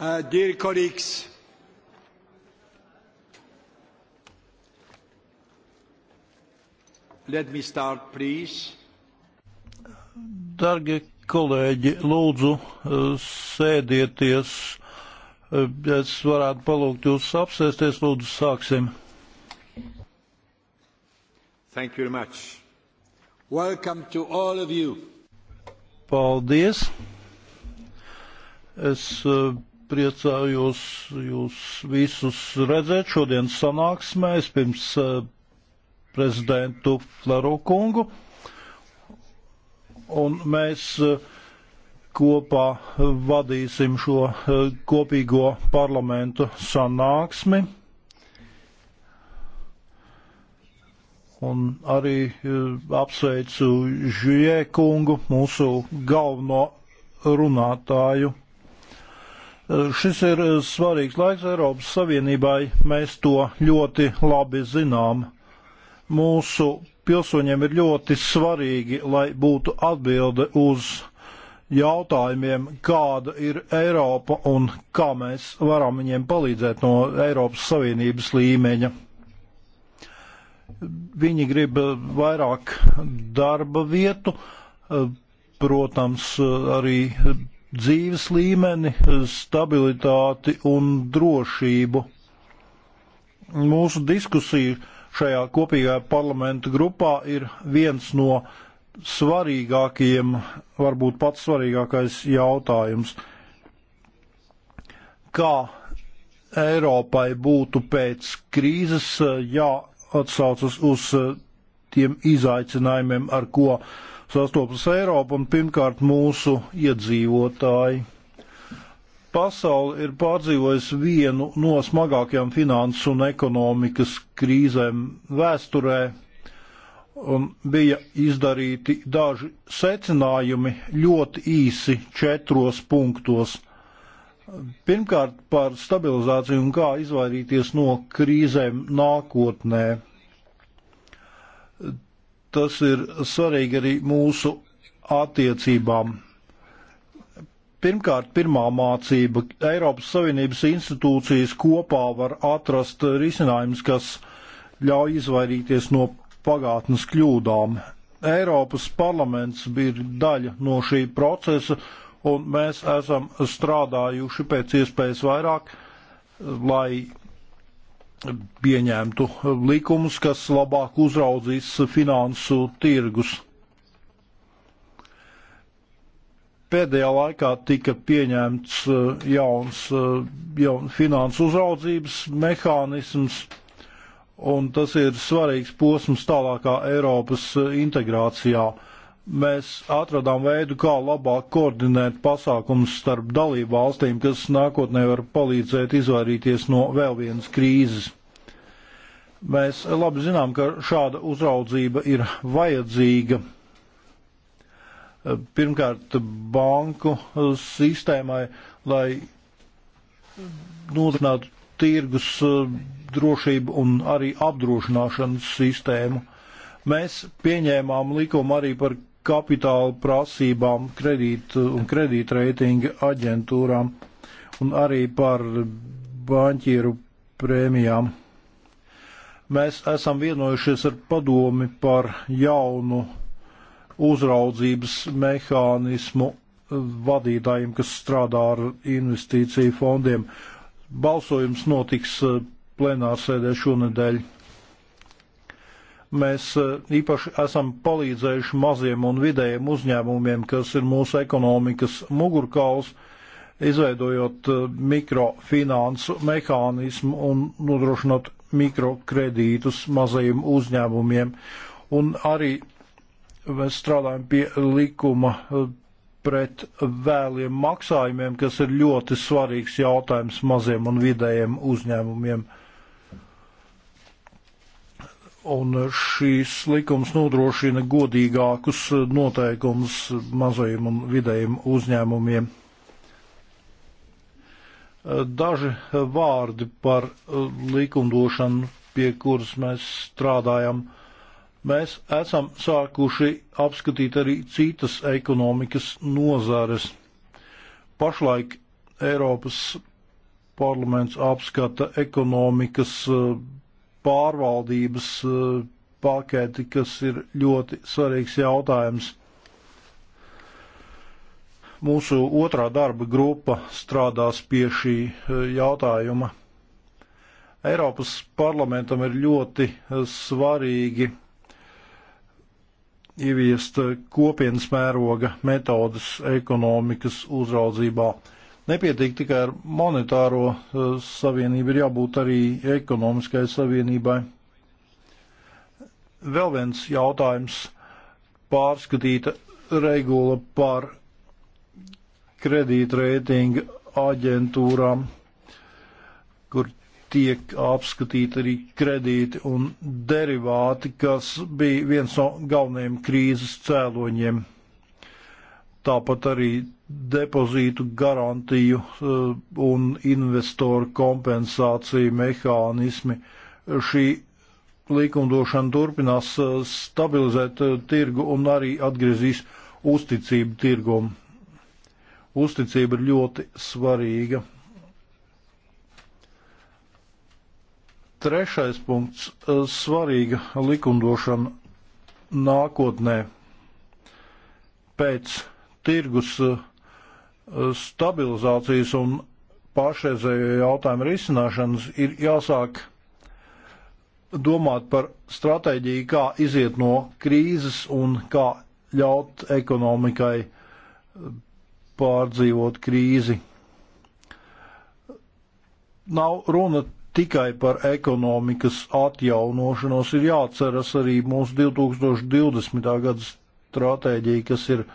Uh, dear colleagues, let me start, please. Dargie kolēģi, lūdzu, uh, sēdieties. Uh, es varētu palūgt jūs apsēsties, lūdzu, sāksim. Thank you very much. Welcome to all of you. Paldies. Es uh, priecājos jūs visus redzēt šodien sanāksmē. Es pirms eh, prezidentu Flero kungu. Un mēs eh, kopā vadīsim šo eh, kopīgo parlamentu sanāksmi. Un arī apsveicu Žie kungu, mūsu galveno runātāju. Šis ir eh, svarīgs laiks Eiropas Savienībai, mēs to ļoti labi zinām. Mūsu pilsoņiem ir ļoti svarīgi, lai būtu atbilde uz jautājumiem, kāda ir Eiropa un kā mēs varam viņiem palīdzēt no Eiropas Savienības līmeņa. Viņi grib eh, vairāk darba vietu, eh, protams, arī dzīves līmeni, stabilitāti un drošību. Mūsu diskusija šajā kopīgajā parlamenta grupā ir viens no svarīgākajiem, varbūt pats svarīgākais jautājums. Kā Eiropai būtu pēc krīzes jāatsaucas uz tiem izaicinājumiem, ar ko uh, sastopas Eiropa un pirmkārt mūsu iedzīvotāji. Pasaule ir pārdzīvojusi vienu no smagākajām finanses un ekonomikas krīzēm vēsturē, un bija izdarīti daži secinājumi ļoti īsi četros punktos. Pirmkārt, par stabilizāciju un kā izvairīties no krīzēm nākotnē. Tas ir svarīgi arī mūsu attiecībām. Pirmkārt, pirmā mācība - Eiropas Savienības institūcijas kopā var atrast risinājums, kas ļauj izvairīties no pagātnes kļūdām. Eiropas parlaments bija daļa no šī procesa, un mēs esam strādājuši pēc iespējas vairāk, lai pieņemtu likumus, kas labāk uzraudzīs finansu tirgus. Pēdējā laikā tika pieņemts uh, jauns uh, jaun finansu uzraudzības mehānisms, un tas ir svarīgs posms tālākā Eiropas uh, integrācijā mēs atradām veidu, kā labāk koordinēt pasākumus starp dalību valstīm, kas nākotnē var palīdzēt izvairīties no vēl vienas krīzes. Mēs labi zinām, ka šāda uzraudzība ir vajadzīga. Pirmkārt, banku sistēmai, lai nodrošinātu tirgus eh, drošību un arī apdrošināšanas sistēmu. Mēs pieņēmām likumu arī par kapitāla prasībām kredīt un kredītreitinga aģentūrām un arī par banķieru prēmijām. Mēs esam vienojušies ar padomi par jaunu uzraudzības mehānismu vadītājiem, kas strādā ar investīciju fondiem. Balsojums notiks eh, plenārsēdē šonedēļ. Mēs e, īpaši esam palīdzējuši maziem un vidējiem uzņēmumiem, kas ir mūsu ekonomikas mugurkauls, izveidojot e, mikrofinansu mehānismu un nodrošinot mikrokredītus mazajiem uzņēmumiem. Un arī mēs strādājam pie likuma e, pret vēliem maksājumiem, kas ir ļoti svarīgs jautājums maziem un vidējiem uzņēmumiem un šīs likums nodrošina godīgākus noteikumus mazajiem un vidējiem uzņēmumiem. Daži vārdi par likumdošanu, pie kuras mēs strādājam. Mēs esam sākuši apskatīt arī citas ekonomikas nozares. Pašlaik Eiropas parlaments apskata ekonomikas pārvaldības e, paketi, kas ir ļoti svarīgs jautājums. Mūsu otrā darba grupa strādās pie šī e, jautājuma. Eiropas parlamentam ir ļoti e, svarīgi ieviest kopienas mēroga metodas ekonomikas uzraudzībā. Nepietiek tikai ar monetāro eh, savienību, ir jābūt arī ekonomiskai savienībai. Vēl viens jautājums - pārskatīta regula par kredītreitinga aģentūrām, kur tiek apskatīti arī kredīti un derivāti, kas bija viens no galvenajiem krīzes cēloņiem tāpat arī depozītu garantiju eh, un investoru kompensāciju mehānismi. Šī likumdošana turpinās eh, stabilizēt eh, tirgu un arī atgriezīs uzticību tirgum. Uzticība ir ļoti svarīga. Trešais punkts - svarīga likumdošana nākotnē pēc tirgus eh, stabilizācijas un pašreizējo jautājumu risināšanas ir jāsāk domāt par stratēģiju, kā iziet no krīzes un kā ļaut ekonomikai eh, pārdzīvot krīzi. Nav runa tikai par ekonomikas atjaunošanos, ir jāatceras arī mūsu 2020. gada stratēģija, kas ir uh,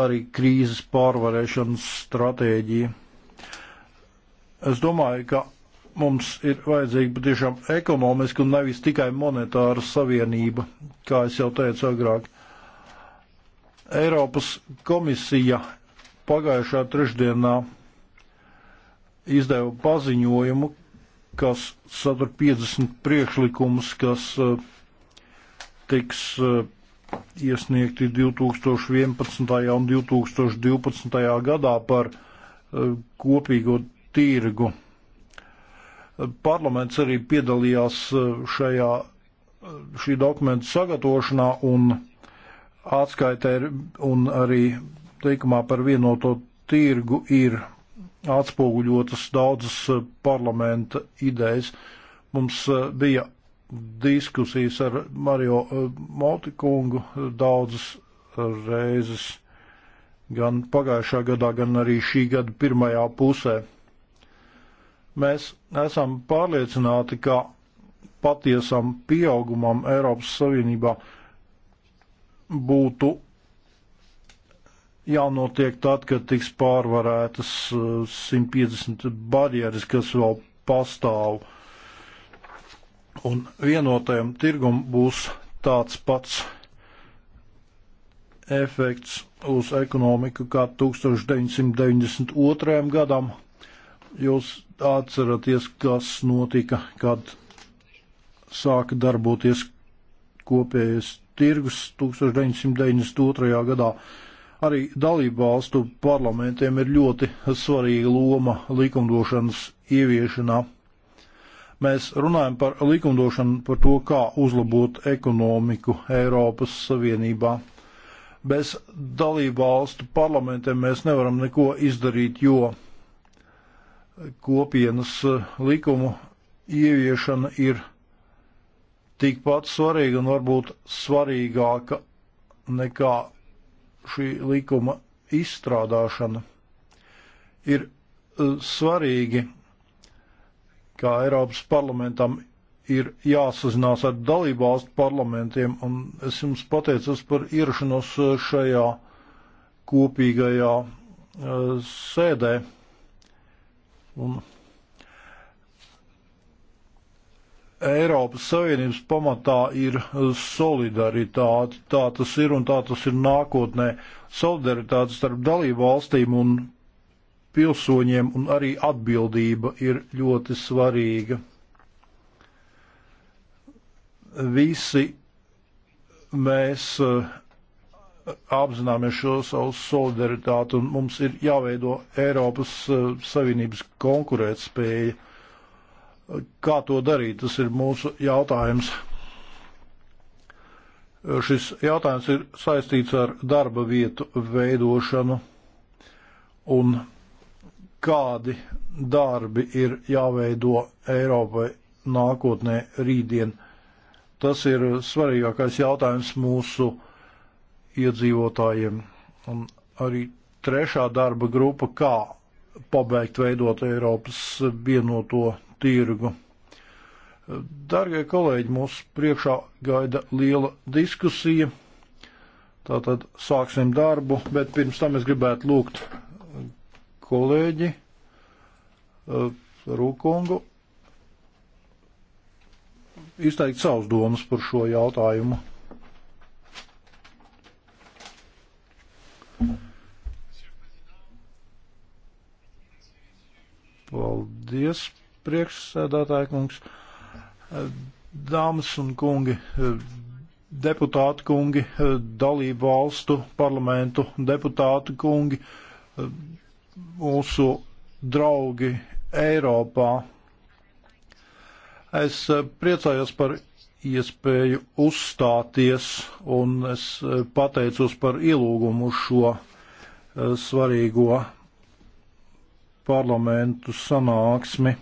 arī krīzes pārvarēšanas stratēģija. Es domāju, ka mums ir vajadzīga patiešām ekonomiska un nevis tikai monetāra savienība, kā es jau teicu agrāk. Eiropas komisija pagājušā trešdienā izdeva paziņojumu, kas satur 50 priekšlikumus, kas eh, tiks eh, iesniegti 2011. un 2012. gadā par eh, kopīgo tirgu. Parlaments arī piedalījās eh, šajā eh, šī dokumenta sagatavošanā un atskaitē un arī teikumā par vienoto tirgu ir atspoguļotas daudzas parlamenta idejas. Mums bija diskusijas ar Mario eh, Motikungu daudzas reizes, gan pagājušā gadā, gan arī šī gada pirmajā pusē. Mēs esam pārliecināti, ka patiesam pieaugumam Eiropas Savienībā būtu jānotiek tad, kad tiks pārvarētas 150 eh, barjeras, kas vēl pastāv un vienotajam tirgum būs tāds pats efekts uz ekonomiku kā 1992. gadam. Jūs atceraties, kas notika, kad sāka darboties kopējais tirgus 1992. gadā. Arī dalību valstu parlamentiem ir ļoti svarīga loma likumdošanas ieviešanā. Mēs runājam par likumdošanu, par to, kā uzlabot ekonomiku Eiropas Savienībā. Bez dalību valstu parlamentiem mēs nevaram neko izdarīt, jo kopienas likumu ieviešana ir tikpat svarīga un varbūt svarīgāka nekā šī likuma izstrādāšana. Ir eh, svarīgi ka Eiropas parlamentam ir jāsazinās ar dalībvalstu parlamentiem, un es jums pateicos par ierašanos šajā kopīgajā eh, sēdē. Un Eiropas Savienības pamatā ir solidaritāte. Tā tas ir un tā tas ir nākotnē. Solidaritāte starp dalību valstīm un pilsoņiem, un arī atbildība ir ļoti svarīga. Visi mēs eh, apzināmies šo savu solidaritāti, un mums ir jāveido Eiropas eh, Savienības konkurētspēja. Kā to darīt, tas ir mūsu jautājums. Šis jautājums ir saistīts ar darba vietu veidošanu, un kādi darbi ir jāveido Eiropai nākotnē rītdien. Tas ir svarīgākais jautājums mūsu iedzīvotājiem. Un arī trešā darba grupa, kā pabeigt veidot Eiropas vienoto tirgu. Dargie kolēģi, mūs priekšā gaida liela diskusija. Tātad sāksim darbu, bet pirms tam es gribētu lūgt kolēģi eh, Rūkungu izteikt savus domas par šo jautājumu. Paldies, priekšsēdētāja kungs. Eh, dāmas un kungi, eh, deputāti kungi, dalību valstu parlamentu deputāti kungi, mūsu draugi Eiropā. Es eh, priecājos par iespēju uzstāties un es eh, pateicos par ielūgumu šo eh, svarīgo parlamentu sanāksmi.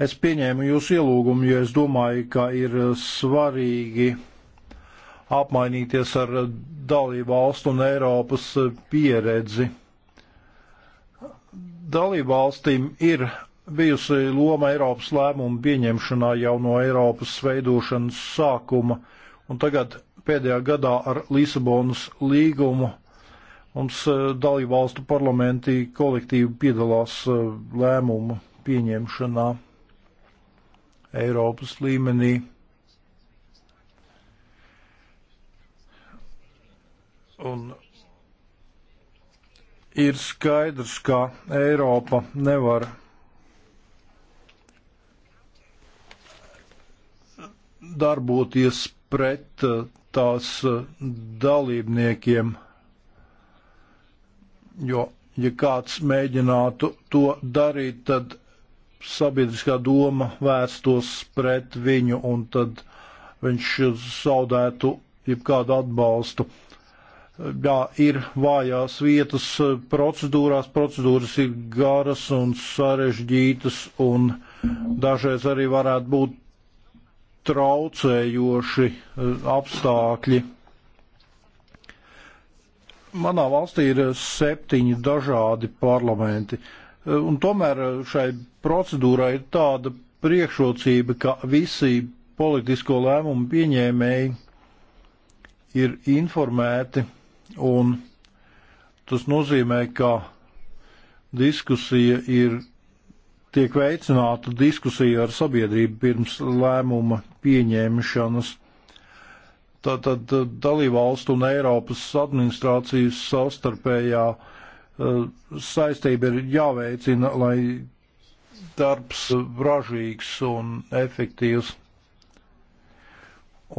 Es pieņēmu jūsu ielūgumu, jo es domāju, ka ir svarīgi apmainīties ar dalību valstu un Eiropas pieredzi. Dalībvalstīm ir bijusi loma Eiropas lēmumu pieņemšanā jau no Eiropas veidošanas sākuma, un tagad pēdējā gadā ar Lisabonas līgumu mums eh, dalībvalstu parlamentī kolektīvi piedalās eh, lēmumu pieņemšanā Eiropas līmenī. Un ir skaidrs, ka Eiropa nevar darboties pret eh, tās eh, dalībniekiem, jo, ja kāds mēģinātu to darīt, tad sabiedriskā doma vērstos pret viņu un tad viņš zaudētu jebkādu atbalstu jā, ir vājās vietas procedūrās, procedūras ir garas un sarežģītas un dažreiz arī varētu būt traucējoši eh, apstākļi. Manā valstī ir septiņi dažādi parlamenti, eh, un tomēr šai procedūrai ir tāda priekšrocība, ka visi politisko lēmumu pieņēmēji ir informēti un tas nozīmē, ka diskusija ir, tiek veicināta diskusija ar sabiedrību pirms lēmuma pieņemšanas. Tātad eh, dalībvalstu un Eiropas administrācijas savstarpējā uh, saistība ir jāveicina, lai darbs ražīgs un efektīvs.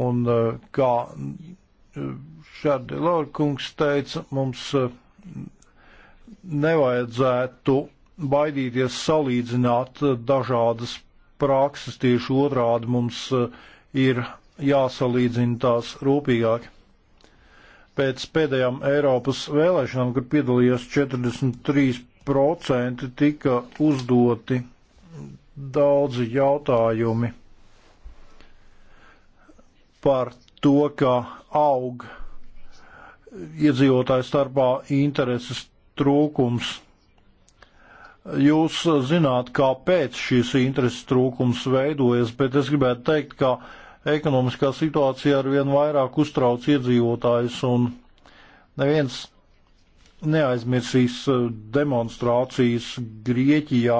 Un uh, kā uh, Šādi Lorkungs teica, mums eh, nevajadzētu baidīties salīdzināt eh, dažādas prakses, tieši otrādi mums eh, ir jāsalīdzina tās rūpīgāk. Pēc pēdējām Eiropas vēlēšanām, kur piedalījās 43%, tika uzdoti daudzi jautājumi par to, ka aug iedzīvotāju starpā intereses trūkums. Jūs zināt, kāpēc šīs intereses trūkums veidojas, bet es gribētu teikt, ka ekonomiskā situācija ar vien vairāk uztrauc iedzīvotājus un neviens neaizmirsīs demonstrācijas Grieķijā.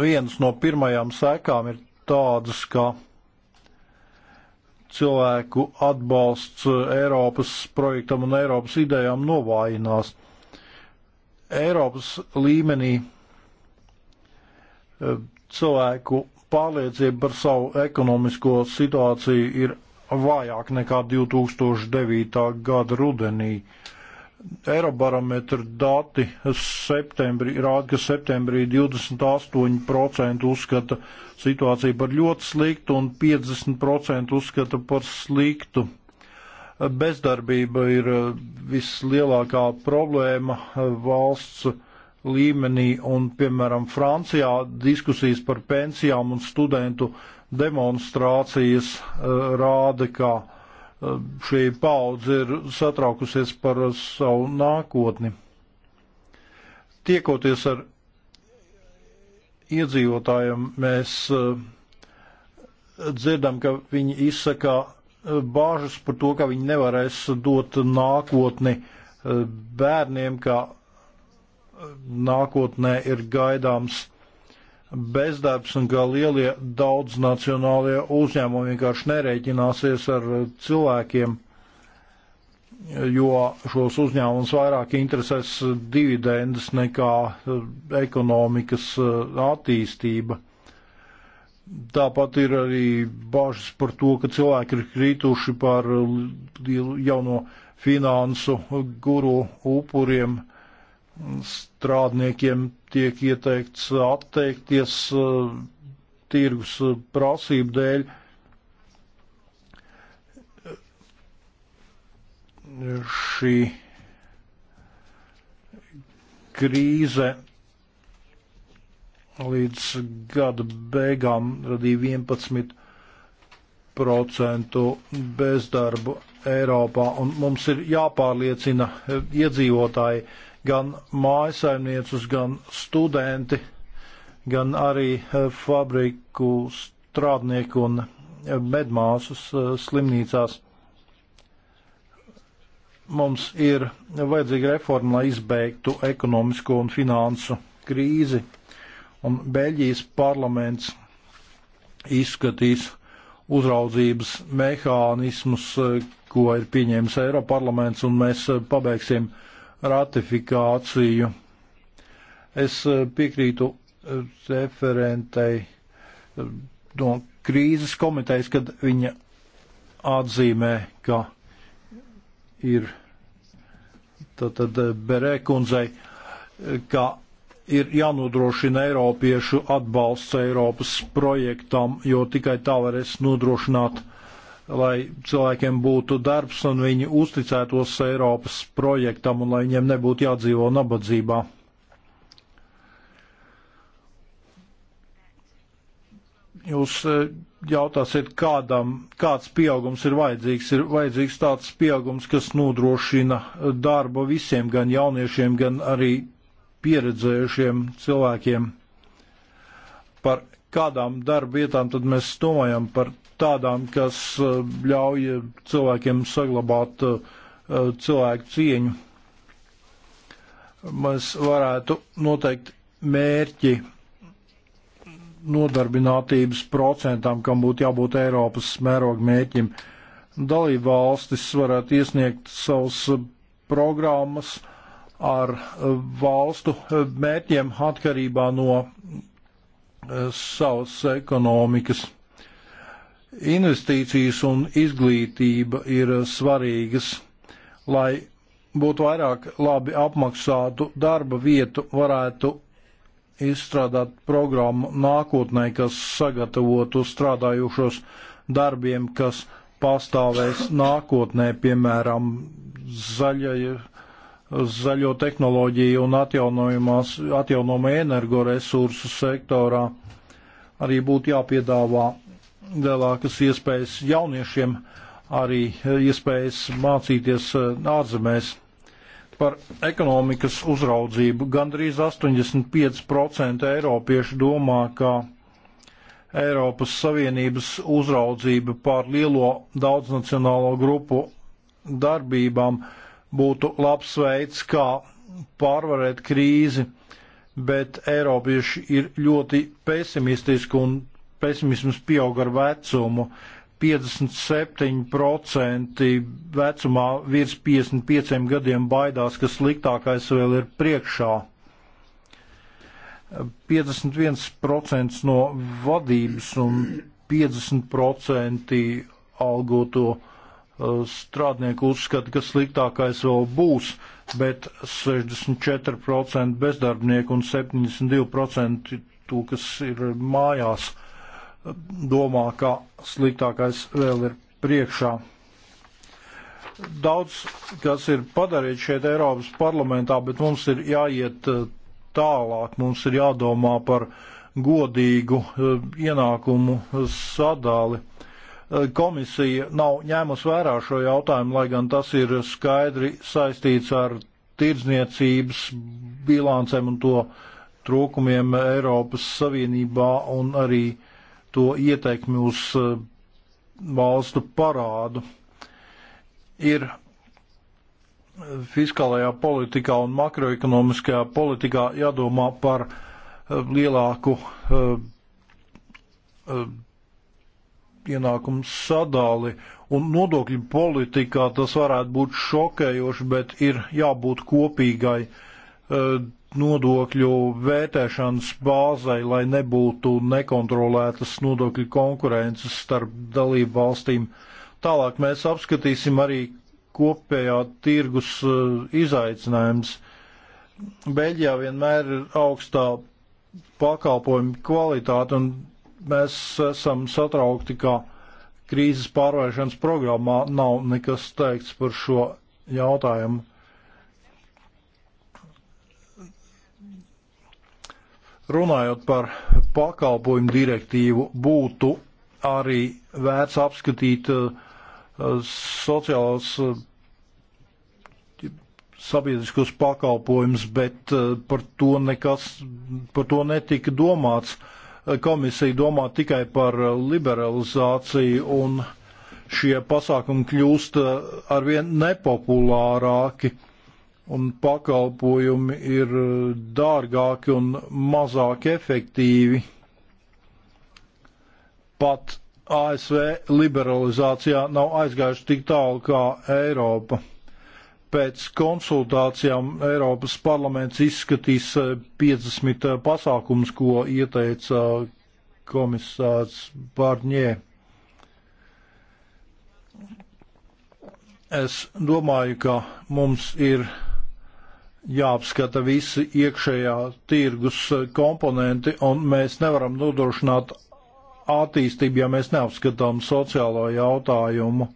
Viens no pirmajām sekām ir tādas, ka cilvēku atbalsts Eiropas projektam un Eiropas idejām novājinās. Eiropas līmenī e, cilvēku pārliecība par savu ekonomisko situāciju ir vājāk nekā 2009. gada rudenī. Uh, Eirobarometra dati septembrī rāda, ka septembrī 28% uzskata situāciju par ļoti sliktu un 50% uzskata par sliktu. Bezdarbība ir eh, vislielākā problēma eh, valsts līmenī un, piemēram, Francijā diskusijas par pensijām un studentu demonstrācijas eh, rāda, ka šī paudze ir satraukusies par savu nākotni. Tiekoties ar iedzīvotājiem, mēs eh, dzirdam, ka viņi izsaka eh, bāžas par to, ka viņi nevarēs dot nākotni eh, bērniem, ka nākotnē ir gaidāms bezdarbs un kā lielie daudznacionālie uzņēmumi vienkārši nerēķināsies ar cilvēkiem, jo šos uzņēmumus vairāk interesēs dividendes nekā eh, ekonomikas eh, attīstība. Tāpat ir arī bažas par to, ka cilvēki ir krituši par eh, jauno finansu guru upuriem. Uh, strādniekiem tiek ieteikts atteikties eh, tirgus eh, prasību dēļ. Šī krīze līdz gada beigām radīja 11% bezdarbu Eiropā, un mums ir jāpārliecina iedzīvotāji, gan mājasaimniecus, gan studenti, gan arī eh, fabriku strādnieku un eh, medmāsas eh, slimnīcās. Mums ir vajadzīga reforma, lai izbeigtu ekonomisko un finansu krīzi, un Beļģijas parlaments izskatīs uzraudzības mehānismus, ko ir pieņēmis Eiroparlaments, un mēs pabeigsim uh, ratifikāciju. Es eh, piekrītu eh, referentei eh, no krīzes komitejas, kad viņa atzīmē, ka ir tātad Berēkundzei, ka ir jānodrošina Eiropiešu atbalsts Eiropas projektam, jo tikai tā varēs nodrošināt uh, lai cilvēkiem būtu darbs un viņi uzticētos Eiropas projektam un lai viņiem nebūtu jādzīvo nabadzībā. Jūs e, jautāsiet, kādam, kāds pieaugums ir vajadzīgs? Ir vajadzīgs tāds pieaugums, kas nodrošina e, darba visiem, gan jauniešiem, gan arī pieredzējušiem cilvēkiem. Par kādām darba vietām tad mēs domājam par tādām, kas uh, ļauj cilvēkiem saglabāt uh, cilvēku cieņu. Mēs varētu noteikt mērķi nodarbinātības procentam, kam būtu jābūt Eiropas mēroga mērķim. Dalība valstis varētu iesniegt savus uh, programmas ar valstu mērķiem atkarībā no savas ekonomikas investīcijas un izglītība ir svarīgas, lai būtu vairāk labi apmaksātu darba vietu, varētu izstrādāt programmu nākotnē, kas sagatavotu strādājušos darbiem, kas pastāvēs nākotnē, piemēram, zaļai, zaļo tehnoloģiju un atjaunojumās, atjaunojumā energoresursu sektorā. Arī būtu jāpiedāvā lielākas iespējas jauniešiem, arī iespējas mācīties eh, ārzemēs. Par ekonomikas uzraudzību gandrīz 85% eiropiešu domā, ka Eiropas Savienības uzraudzība pār lielo daudznacionālo grupu darbībām būtu labs veids, kā pārvarēt krīzi, bet Eiropieši ir ļoti pesimistiski un pesimisms pieaug ar vecumu. 57% vecumā virs 55 gadiem baidās, ka sliktākais vēl ir priekšā. 51% no vadības un 50% algoto uh, strādnieku uzskata, ka sliktākais vēl būs, bet 64% bezdarbnieku un 72% to, kas ir mājās domā, ka sliktākais vēl ir priekšā. Daudz, kas ir padarīts šeit Eiropas parlamentā, bet mums ir jāiet eh, tālāk, mums ir jādomā par godīgu eh, ienākumu sadāli. Eh, komisija nav ņēmusi vērā šo jautājumu, lai gan tas ir skaidri saistīts ar tirdzniecības bilancēm un to trūkumiem Eiropas Savienībā un arī to ietekmi uz eh, valstu parādu. Ir fiskālajā politikā un makroekonomiskajā politikā jādomā par eh, lielāku uh, uh, ienākumu sadali, un nodokļu politikā tas varētu būt šokējoši, bet ir jābūt kopīgai uh, nodokļu vērtēšanas bāzai, lai nebūtu nekontrolētas nodokļu konkurences starp dalību valstīm. Tālāk mēs apskatīsim arī kopējā tirgus eh, izaicinājums. Beļģijā vienmēr ir augstā pakalpojumu kvalitāte, un mēs esam satraukti, ka krīzes pārvēršanas programmā nav nekas teikts par šo jautājumu. Runājot par pakalpojumu direktīvu, būtu arī vērts apskatīt eh, sociālās eh, sabiedriskos pakalpojumus, bet eh, par to nekas, par to netika domāts. Komisija domā tikai par liberalizāciju un šie pasākumi kļūst arvien nepopulārāki un pakalpojumi ir eh, dārgāki un mazāk efektīvi. Pat ASV liberalizācijā nav aizgājuši tik tālu kā Eiropa. Pēc konsultācijām Eiropas parlaments izskatīs 50 eh, eh, pasākumus, ko ieteica komisārs Barņē. Es domāju, ka mums ir jāapskata visi iekšējā tirgus eh, komponenti, un mēs nevaram nodrošināt attīstību, ja mēs neapskatām sociālo jautājumu.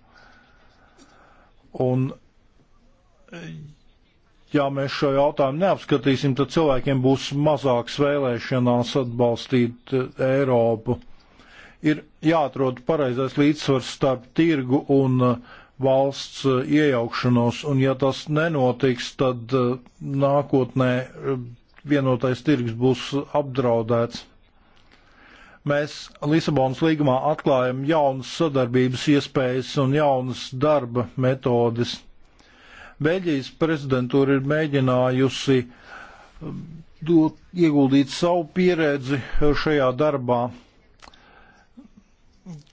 Un, eh, ja mēs šo jautājumu neapskatīsim, tad cilvēkiem būs mazāks vēlēšanās atbalstīt eh, Eiropu. Ir jāatrod pareizais līdzsvars starp tirgu un uh, valsts uh, iejaukšanos, un ja tas nenotiks, tad uh, nākotnē uh, vienotais tirgs būs apdraudēts. Mēs Lisabonas līgumā atklājam jaunas sadarbības iespējas un jaunas darba metodes. Beļģijas prezidentūra ir mēģinājusi um, dot, ieguldīt savu pieredzi šajā darbā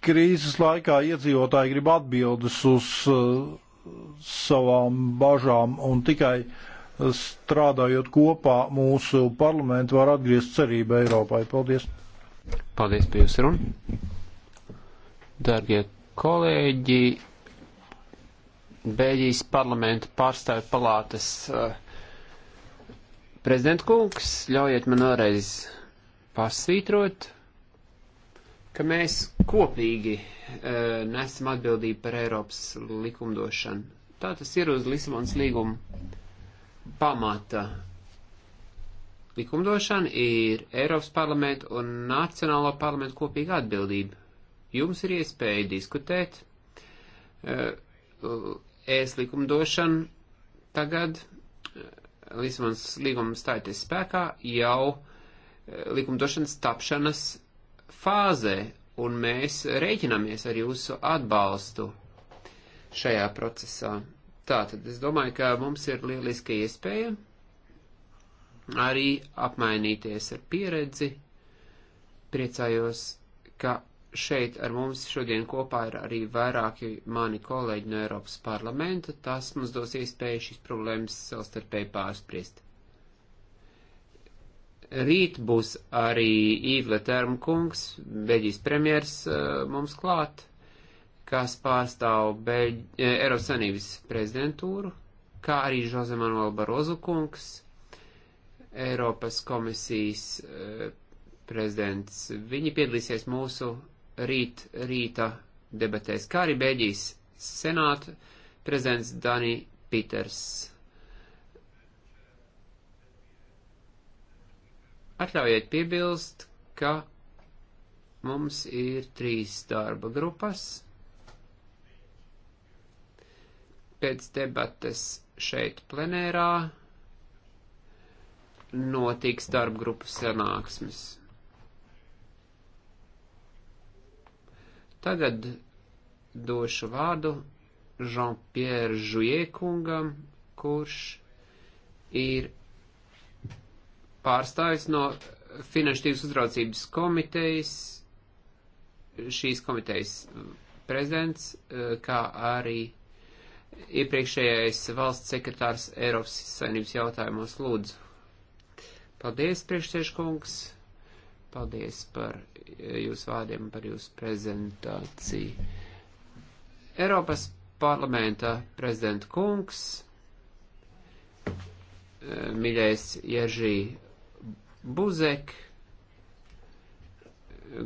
krīzes laikā iedzīvotāji grib atbildes uz uh, savām bažām un tikai uh, strādājot kopā mūsu parlamentu var atgriezt cerību Eiropai. Paldies! Paldies par jūsu runu! Dargie kolēģi, Beļģijas parlamenta pārstāvju palātas uh, prezidentkungs, ļaujiet man vēlreiz pasvītrot ka mēs kopīgi uh, nesam atbildību par Eiropas likumdošanu. Tā tas ir uz Lisabonas līguma pamata. Likumdošana ir Eiropas parlamenta un Nacionālo parlamentu kopīga atbildība. Jums ir iespēja diskutēt. Uh, es likumdošanu tagad, e, Lisabonas līguma stājoties spēkā, jau likumdošanas tapšanas fāzē, un mēs rēķinamies ar jūsu atbalstu šajā procesā. Tātad es domāju, ka mums ir lieliska iespēja arī apmainīties ar pieredzi. Priecājos, ka šeit ar mums šodien kopā ir arī vairāki mani kolēģi no Eiropas parlamenta. Tas mums dos iespēju šīs problēmas savstarpēji pārspriest. Rīt būs arī Īvle Termkungs, Beļģijas premjers uh, mums klāt, kas pārstāv Beļ... Eh, Eiropas Sanības prezidentūru, kā arī Žoze Manuel Barozu kungs, Eiropas komisijas eh, prezidents. Viņi piedalīsies mūsu rīt, rīta debatēs, kā arī Beļģijas senāta prezidents Dani Peters. Atļaujiet piebilst, ka mums ir trīs darba grupas. Pēc debates šeit plenērā notiks darba grupas sanāksmes. Tagad došu vārdu Jean-Pierre Žujekungam, kurš ir pārstāvis no Finanšu tirgus uzraudzības komitejas, šīs komitejas prezidents, e, kā arī iepriekšējais valsts sekretārs Eiropas saimnības jautājumos lūdzu. Paldies, priekšsēžkungs, paldies par e, jūsu vārdiem, par jūsu prezentāciju. Eiropas parlamenta prezidenta kungs, e, mīļais Ježī Buzek,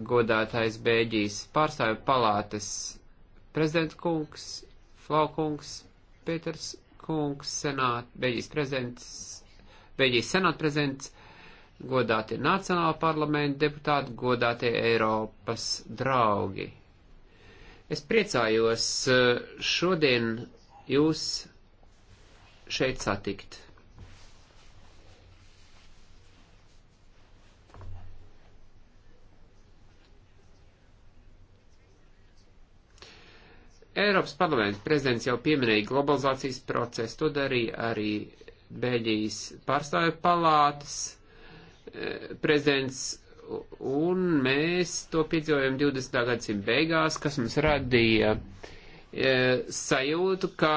godātais Bēģijas pārstāvju palātes prezidenta kungs, Flaukungs, Pēters kungs, senāt, Bēģijas prezidents, Bēģijas senāt prezidents, godātie Nacionāla parlamenta deputāti, godātie Eiropas draugi. Es priecājos eh, šodien jūs šeit satikt. Eiropas parlamenta prezidents jau pieminēja globalizācijas procesu, to darīja arī Beļģijas pārstāvju palātas e, prezidents, un mēs to piedzīvojam 20. gadsimta beigās, kas mums radīja e, sajūtu, ka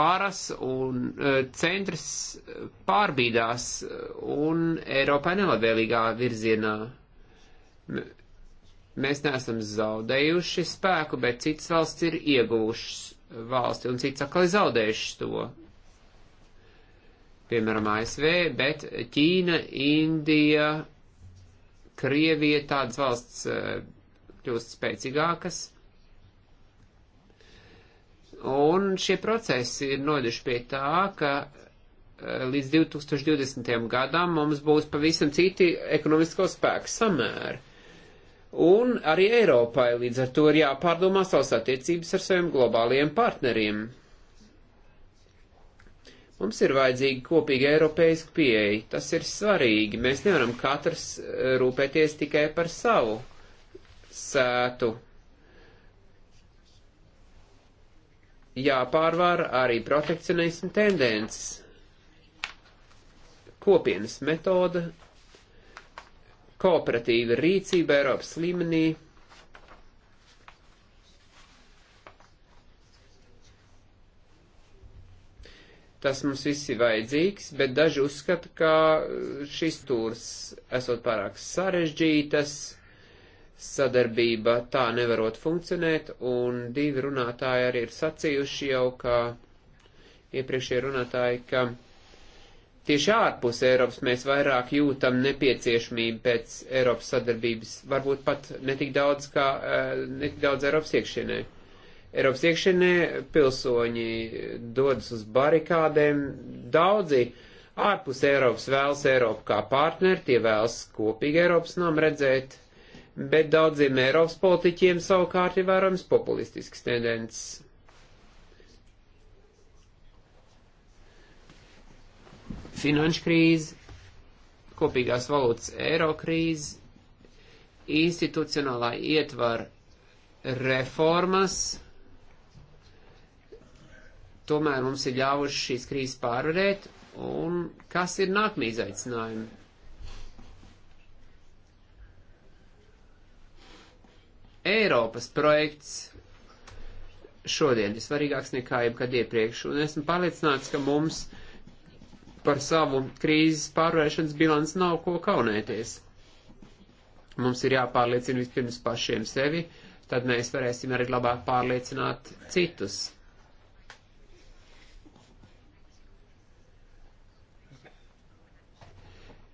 varas un e, centrs pārbīdās un Eiropai nelabvēlīgā virzienā Mēs neesam zaudējuši spēku, bet citas valsts ir ieguvušas valsti, un citas atkal ir zaudējušas to. Piemēram, ASV, bet Ķīna, Indija, Krievija, tādas valsts eh, kļūst spēcīgākas. Un šie procesi ir noduši pie tā, ka eh, līdz 2020. gadam mums būs pavisam citi ekonomisko spēku samēri. Un arī Eiropai līdz ar to ir jāpārdomā savas attiecības ar saviem globāliem partneriem. Mums ir vajadzīga kopīga eiropeiska pieeja. Tas ir svarīgi. Mēs nevaram katrs eh, rūpēties tikai par savu sētu. Jāpārvar arī protekcionismu tendences. Kopienas metoda kooperatīva rīcība Eiropas līmenī. Tas mums viss ir vajadzīgs, bet daži uzskata, ka šis tūrs esot pārāk sarežģītas, sadarbība tā nevarot funkcionēt, un divi runātāji arī ir sacījuši jau, ka iepriekšēji runātāji, ka tieši ārpus Eiropas mēs vairāk jūtam nepieciešamību pēc Eiropas sadarbības, varbūt pat netik daudz kā eh, netik daudz Eiropas iekšienē. Eiropas iekšienē pilsoņi dodas uz barikādēm, daudzi ārpus Eiropas vēlas Eiropu kā partneri, tie vēlas kopīgi Eiropas nām redzēt, bet daudziem Eiropas politiķiem savukārt ir vērojams populistisks tendences finanšu krīze, kopīgās valūtas eiro krīze, institucionālā ietvara reformas, tomēr mums ir ļāvuši šīs krīzes pārvarēt, un kas ir nākamie izaicinājumi? Eiropas projekts šodien ir svarīgāks nekā jebkad iepriekš, un esmu pārliecināts, ka mums uh, par savu krīzes pārvarēšanas bilanci nav ko kaunēties. Mums ir jāpārliecina vispirms pašiem sevi, tad mēs varēsim arī labāk pārliecināt citus.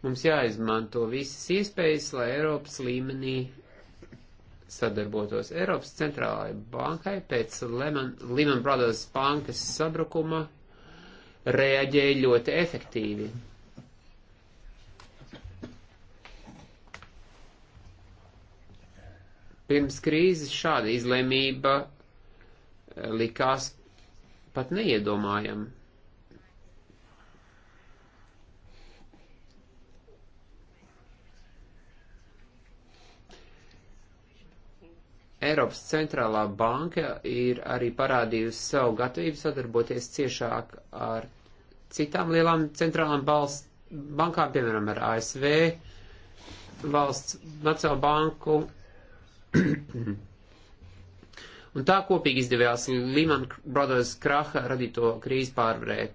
Mums jāizmanto visas iespējas, lai Eiropas līmenī sadarbotos Eiropas centrālajai bankai pēc Lehman, Lehman Brothers bankas sabrukuma reaģēja ļoti efektīvi. Pirms krīzes šāda izlēmība likās pat neiedomājama. Eiropas centrālā banka ir arī parādījusi savu gatavību sadarboties ciešāk ar citām lielām centrālām balst, bankām, piemēram, ar ASV, valsts nacionālu banku. Un tā kopīgi izdevās Lehman Brothers kraha radīto krīzi pārvarēt.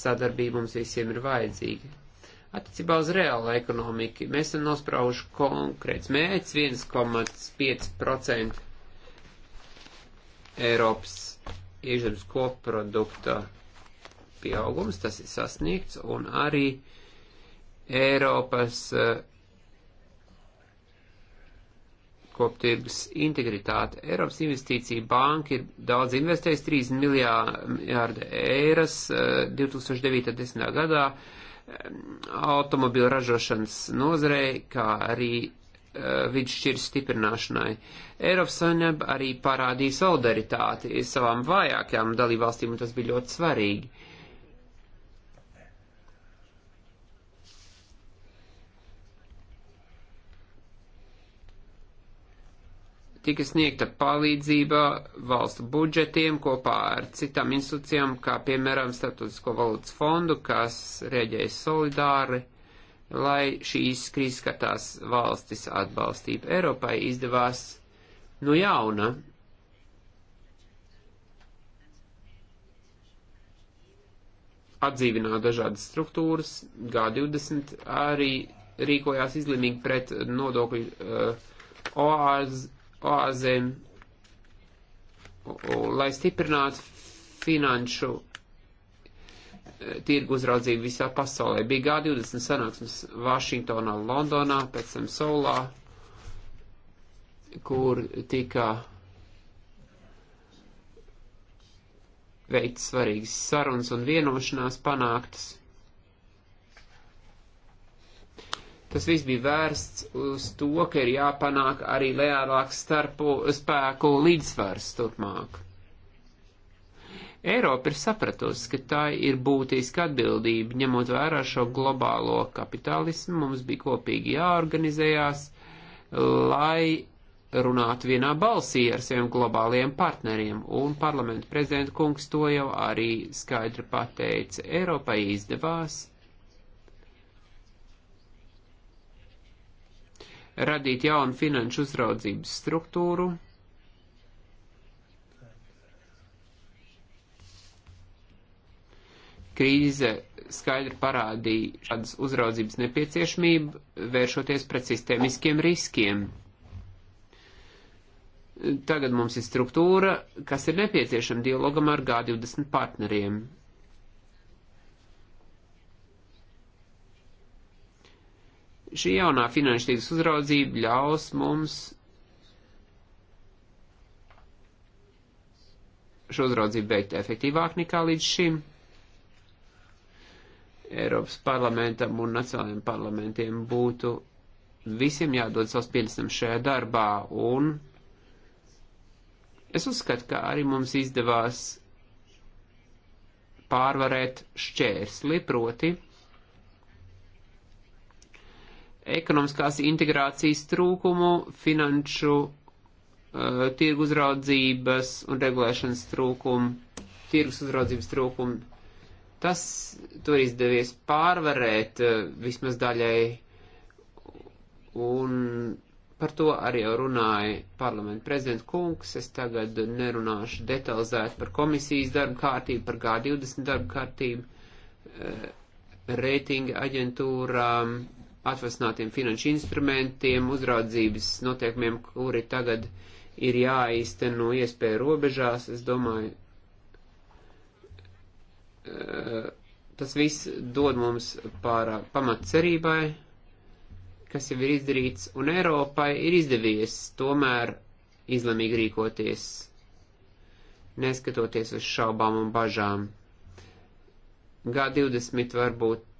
Sadarbība mums visiem ir vajadzīga. Attiecībā uz reālu ekonomiku mēs esam nosprauši konkrēts mērķis 1,5% Eiropas iekšzemes koprodukta pieaugums, tas ir sasniegts, un arī Eiropas eh, koptirgus integritāte. Eiropas investīcija banka ir daudz investējusi 3 miljārdi eiras 2009. gadā automobīlu ražošanas nozarei, kā arī e, vidšķiras stiprināšanai. Eiropas Savienība arī parādīja solidaritāti savām vājākajām dalībvalstīm, un tas bija ļoti svarīgi. tika sniegta palīdzība valstu budžetiem kopā ar citām institūcijām, kā piemēram Statusko valūtas fondu, kas rēģēja solidāri, lai šīs krīzskatās valstis atbalstītu. Eiropai izdevās no jauna atdzīvināt dažādas struktūras, G20 arī rīkojās izlīmīgi pret nodokļu uh, eh, oāzes oāzēm, lai stiprinātu finanšu e, tirgu uzraudzību visā pasaulē. Bija G20 sanāksmes Vašingtonā, Londonā, pēc tam Solā, kur tika veikts svarīgas sarunas un vienošanās panāktas. Tas viss bija vērsts uz to, ka ir jāpanāk arī lēlāks starpu spēku līdzsvars turpmāk. Eiropa ir sapratusi, ka tā ir būtiska atbildība, ņemot vērā šo globālo kapitālismu, mums bija kopīgi jāorganizējās, lai runātu vienā balsī ar saviem globāliem partneriem, un parlamentu prezidenta kungs to jau arī skaidri pateica. Eiropai izdevās radīt jaunu finanšu uzraudzības struktūru. Krīze skaidri parādīja šādas uzraudzības nepieciešamību, vēršoties pret sistēmiskiem riskiem. Tagad mums ir struktūra, kas ir nepieciešama dialogam ar G20 partneriem. Šī jaunā finanšu tīkls uzraudzība ļaus mums šo uzraudzību veikt efektīvāk nekā līdz šim. Eiropas parlamentam un nacionālajiem parlamentiem būtu visiem jādod savs pienesums šajā darbā, un es uzskatu, ka arī mums izdevās pārvarēt šķērsli, proti ekonomiskās integrācijas trūkumu, finanšu uh, tirgu uzraudzības un regulēšanas trūkumu, tirgus uzraudzības trūkumu. Tas tur izdevies pārvarēt uh, vismaz daļai, un par to arī jau runāja parlamenta prezidents Kungs. Es tagad nerunāšu detalizēt par komisijas darbu kārtību, par G20 darbu kārtību. Uh, reitinga aģentūrām, atvasinātiem finanšu instrumentiem, uzraudzības noteikumiem, kuri tagad ir jāīsteno iespēju robežās. Es domāju, eh, tas viss dod mums pārā pamatcerībai, kas jau ir izdarīts, un Eiropai ir izdevies tomēr izlemīgi rīkoties, neskatoties uz šaubām un bažām. G20 varbūt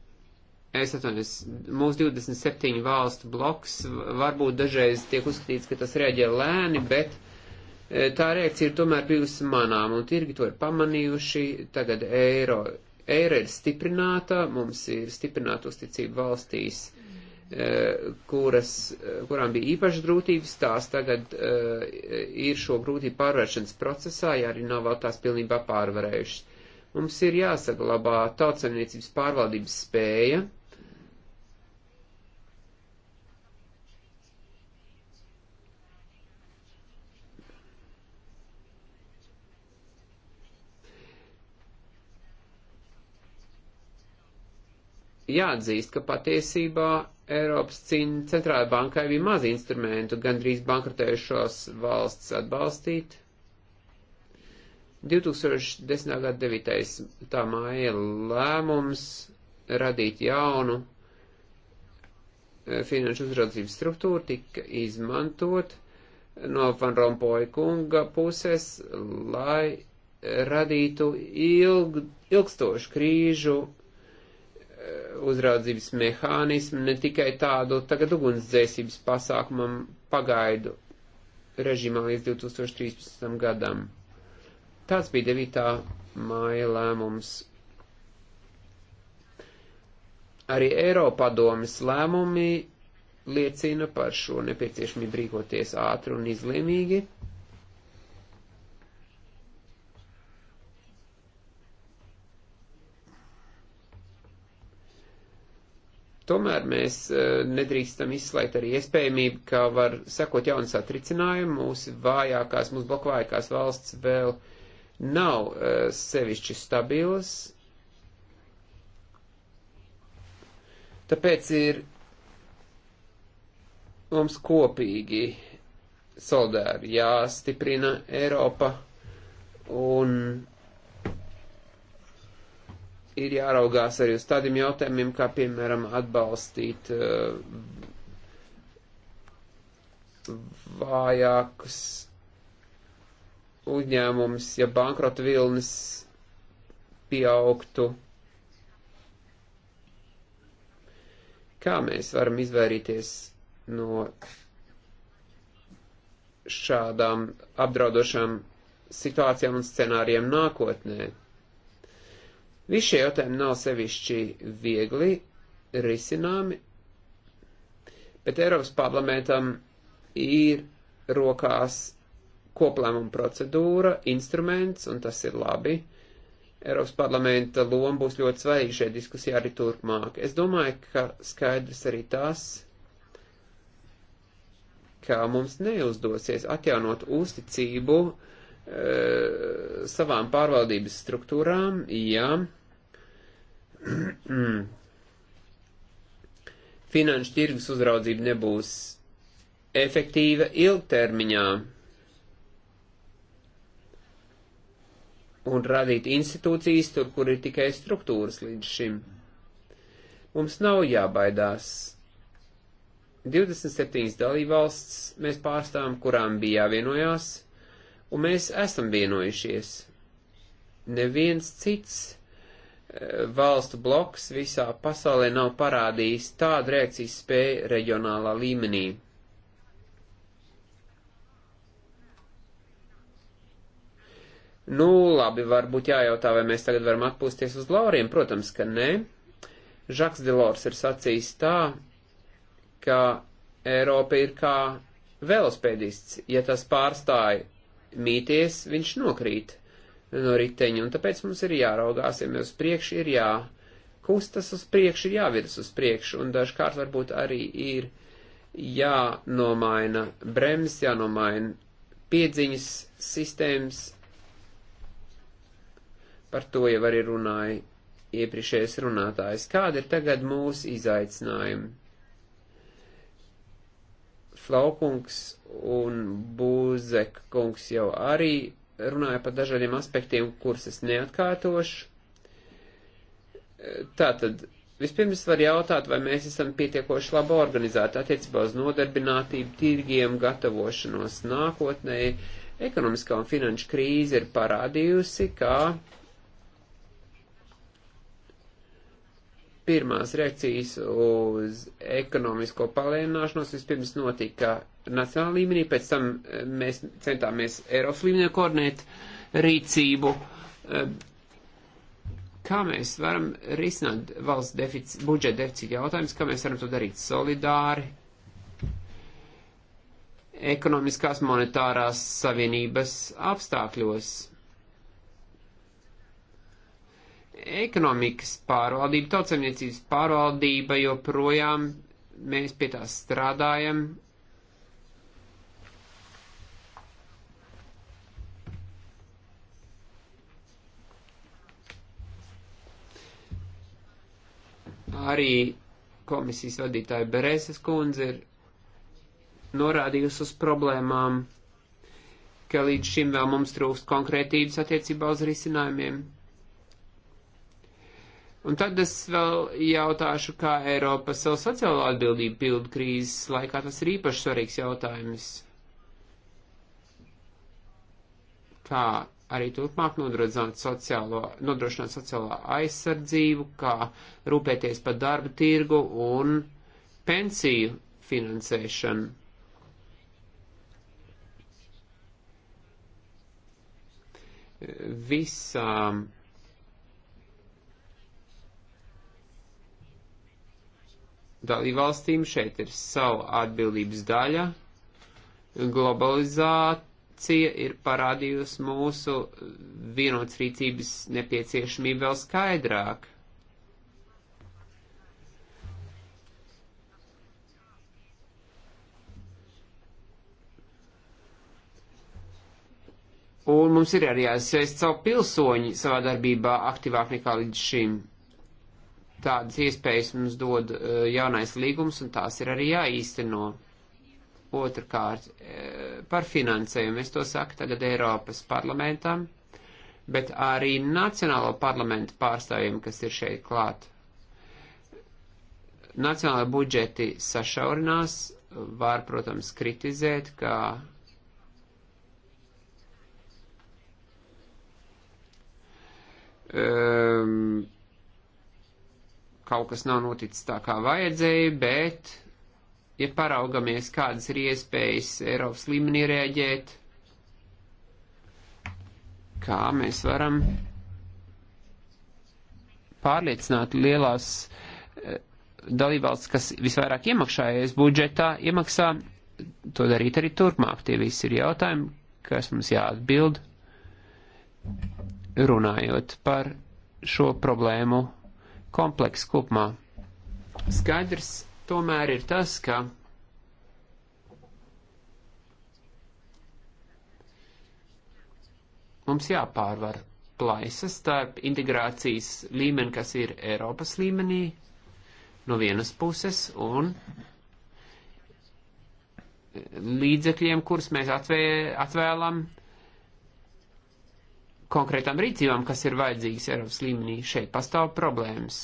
es atvainojos, mūsu 27 valstu bloks varbūt dažreiz tiek uzskatīts, ka tas reaģē lēni, bet e, tā reakcija ir tomēr bijusi manām, un tirgi to ir pamanījuši. Tagad eiro, eiro ir stiprināta, mums ir stiprināta uzticība valstīs, e, kuras, kurām bija īpašas grūtības, tās tagad e, ir šo grūtību pārvēršanas procesā, ja arī nav vēl tās pilnībā pārvarējušas. Mums ir jāsaglabā tautsamniecības pārvaldības spēja, uh, jāatzīst, ka patiesībā Eiropas centrālajai bankai bija maz instrumentu gandrīz bankrotējušos valsts atbalstīt. 2010. gada 9. tā māja lēmums radīt jaunu e, finanšu uzraudzības struktūru tika izmantot no Van Rompoja kunga puses, lai radītu ilg, ilgstošu krīžu uzraudzības mehānismu, ne tikai tādu tagad ugunsdzēsības pasākumam pagaidu režīmā līdz 2013. gadam. Tāds bija 9. māja lēmums. Arī Eiropadomes lēmumi liecina par šo nepieciešamību rīkoties ātri un izlēmīgi. Tomēr mēs e, nedrīkstam izslēgt arī iespējamību, ka var sekot jaunas atricinājumi, mūsu vājākās, mūsu blokvājākās valsts vēl nav e, sevišķi stabilas. Tāpēc ir mums kopīgi soldāri jāstiprina Eiropa un ir jāraugās arī uz tādiem jautājumiem, kā piemēram atbalstīt eh, vājākus uzņēmumus, ja bankrota vilnis pieaugtu. Kā mēs varam izvairīties no šādām apdraudošām situācijām un scenārijiem nākotnē? Visi šie jautājumi nav sevišķi viegli risināmi, bet Eiropas parlamentam ir rokās koplēmuma procedūra, instruments, un tas ir labi. Eiropas parlamenta loma būs ļoti svarīga šajā diskusijā arī turpmāk. Es domāju, ka skaidrs arī tas, ka mums neuzdosies atjaunot uzticību uh, Eh, savām pārvaldības struktūrām, jā, finanšu tirgus uzraudzība nebūs efektīva ilgtermiņā un radīt institūcijas tur, kur ir tikai struktūras līdz šim. Mums nav jābaidās. 27 dalībvalsts mēs pārstāvam, kurām bija jāvienojās un mēs esam vienojušies. Neviens cits eh, valstu bloks visā pasaulē nav parādījis tādu reakcijas spēju reģionālā līmenī. Nu, labi, varbūt jājautā, vai mēs tagad varam atpūsties uz lauriem. Protams, ka nē. Žaks Delors ir sacījis tā, ka Eiropa ir kā velospēdists, ja tas pārstāja mīties, viņš nokrīt no riteņa, un tāpēc mums ir jāraugās, ja mēs uz priekšu ir jā, kustas uz priekšu ir jāvirs uz priekšu, un dažkārt varbūt arī ir jānomaina brems, jānomaina piedziņas sistēmas, par to jau arī runāja iepriekšējais runātājs. Kāda ir tagad mūsu izaicinājuma? Flaukungs un Būzek kungs jau arī runāja par dažādiem aspektiem, kurus es neatkārtošu. Tātad, vispirms var jautāt, vai mēs esam pietiekoši labi organizēti attiecībā uz nodarbinātību, tirgiem, gatavošanos nākotnē. Ekonomiskā un finanšu krīze ir parādījusi, kā pirmās reakcijas uz ekonomisko palielināšanos vispirms notika nacionāla līmenī, pēc tam eh, mēs centāmies Eiropas līmenī koordinēt rīcību. Eh, kā mēs varam risināt valsts defic, budžeta deficīta jautājumus, kā mēs varam to darīt solidāri, ekonomiskās monetārās savienības apstākļos? ekonomikas pārvaldība, tautsemniecības pārvaldība joprojām mēs pie tā strādājam. Arī komisijas vadītāja Bereses kundze ir norādījusi uz problēmām, ka līdz šim vēl mums trūkst konkrētības attiecībā uz risinājumiem. Un tad es vēl jautāšu, kā Eiropa savu sociālo atbildību pildu krīzes laikā. Tas ir īpaši svarīgs jautājums. Kā arī turpmāk nodrošināt sociālo, nodrošināt sociālo aizsardzību, kā rūpēties par darba tirgu un pensiju finansēšanu. Visām. Um, dalībvalstīm šeit ir sava atbildības daļa. Globalizācija ir parādījusi mūsu vienots rīcības nepieciešamību vēl skaidrāk. Un mums ir arī jāsaist savu pilsoņu savā darbībā aktīvāk nekā līdz šim. Tādas iespējas mums dod eh, jaunais līgums, un tās ir arī jāīsteno. Otrakārt, eh, par finansējumu es to saku tagad Eiropas parlamentam, bet arī Nacionālo parlamentu pārstāvjiem, kas ir šeit klāt. Nacionālajie budžeti sašaurinās, var, protams, kritizēt, ka um, kaut kas nav noticis tā, kā vajadzēja, bet, ja paraugamies, kādas ir iespējas Eiropas līmenī rēģēt, kā mēs varam pārliecināt lielās eh, dalībvalsts, kas visvairāk iemaksājies budžetā, iemaksā to darīt arī turpmāk. Tie visi ir jautājumi, kas mums jāatbild, runājot par šo problēmu komplekss kopumā. Skaidrs tomēr ir tas, ka mums jāpārvar plaisa starp integrācijas līmeni, kas ir Eiropas līmenī no vienas puses un līdzekļiem, kurus mēs atvē, atvēlam konkrētām rīcībām, kas ir vajadzīgas Eiropas līmenī. Šeit pastāv problēmas.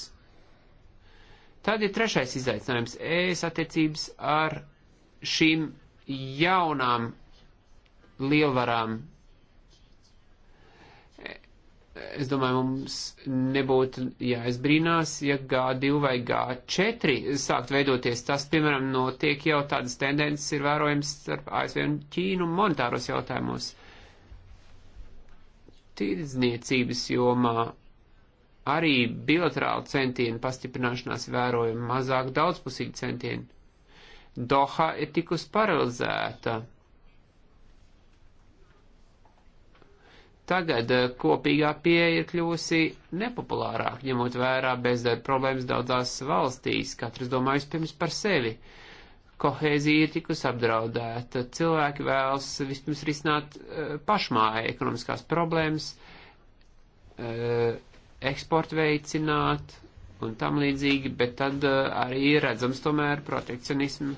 Tad ir trešais izaicinājums - ēs e attiecības ar šīm jaunām lielvarām. Es domāju, mums nebūtu jāizbrīnās, ja G2 vai G4 sākt veidoties. Tas, piemēram, notiek jau tādas tendences ir vērojams starp ASV un Ķīnu monetāros jautājumos tirdzniecības jomā arī bilaterāla centiena pastiprināšanās vērojama mazāk daudzpusīgi centieni. Doha ir tikus paralizēta. Tagad eh, kopīgā pieeja ir kļūsi nepopulārāk, ņemot vērā bezdarba problēmas daudzās valstīs, katrs domājis pirms par sevi. Uh, kohēzija ir tikus apdraudēta. Cilvēki vēlas vispirms risināt uh, pašmāja ekonomiskās problēmas, uh, eksportu veicināt un tam līdzīgi, bet tad uh, arī redzams tomēr protekcionismu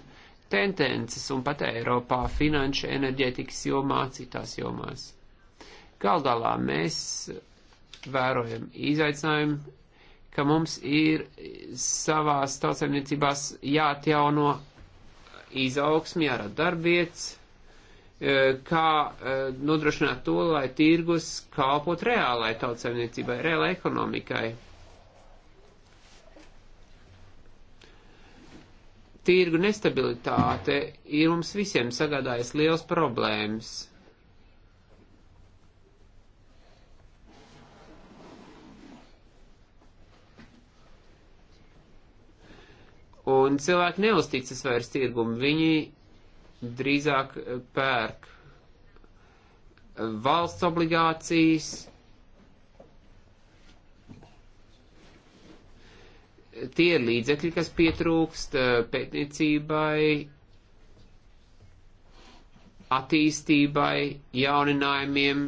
tendences un pat Eiropā finanšu enerģētikas jomā, citās jomās. Galgalā mēs vērojam izaicinājumu, ka mums ir savās tautsēmniecībās jāatjauno izaugsmi, jārada darbvietas, e, kā e, nodrošināt to, lai tirgus kalpot reālai tautsaimniecībai, reālai ekonomikai. Tirgu nestabilitāte ir mums visiem sagādājis liels problēmas Un cilvēki neusticas vairs tirgumu, viņi drīzāk eh, pērk eh, valsts obligācijas, tie ir līdzekļi, kas pietrūkst eh, pētniecībai, attīstībai, jauninājumiem,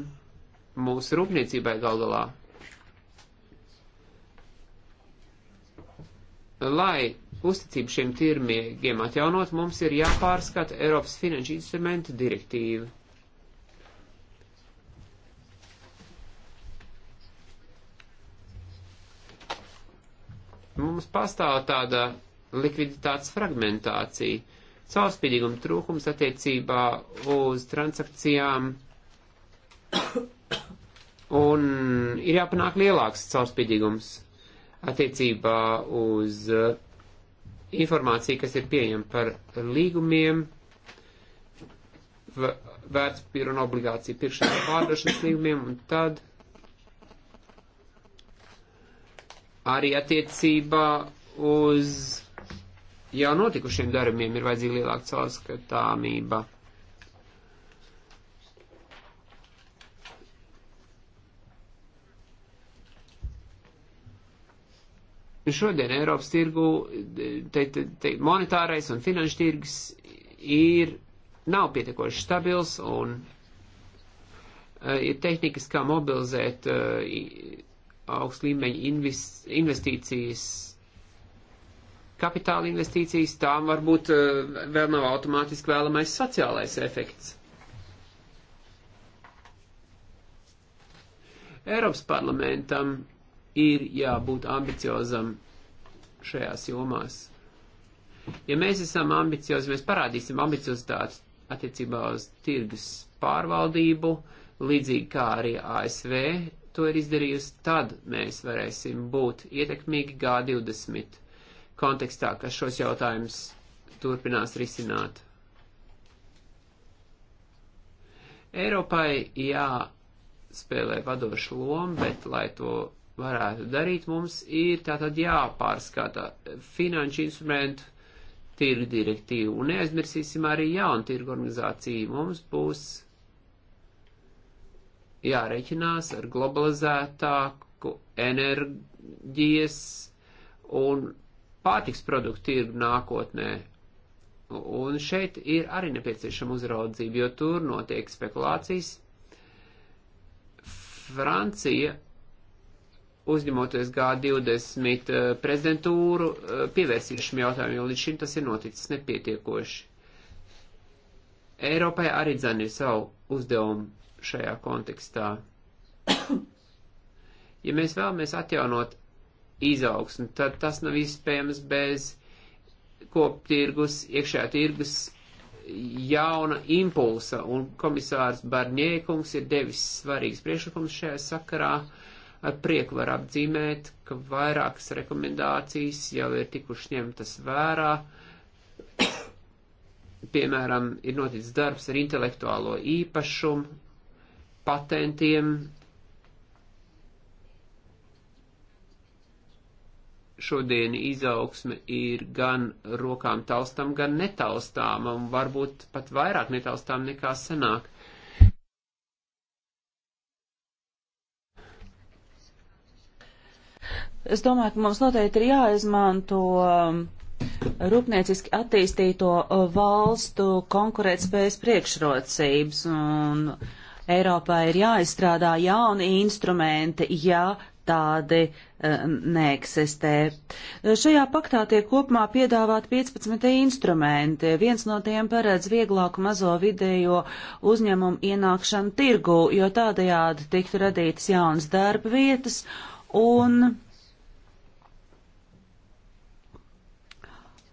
mūsu rūpniecībai gal galā. Lai uzticību šiem tirmīgiem atjaunot, mums ir jāpārskata Eiropas finanšu instrumentu direktīva. Mums pastāv tāda likviditātes fragmentācija, caurspīdīguma trūkums attiecībā uz transakcijām un ir jāpanāk lielāks caurspīdīgums attiecībā uz uh, informācija, kas ir pieejama par līgumiem, vērtspapīru un obligāciju pirkšanas pārdošanas līgumiem, un tad arī attiecībā uz jau notikušiem darbiem ir vajadzīga lielāka caurskatāmība. Nu, šodien Eiropas tirgu te, te, te, monetārais un finanšu tirgus ir, nav pietiekoši stabils un eh, ir tehnikas, kā mobilizēt eh, augst līmeņa investīcijas, kapitāla investīcijas, tām varbūt eh, vēl nav automātiski vēlamais sociālais efekts. Eiropas parlamentam ir jābūt ambiciozam šajās jomās. Ja mēs esam ambiciozi, mēs parādīsim ambiciozitāti attiecībā uz tirgus pārvaldību, līdzīgi kā arī ASV to ir izdarījusi, tad mēs varēsim būt ietekmīgi G20 kontekstā, kas šos jautājumus turpinās risināt. Eiropai jāspēlē vadošu lomu, bet lai to varētu darīt, mums ir tātad jāpārskata finanšu instrumentu tirgu direktīvu. Un neaizmirsīsim arī jaunu tirgu organizāciju. Mums būs jāreķinās ar globalizētāku enerģijas un pārtiks produktu tirgu nākotnē. Un šeit ir arī nepieciešama uzraudzība, jo tur notiek spekulācijas. Francija uzņemoties G20 eh, prezidentūru, eh, pievērsīs šim jautājumam, jo līdz šim tas ir noticis nepietiekoši. Eiropai arī dzēn ir savu uzdevumu šajā kontekstā. ja mēs vēlamies atjaunot izaugsmi, tad tas nav iespējams bez koptirgus, iekšējā tirgus jauna impulsa, un komisārs Barņēkungs ir devis svarīgs priekšlikums šajā sakarā. Uh, Ar prieku var apzīmēt, ka vairākas rekomendācijas jau ir tikuši ņemtas vērā. Piemēram, ir noticis darbs ar intelektuālo īpašumu, patentiem. Šodien izaugsme ir gan rokām taustām, gan netaustām, un varbūt pat vairāk netaustām nekā senāk Es domāju, ka mums noteikti ir jāizmanto um, rūpnieciski attīstīto uh, valstu konkurētspējas priekšrocības, un Eiropā ir jāizstrādā jauni instrumenti, ja tādi uh, neeksistē. Uh, šajā paktā tiek kopumā piedāvāt 15 instrumenti. Viens no tiem paredz vieglāku mazo vidējo uzņēmumu ienākšanu tirgu, jo tādējādi tiktu radītas jaunas darba vietas un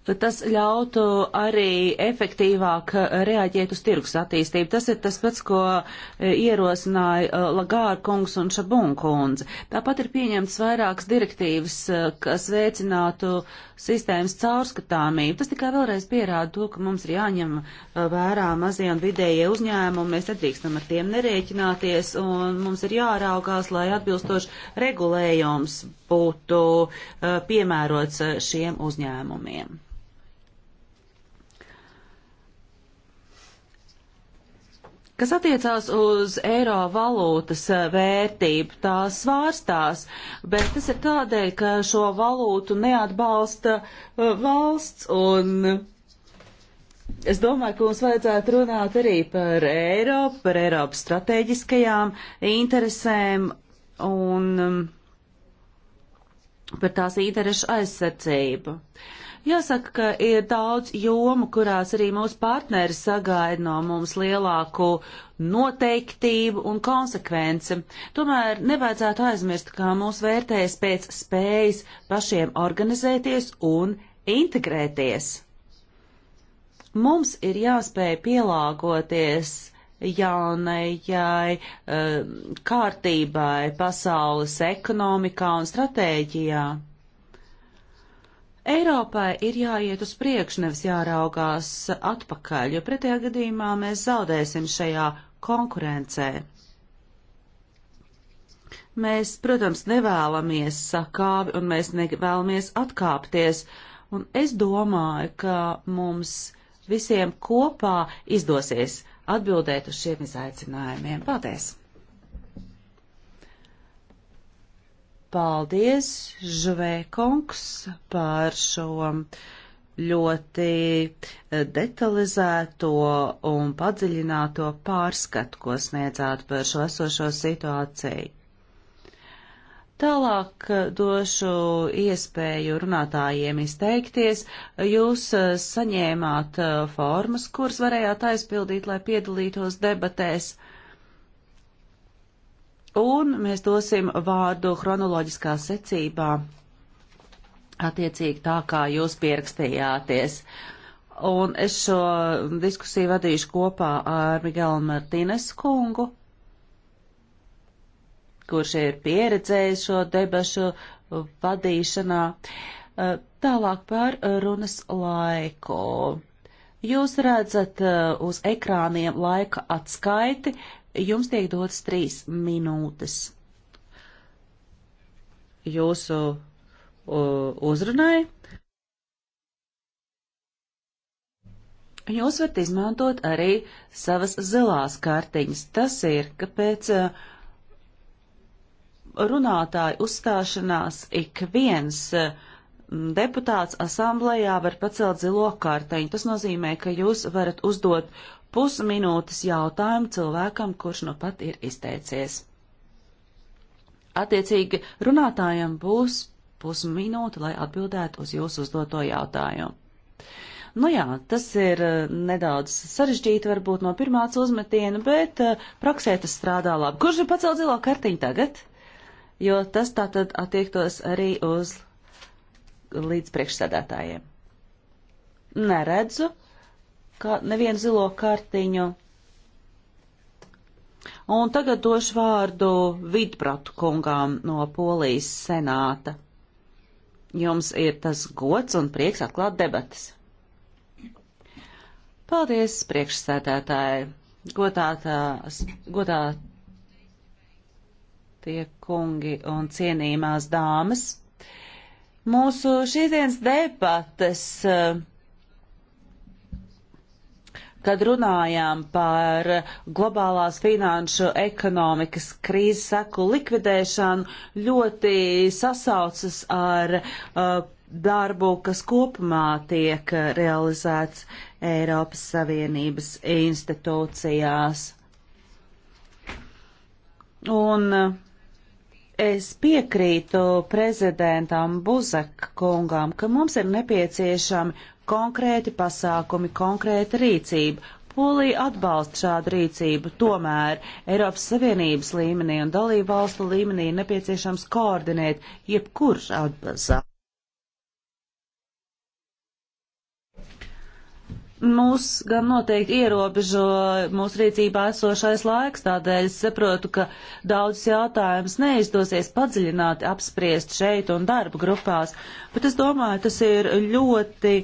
Tas ļautu arī efektīvāk eh, reaģēt uz tirgus attīstību. Tas ir tas pats, ko eh, ierosināja eh, Lagāra kungs un Šabun kundze. Tāpat ir pieņemts vairākas direktīvas, kas veicinātu sistēmas caurskatāmību. Tas tikai vēlreiz pierāda to, ka mums ir jāņem vērā mazie un vidējie uzņēmumi, mēs nedrīkstam ar tiem nerēķināties un mums ir jāraugās, lai atbilstoši regulējums būtu piemērots šiem uzņēmumiem. Kas attiecās uz eiro valūtas eh, vērtību, tās svārstās, bet tas ir tādēļ, ka šo valūtu neatbalsta eh, valsts un. Es domāju, ka mums vajadzētu runāt arī par Eiropu, par Eiropas strateģiskajām interesēm un mm, par tās interešu aizsardzību. Uh, Jāsaka, ka ir daudz jomu, kurās arī mūsu partneri sagaida no mums lielāku noteiktību un konsekvenci. Tomēr nevajadzētu aizmirst, kā mūs vērtēs pēc spējas pašiem organizēties un integrēties. Mums ir jāspēj pielāgoties jaunajai uh, kārtībai pasaules ekonomikā un stratēģijā. Eiropai ir jāiet uz priekšu, nevis jāraugās atpakaļ, jo pretējā gadījumā mēs zaudēsim šajā konkurencē. Mēs, protams, nevēlamies sakāvi un mēs nevēlamies atkāpties, un es domāju, ka mums visiem kopā izdosies atbildēt uz šiem izaicinājumiem. Paldies! Paldies, Žvēkungs, par šo ļoti e, detalizēto un padziļināto pārskatu, ko sniedzāt par šo esošo situāciju. Tālāk e, došu iespēju runātājiem izteikties. Jūs e, saņēmāt formas, kuras varējāt aizpildīt, lai piedalītos debatēs. Uh, un mēs dosim vārdu chronoloģiskā secībā, attiecīgi tā, kā jūs pierakstījāties. Un es šo diskusiju vadīšu kopā ar Miguelu Martīnes kungu, kurš ir pieredzējis šo debašu vadīšanā. Eh, tālāk par runas laiku. Jūs redzat eh, uz ekrāniem laika atskaiti, Jums tiek dotas trīs minūtes jūsu uzrunai. Jūs varat izmantot arī savas zilās kartiņas. Tas ir, ka pēc e, runātāju uzstāšanās ik viens e, deputāts asamblējā var pacelt zilo kartiņu. Tas nozīmē, ka jūs varat uzdot pusminūtes jautājumu cilvēkam, kurš nu pat ir izteicies. Attiecīgi runātājiem būs pusminūte, lai atbildētu uz jūsu uzdoto jautājumu. Nu jā, tas ir eh, nedaudz sarežģīti varbūt no pirmāts uzmetiena, bet eh, praksē tas strādā labi. Kurš ir pacēl zilo kartiņu tagad? Jo tas tā tad attiektos arī uz līdz priekšsēdētājiem. Neredzu kā, nevienu zilo kartiņu. Un tagad došu vārdu Vidbratu kungām no Polijas senāta. Jums ir tas gods un prieks atklāt debatas. Paldies, priekšsēdētāji, godātās, godā tie kungi un cienījumās dāmas. Mūsu šīsdienas debates uh, kad runājām par globālās finanšu ekonomikas krīzes seku likvidēšanu, ļoti sasaucas ar uh, darbu, kas kopumā tiek realizēts Eiropas Savienības institūcijās. Un uh, es piekrītu prezidentam Buzek kungam, ka mums ir nepieciešami konkrēti pasākumi, konkrēta rīcība. Polija atbalsta šādu rīcību, tomēr Eiropas Savienības līmenī un dalību valstu līmenī ir nepieciešams koordinēt jebkurš atbalsts. Mūs gan noteikti ierobežo mūsu rīcībā esošais laiks, tādēļ es saprotu, ka daudz jautājums neizdosies padziļināti apspriest šeit un darba grupās, bet es domāju, tas ir ļoti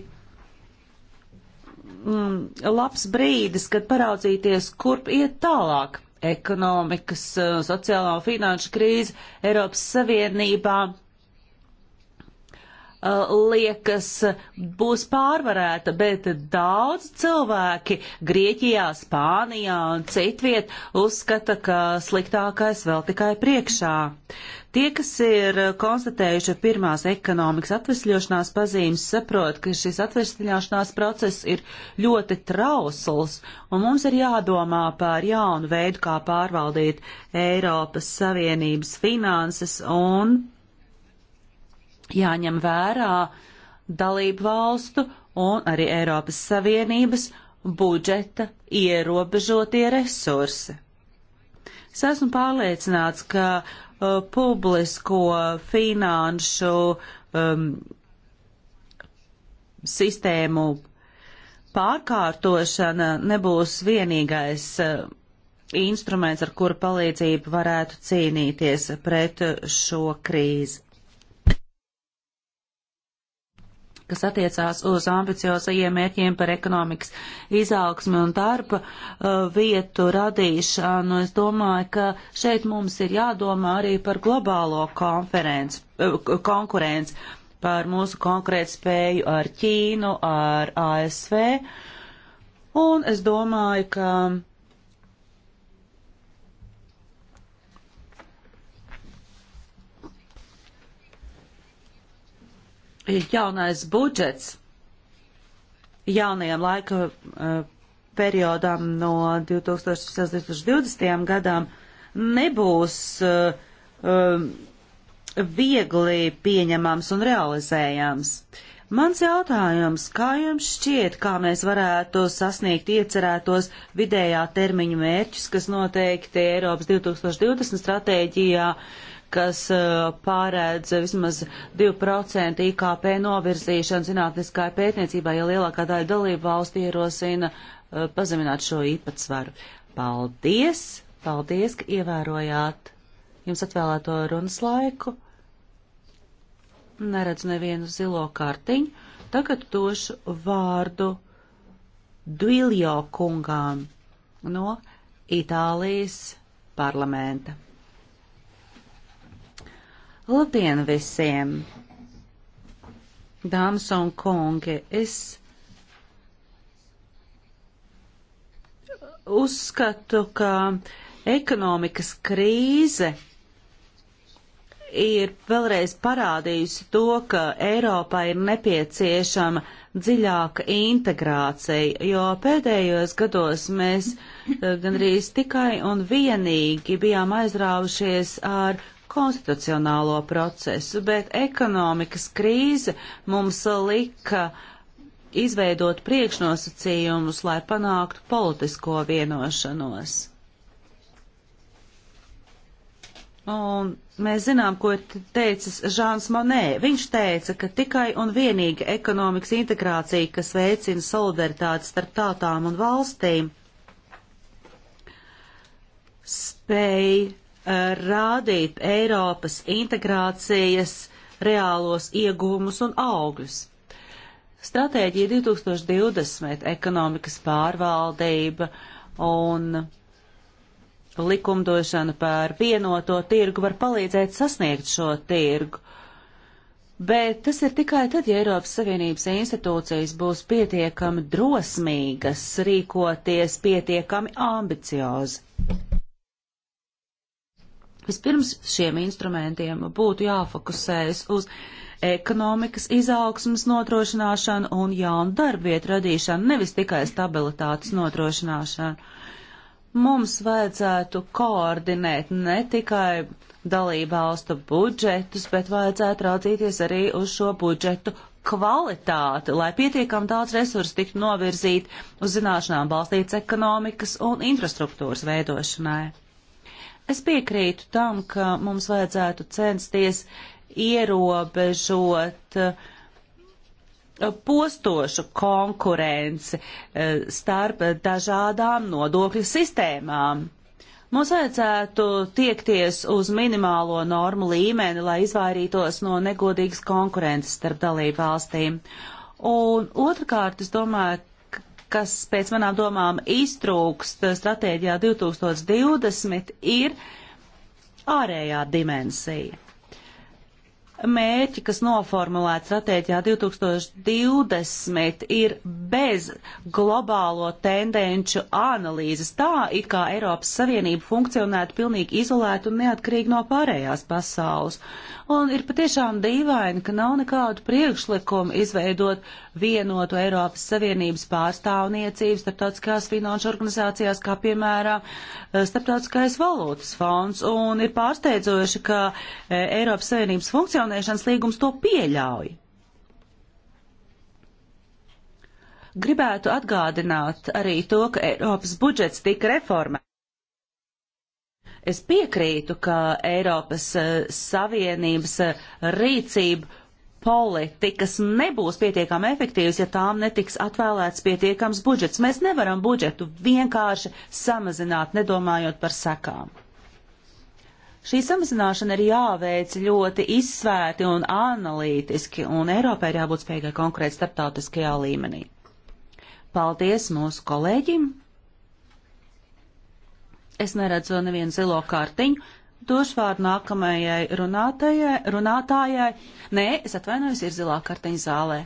mm, labs brīdis, kad paraudzīties, kurp iet tālāk ekonomikas, eh, sociālā un finanšu krīze Eiropas Savienībā eh, liekas būs pārvarēta, bet daudz cilvēki Grieķijā, Spānijā un citviet uzskata, ka sliktākais vēl tikai priekšā. Tie, kas ir eh, konstatējuši pirmās ekonomikas atvesļošanās pazīmes, saprot, ka šis atvesļošanās process ir ļoti trausls, un mums ir jādomā par jaunu veidu, kā pārvaldīt Eiropas Savienības finanses un jāņem vērā dalību valstu un arī Eiropas Savienības budžeta ierobežotie resursi. Es esmu pārliecināts, ka uh, publisko finanšu um, sistēmu pārkārtošana nebūs vienīgais uh, instruments, ar kuru palīdzību varētu cīnīties pret šo krīzi. kas attiecās uz ambiciozajiem mērķiem par ekonomikas izaugsmi un darba uh, vietu radīšanu. Es domāju, ka šeit mums ir jādomā arī par globālo konferenci, uh, konkurenci, par mūsu konkrētu spēju ar Ķīnu, ar ASV. Un es domāju, ka jaunais budžets jaunajam laika uh, periodam no 2016. līdz 2020. gadam nebūs uh, um, viegli pieņemams un realizējams. Mans jautājums, kā jums šķiet, kā mēs varētu sasniegt iecerētos vidējā termiņu mērķus, kas noteikti Eiropas 2020 stratēģijā uh, kas uh, pārēdz vismaz 2% IKP novirzīšanu zinātniskai pētniecībai, ja lielākā daļa dalību valstu ierosina uh, pazemināt šo īpatsvaru. Paldies! Paldies, ka ievērojāt jums atvēlēto runas laiku. Neredzu nevienu zilo kartiņu. Tagad došu vārdu Dviljo kungām no Itālijas parlamenta. Labdien visiem! Dāmas un kungi, es uzskatu, ka ekonomikas krīze ir vēlreiz parādījusi to, ka Eiropā ir nepieciešama dziļāka integrācija, jo pēdējos gados mēs eh, gandrīz tikai un vienīgi bijām aizrāvušies ar konstitucionālo procesu, bet ekonomikas krīze mums lika izveidot priekšnosacījumus, lai panāktu politisko vienošanos. Un mēs zinām, ko ir teicis Žāns Monē. Viņš teica, ka tikai un vienīgi ekonomikas integrācija, kas veicina solidaritāti starp tautām un valstīm, spēj rādīt Eiropas integrācijas reālos iegūmus un augļus. Stratēģija 2020, ekonomikas pārvaldība un likumdošana par vienoto tirgu var palīdzēt sasniegt šo tirgu. Bet tas ir tikai tad, ja Eiropas Savienības institūcijas būs pietiekami drosmīgas rīkoties pietiekami ambiciozi. Vispirms šiem instrumentiem būtu jāfokusējas uz ekonomikas izaugsmas nodrošināšanu un jaunu darbvietu radīšanu, nevis tikai stabilitātes nodrošināšanu. Mums vajadzētu koordinēt ne tikai dalību valstu budžetus, bet vajadzētu raudzīties arī uz šo budžetu kvalitāti, lai pietiekam daudz resursu tiktu novirzīt uz zināšanām balstīts ekonomikas un infrastruktūras veidošanai. Es piekrītu tam, ka mums vajadzētu censties ierobežot uh, postošu konkurenci uh, starp dažādām nodokļu sistēmām. Mums vajadzētu tiekties uz minimālo normu līmeni, lai izvairītos no negodīgas konkurences starp dalību valstīm. Un otrkārt, es domāju, kas pēc manām domām iztrūkst stratēģijā 2020, ir ārējā dimensija mērķi, kas noformulēti stratēģijā 2020, ir bez globālo tendenču analīzes. Tā it kā Eiropas Savienība funkcionētu pilnīgi izolēta un neatkarīgi no pārējās pasaules. Un ir patiešām dīvaini, ka nav nekādu priekšlikumu izveidot vienotu Eiropas Savienības pārstāvniecību starptautiskās finanšu organizācijās, kā piemēram eh, Starptautiskais valūtas fonds. Un ir pārsteidzoši, ka eh, Eiropas Savienības funkcionālais atjaunēšanas līgums to pieļauj. Gribētu atgādināt arī to, ka Eiropas budžets tika reformēts. Es piekrītu, ka Eiropas eh, Savienības eh, rīcība politikas nebūs pietiekami efektīvas, ja tām netiks atvēlēts pietiekams budžets. Mēs nevaram budžetu vienkārši samazināt, nedomājot par sekām. Šī samazināšana ir jāveic ļoti izsvērti un analītiski, un Eiropai ir jābūt spējīgai konkrēt starptautiskajā līmenī. Paldies mūsu kolēģim! Es neredzu nevienu zilo kartiņu. Došu vārdu nākamajai runātājai. runātājai. Nē, es atvainojos, ir zilā kartiņa zālē.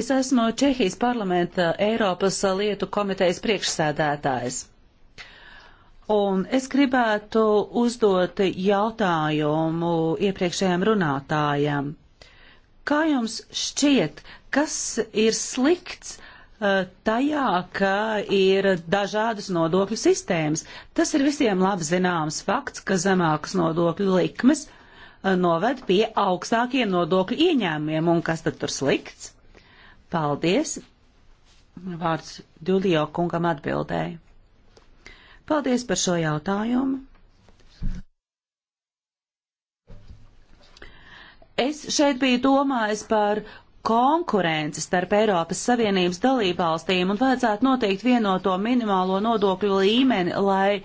Es esmu Čehijas parlamenta Eiropas lietu komitejas priekšsēdētājs. Un es gribētu uzdot jautājumu iepriekšējiem runātājiem. Kā jums šķiet, kas ir slikts eh, tajā, ka ir dažādas nodokļu sistēmas? Tas ir visiem labi zināms fakts, ka zemākas nodokļu likmes eh, noved pie augstākiem nodokļu ieņēmumiem, un kas tad tur slikts? Paldies! Vārds Dulijo kungam atbildēja. Paldies par šo jautājumu. Es šeit biju domājis par konkurence starp Eiropas Savienības dalībvalstīm un vajadzētu noteikt vienoto minimālo nodokļu līmeni, lai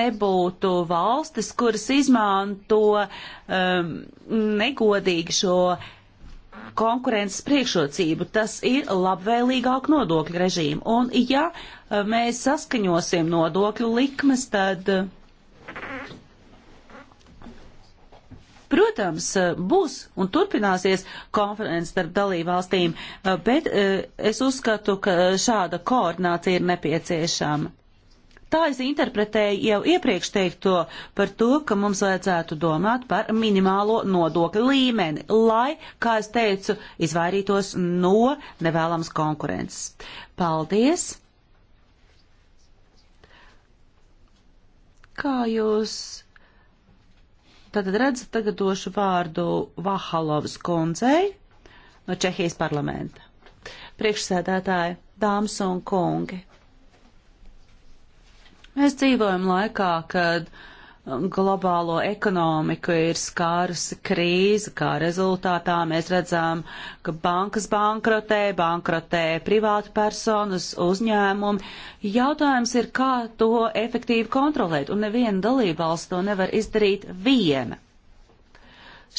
nebūtu valstis, kuras izmanto um, negodīgi šo konkurences priekšrocību, tas ir labvēlīgāk nodokļu režīmu. Un ja eh, mēs saskaņosim nodokļu likmes, tad, eh, protams, eh, būs un turpināsies konferences starp dalībvalstīm, bet es uzskatu, ka šāda koordinācija ir nepieciešama. Tā es interpretēju jau iepriekš teikto par to, ka mums vajadzētu domāt par minimālo nodokļu līmeni, lai, kā es teicu, izvairītos no nevēlamas konkurences. Paldies! Kā jūs tātad redzat, tagad došu vārdu Vahalovas kundzei no Čehijas parlamenta. Priekšsēdētāji, dāmas un kungi! Mēs dzīvojam laikā, kad um, globālo ekonomiku ir skārusi krīze, kā rezultātā mēs redzam, ka bankas bankrotē, bankrotē privātu personas, uzņēmumi. Jautājums ir, kā to efektīvi kontrolēt, un neviena dalībvalsts to nevar izdarīt viena.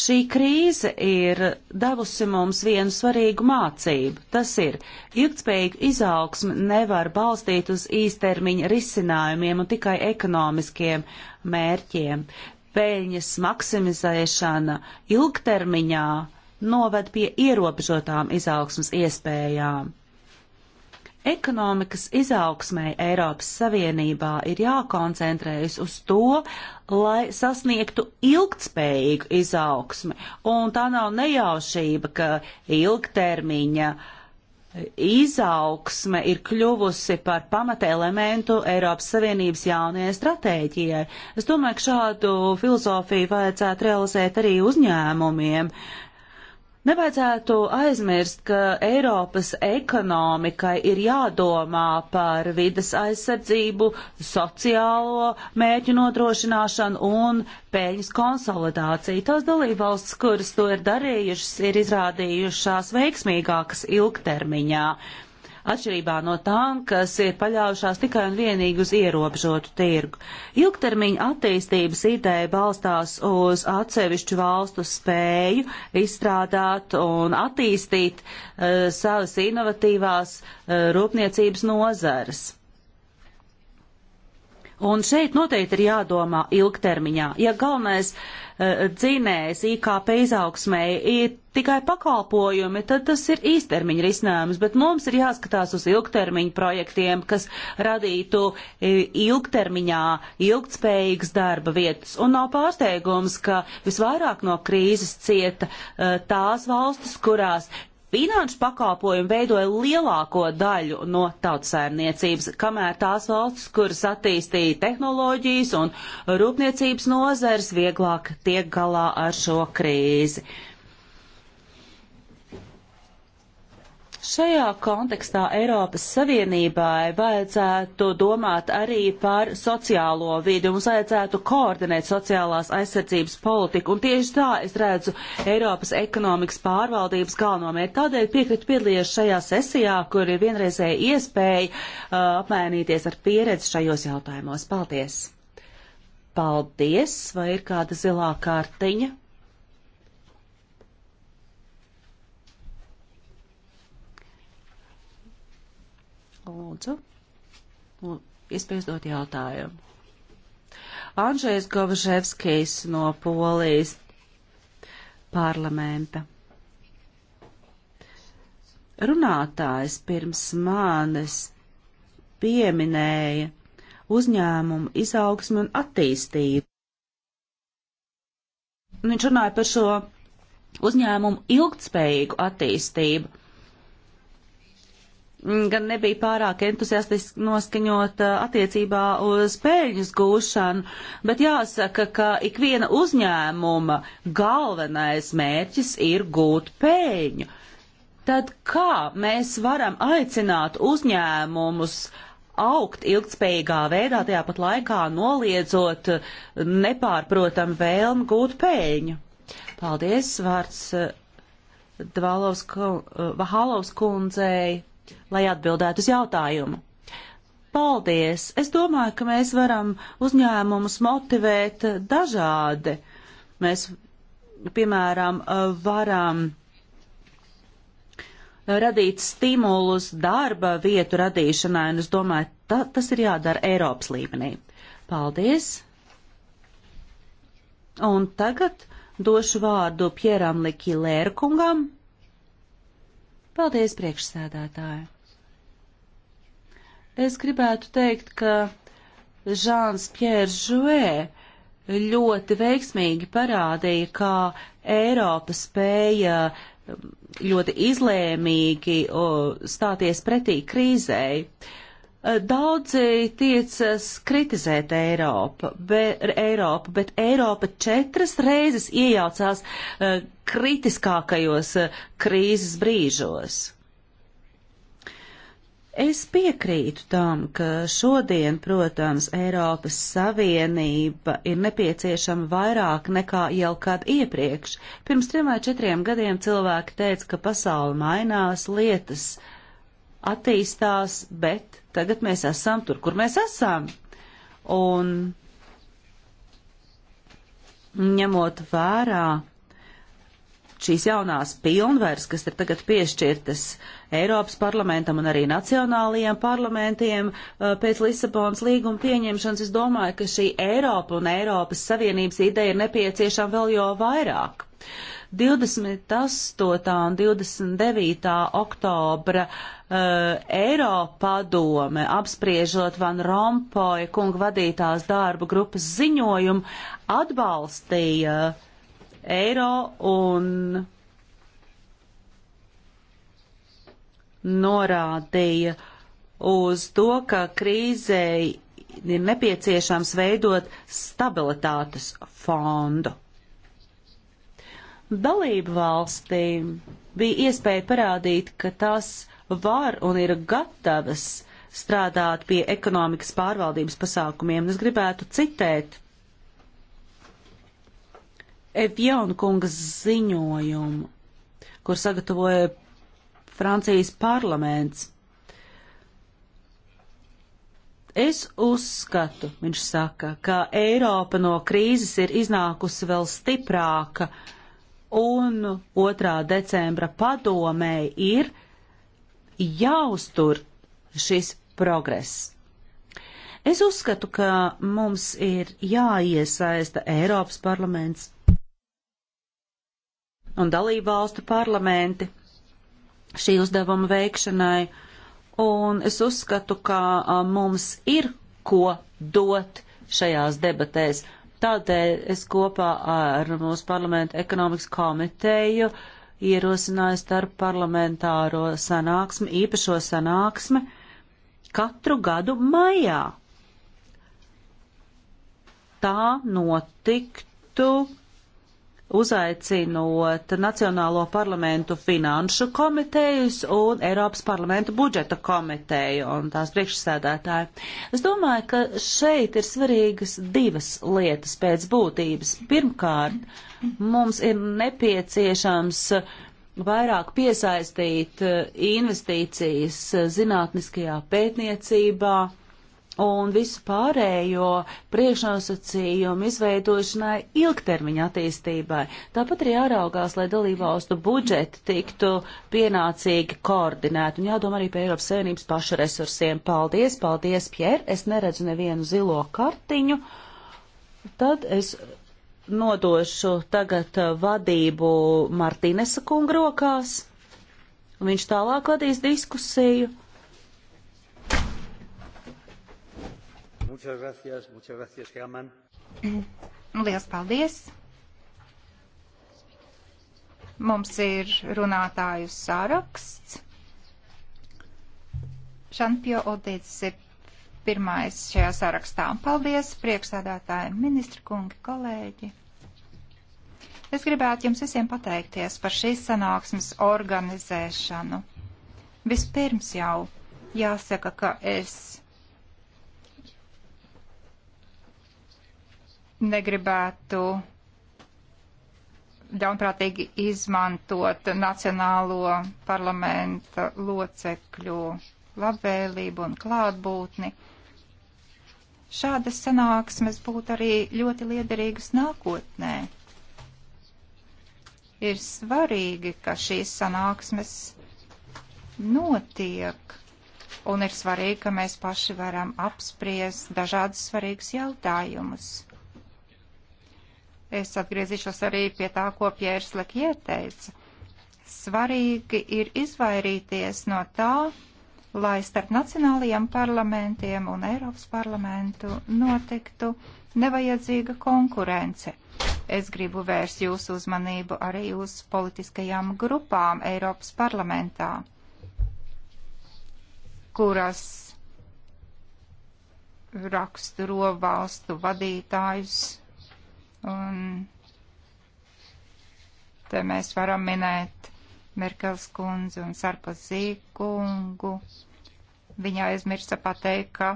Šī krīze ir devusi mums vienu svarīgu mācību. Tas ir, ilgtspējīgu izaugsmu nevar balstīt uz īstermiņa risinājumiem un tikai ekonomiskiem mērķiem. Pēļņas maksimizēšana ilgtermiņā noved pie ierobežotām izaugsmas iespējām. Ekonomikas izaugsmai Eiropas Savienībā ir jākoncentrējas uz to, lai sasniegtu ilgtspējīgu izaugsmi, un tā nav nejaušība, ka ilgtermiņa izaugsme ir kļuvusi par pamatelementu Eiropas Savienības jaunajai stratēģijai. Es domāju, ka šādu filozofiju vajadzētu realizēt arī uzņēmumiem. Uh, Nevajadzētu aizmirst, ka Eiropas ekonomikai ir jādomā par vidas aizsardzību, sociālo mērķu nodrošināšanu un peļņas konsolidāciju. Tās dalībvalstis, kuras to ir darījušas, ir izrādījušās veiksmīgākas ilgtermiņā atšķirībā no tām, kas ir paļaujušās tikai un vienīgi uz ierobežotu tirgu. Ilgtermiņa attīstības ideja balstās uz atsevišķu valstu spēju izstrādāt un attīstīt uh, savas inovatīvās uh, rūpniecības nozares. Un šeit noteikti ir jādomā ilgtermiņā. Ja galvenais uh, dzinējs IKP izaugsmēji ir tikai pakalpojumi, tad tas ir īstermiņa risinājums, bet mums ir jāskatās uz ilgtermiņa projektiem, kas radītu eh, ilgtermiņā ilgtspējīgas darba vietas. Un nav pārsteigums, ka visvairāk no krīzes cieta eh, tās valstis, kurās Finanšu pakāpojumi veidoja lielāko daļu no tautsēmniecības, kamēr tās valsts, kuras attīstīja tehnoloģijas un rūpniecības nozars, vieglāk tiek galā ar šo krīzi. Uh, Šajā kontekstā Eiropas Savienībai vajadzētu domāt arī par sociālo vidi, mums vajadzētu koordinēt sociālās aizsardzības politiku, un tieši tā es redzu Eiropas ekonomikas pārvaldības galvenomērķi. Tādēļ piekritu piedalījies šajā sesijā, kur ir vienreizēja iespēja uh, apmainīties ar pieredzi šajos jautājumos. Paldies! Paldies! Vai ir kāda zilā kārtiņa? Lūdzu, nu, iespējas dot jautājumu. Andrzejs Govaževskis no Polijas parlamenta. Runātājs pirms manis pieminēja uzņēmumu izaugsmu un attīstību. Viņš runāja par šo uzņēmumu ilgtspējīgu attīstību gan nebija pārāk entuziastiski noskaņota attiecībā uz pēļņas gūšanu, bet jāsaka, ka ikviena uzņēmuma galvenais mērķis ir gūt pēļņu. Tad kā mēs varam aicināt uzņēmumus augt ilgtspējīgā veidā, tajā pat laikā noliedzot nepārprotam vēlmu gūt pēļņu? Paldies, vārds Dvalovs, Vahalovs kundzei lai atbildētu uz jautājumu. Paldies! Es domāju, ka mēs varam uzņēmumus motivēt dažādi. Mēs, piemēram, varam radīt stimulus darba vietu radīšanai, un es domāju, ta, tas ir jādara Eiropas līmenī. Paldies! Un tagad došu vārdu Pieram Likilērkungam Paldies, priekšsēdētāji! Es gribētu teikt, ka Žāns Pjērs Žuē ļoti veiksmīgi parādīja, kā Eiropa spēja um, ļoti izlēmīgi stāties pretī krīzei. Uh, Eh, Daudzi tiecas kritizēt Eiropu, be, Eiropu, bet Eiropa četras reizes iejaucās uh, kritiskākajos uh, krīzes brīžos. Es piekrītu tam, ka šodien, protams, Eiropas Savienība ir nepieciešama vairāk nekā jau kad iepriekš. Pirms trim vai četriem gadiem cilvēki teica, ka pasauli mainās, lietas attīstās, bet tagad mēs esam tur, kur mēs esam. Un ņemot vērā šīs jaunās pilnvaras, kas ir tagad piešķirtas Eiropas parlamentam un arī nacionālajiem parlamentiem eh, pēc Lisabonas līguma pieņemšanas, es domāju, ka šī Eiropa un Eiropas Savienības ideja ir nepieciešama vēl jo vairāk. 28. un 29. oktobra uh, Eh, Eiropadome, apspriežot Van Rompoja kunga vadītās darba grupas ziņojumu, atbalstīja eiro un norādīja uz to, ka krīzei ir nepieciešams veidot stabilitātes fondu. Dalību valstīm bija iespēja parādīt, ka tas var un ir gatavas strādāt pie ekonomikas pārvaldības pasākumiem. Un es gribētu citēt Evjauna kungas ziņojumu, kur sagatavoja Francijas parlaments. Es uzskatu, viņš saka, ka Eiropa no krīzes ir iznākusi vēl stiprāka, un 2. decembra padomē ir jāuztur šis progress. Es uzskatu, ka mums ir jāiesaista Eiropas parlaments un dalību valstu parlamenti šī uzdevuma veikšanai, un es uzskatu, ka mums ir ko dot šajās debatēs. Tādēļ es kopā ar mūsu parlamentu ekonomikas komiteju uh, ierosināja starp parlamentāro sanāksmi, īpašo sanāksmi katru gadu maijā. Tā notiktu uzaicinot Nacionālo parlamentu finanšu komitejus un Eiropas parlamentu budžeta komiteju un tās priekšsēdētāju. Es domāju, ka šeit ir svarīgas divas lietas pēc būtības. Pirmkārt, Mums ir nepieciešams vairāk piesaistīt eh, investīcijas eh, zinātniskajā pētniecībā un visu pārējo priekšnosacījumu izveidošanai ilgtermiņa attīstībai. Tāpat arī jāraugās, lai dalībvalstu budžeti tiktu pienācīgi koordinēti un jādomā arī par Eiropas Savienības pašu resursiem. Paldies, paldies, Pjer, es neredzu nevienu zilo kartiņu. Tad es nodošu tagad uh, vadību Martīnesa kunga rokās. Viņš tālāk vadīs diskusiju. Muchas gracias, muchas gracias, Herman. Lielas paldies! Mums ir runātāju saraksts. Žanpio Odēdzis ir pirmais šajā sarakstā. Paldies, priekšsēdētāji, ministri kungi, kolēģi. Es gribētu jums visiem pateikties par šīs sanāksmes organizēšanu. Vispirms jau jāsaka, ka es negribētu ļaunprātīgi izmantot Nacionālo parlamenta locekļu labvēlību un klātbūtni. Šādas sanāksmes būtu arī ļoti liederīgas nākotnē. Ir svarīgi, ka šīs sanāksmes notiek, un ir svarīgi, ka mēs paši varam apspriest dažādas svarīgas jautājumus. Es atgriezīšos arī pie tā, ko Pjērs Lekie teica. Svarīgi ir izvairīties no tā, lai starp nacionālajiem parlamentiem un Eiropas parlamentu notiktu nevajadzīga konkurence. Es gribu vērst jūsu uzmanību arī uz politiskajām grupām Eiropas parlamentā, kuras raksturo valstu vadītājus un te mēs varam minēt Merkels kundzi un Sarkozī kungu. Viņa aizmirsa pateikt, ka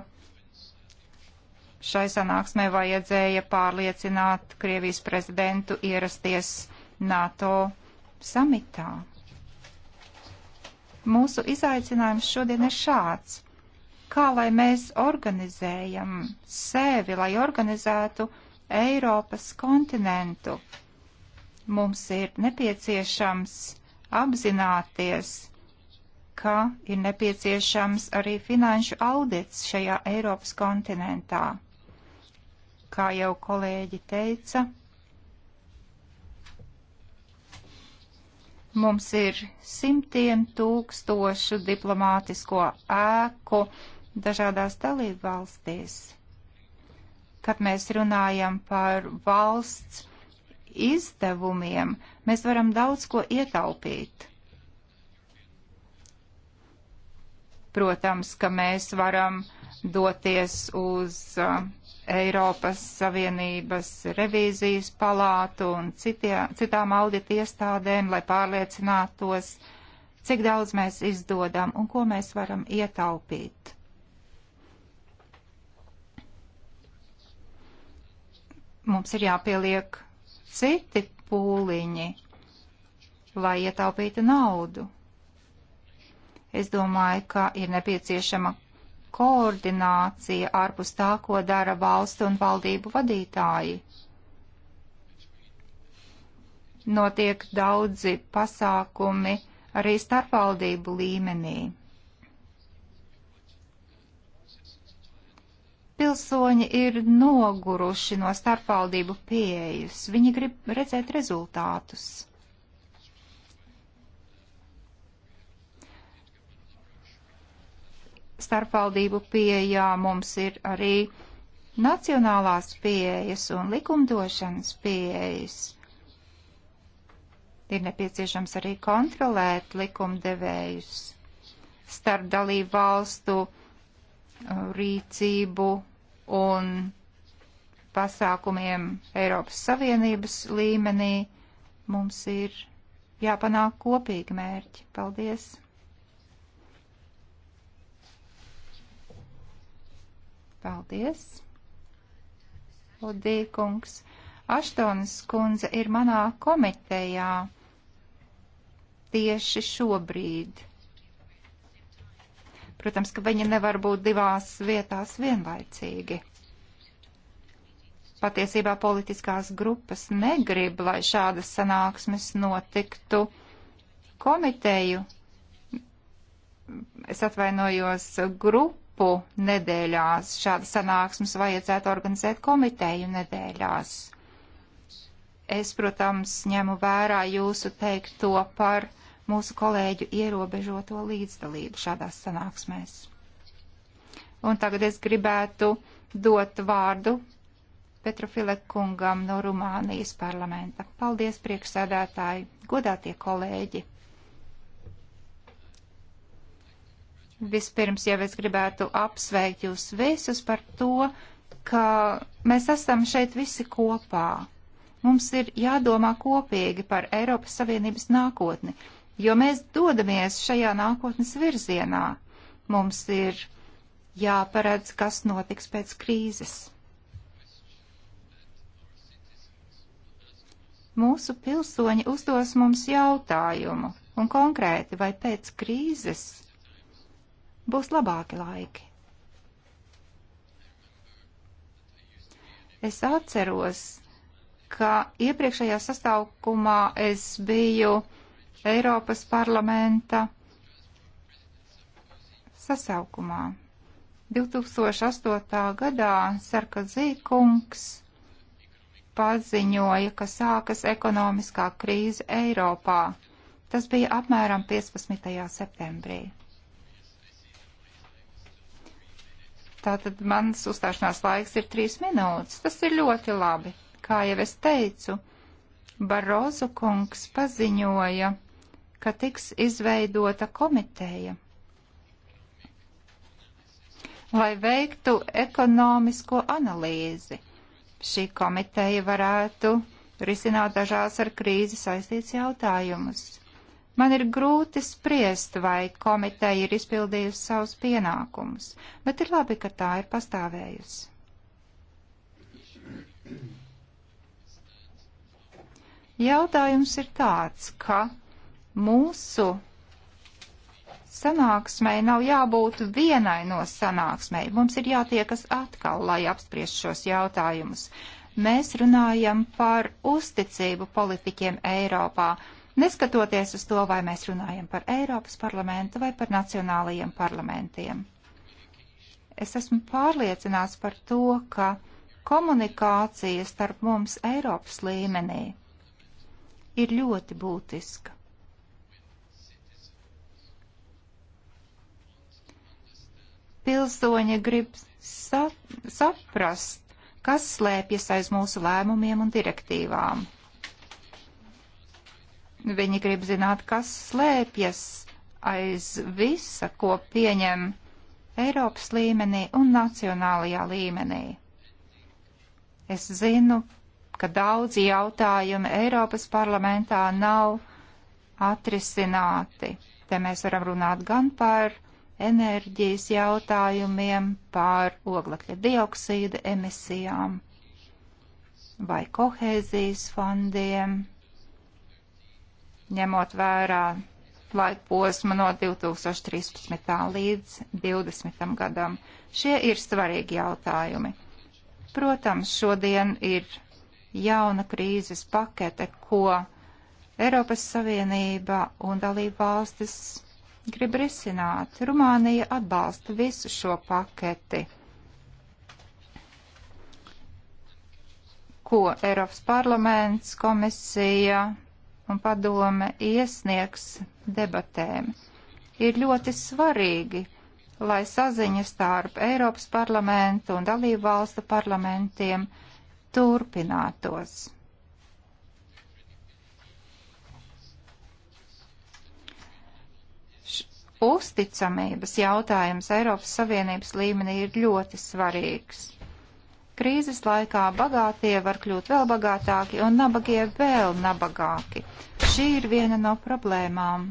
šai sanāksmē vajadzēja pārliecināt Krievijas prezidentu ierasties NATO samitā. Mūsu izaicinājums šodien ir šāds. Kā lai mēs organizējam sevi, lai organizētu Eiropas kontinentu? Mums ir nepieciešams apzināties, ka ir nepieciešams arī finanšu audits šajā Eiropas kontinentā. Kā jau kolēģi teica, mums ir simtiem tūkstošu diplomātisko ēku dažādās dalību valstīs. Kad mēs runājam par valsts izdevumiem, uh, Mēs varam daudz ko ietaupīt. Protams, ka mēs varam doties uz uh, Eiropas Savienības revīzijas palātu un citie, citām audita iestādēm, lai pārliecinātos, cik daudz mēs izdodam un ko mēs varam ietaupīt. Mums ir jāpieliek citi pūliņi, lai ietaupītu naudu. Es domāju, ka ir nepieciešama koordinācija ārpus tā, ko dara valstu un valdību vadītāji. Notiek daudzi pasākumi arī starpvaldību līmenī. Pilsoņi ir noguruši no starpvaldību pieejas. Viņi grib redzēt rezultātus. Starpvaldību pieejā mums ir arī nacionālās pieejas un likumdošanas pieejas. Ir nepieciešams arī kontrolēt likumdevējus starp dalību valstu uh, rīcību un pasākumiem Eiropas Savienības līmenī mums ir jāpanāk kopīgi mērķi. Paldies! Paldies! Udīkungs, Aštonas kundze ir manā komitejā tieši šobrīd. Protams, ka viņi nevar būt divās vietās vienlaicīgi. Patiesībā politiskās grupas negrib, lai šādas sanāksmes notiktu komiteju, es atvainojos, grupu nedēļās. Šādas sanāksmes vajadzētu organizēt komiteju nedēļās. Es, protams, ņemu vērā jūsu teikto par mūsu kolēģu ierobežoto līdzdalību šādās sanāksmēs. Un tagad es gribētu dot vārdu Petrofile kungam no Rumānijas parlamenta. Paldies, priekšsēdētāji, godātie kolēģi! Vispirms jau es gribētu apsveikt jūs visus par to, ka mēs esam šeit visi kopā. Mums ir jādomā kopīgi par Eiropas Savienības nākotni jo mēs dodamies šajā nākotnes virzienā. Mums ir jāparedz, kas notiks pēc krīzes. Mūsu pilsoņi uzdos mums jautājumu, un konkrēti, vai pēc krīzes būs labāki laiki. Es atceros, ka iepriekšējā sastāvkumā es biju Eiropas parlamenta sasaukumā. 2008. gadā Sarkozī kungs paziņoja, ka sākas ekonomiskā krīze Eiropā. Tas bija apmēram 15. septembrī. Tātad mans uzstāšanās laiks ir trīs minūtes. Tas ir ļoti labi. Kā jau es teicu, Barozu kungs paziņoja, ka tiks izveidota komiteja, lai veiktu ekonomisko analīzi. Šī komiteja varētu risināt dažās ar krīzi saistīts jautājumus. Man ir grūti spriest, vai komiteja ir izpildījusi savus pienākumus, bet ir labi, ka tā ir pastāvējusi. Jautājums ir tāds, ka mūsu sanāksmai nav jābūt vienai no sanāksmai. Mums ir jātiekas atkal, lai apspriest šos jautājumus. Mēs runājam par uzticību politiķiem Eiropā, neskatoties uz to, vai mēs runājam par Eiropas parlamentu vai par nacionālajiem parlamentiem. Es esmu pārliecināts par to, ka komunikācija starp mums Eiropas līmenī ir ļoti būtiska. Pilsoņi grib sa saprast, kas slēpjas aiz mūsu lēmumiem un direktīvām. Viņi grib zināt, kas slēpjas aiz visa, ko pieņem Eiropas līmenī un nacionālajā līmenī. Es zinu, ka daudzi jautājumi Eiropas parlamentā nav atrisināti. Te mēs varam runāt gan par enerģijas jautājumiem, par oglekļa dioksīda emisijām vai kohēzijas fondiem, ņemot vērā laika posmu no 2013. līdz 2020. gadam. Šie ir svarīgi jautājumi. Protams, šodien ir jauna krīzes pakete, ko Eiropas Savienība un dalība valstis grib risināt. Rumānija atbalsta visu šo paketi, ko Eiropas parlaments, komisija un padome iesniegs debatēm. Ir ļoti svarīgi, lai saziņa starp Eiropas parlamentu un dalību valstu parlamentiem turpinātos. uzticamības jautājums Eiropas Savienības līmenī ir ļoti svarīgs. Krīzes laikā bagātie var kļūt vēl bagātāki un nabagie vēl nabagāki. Šī ir viena no problēmām,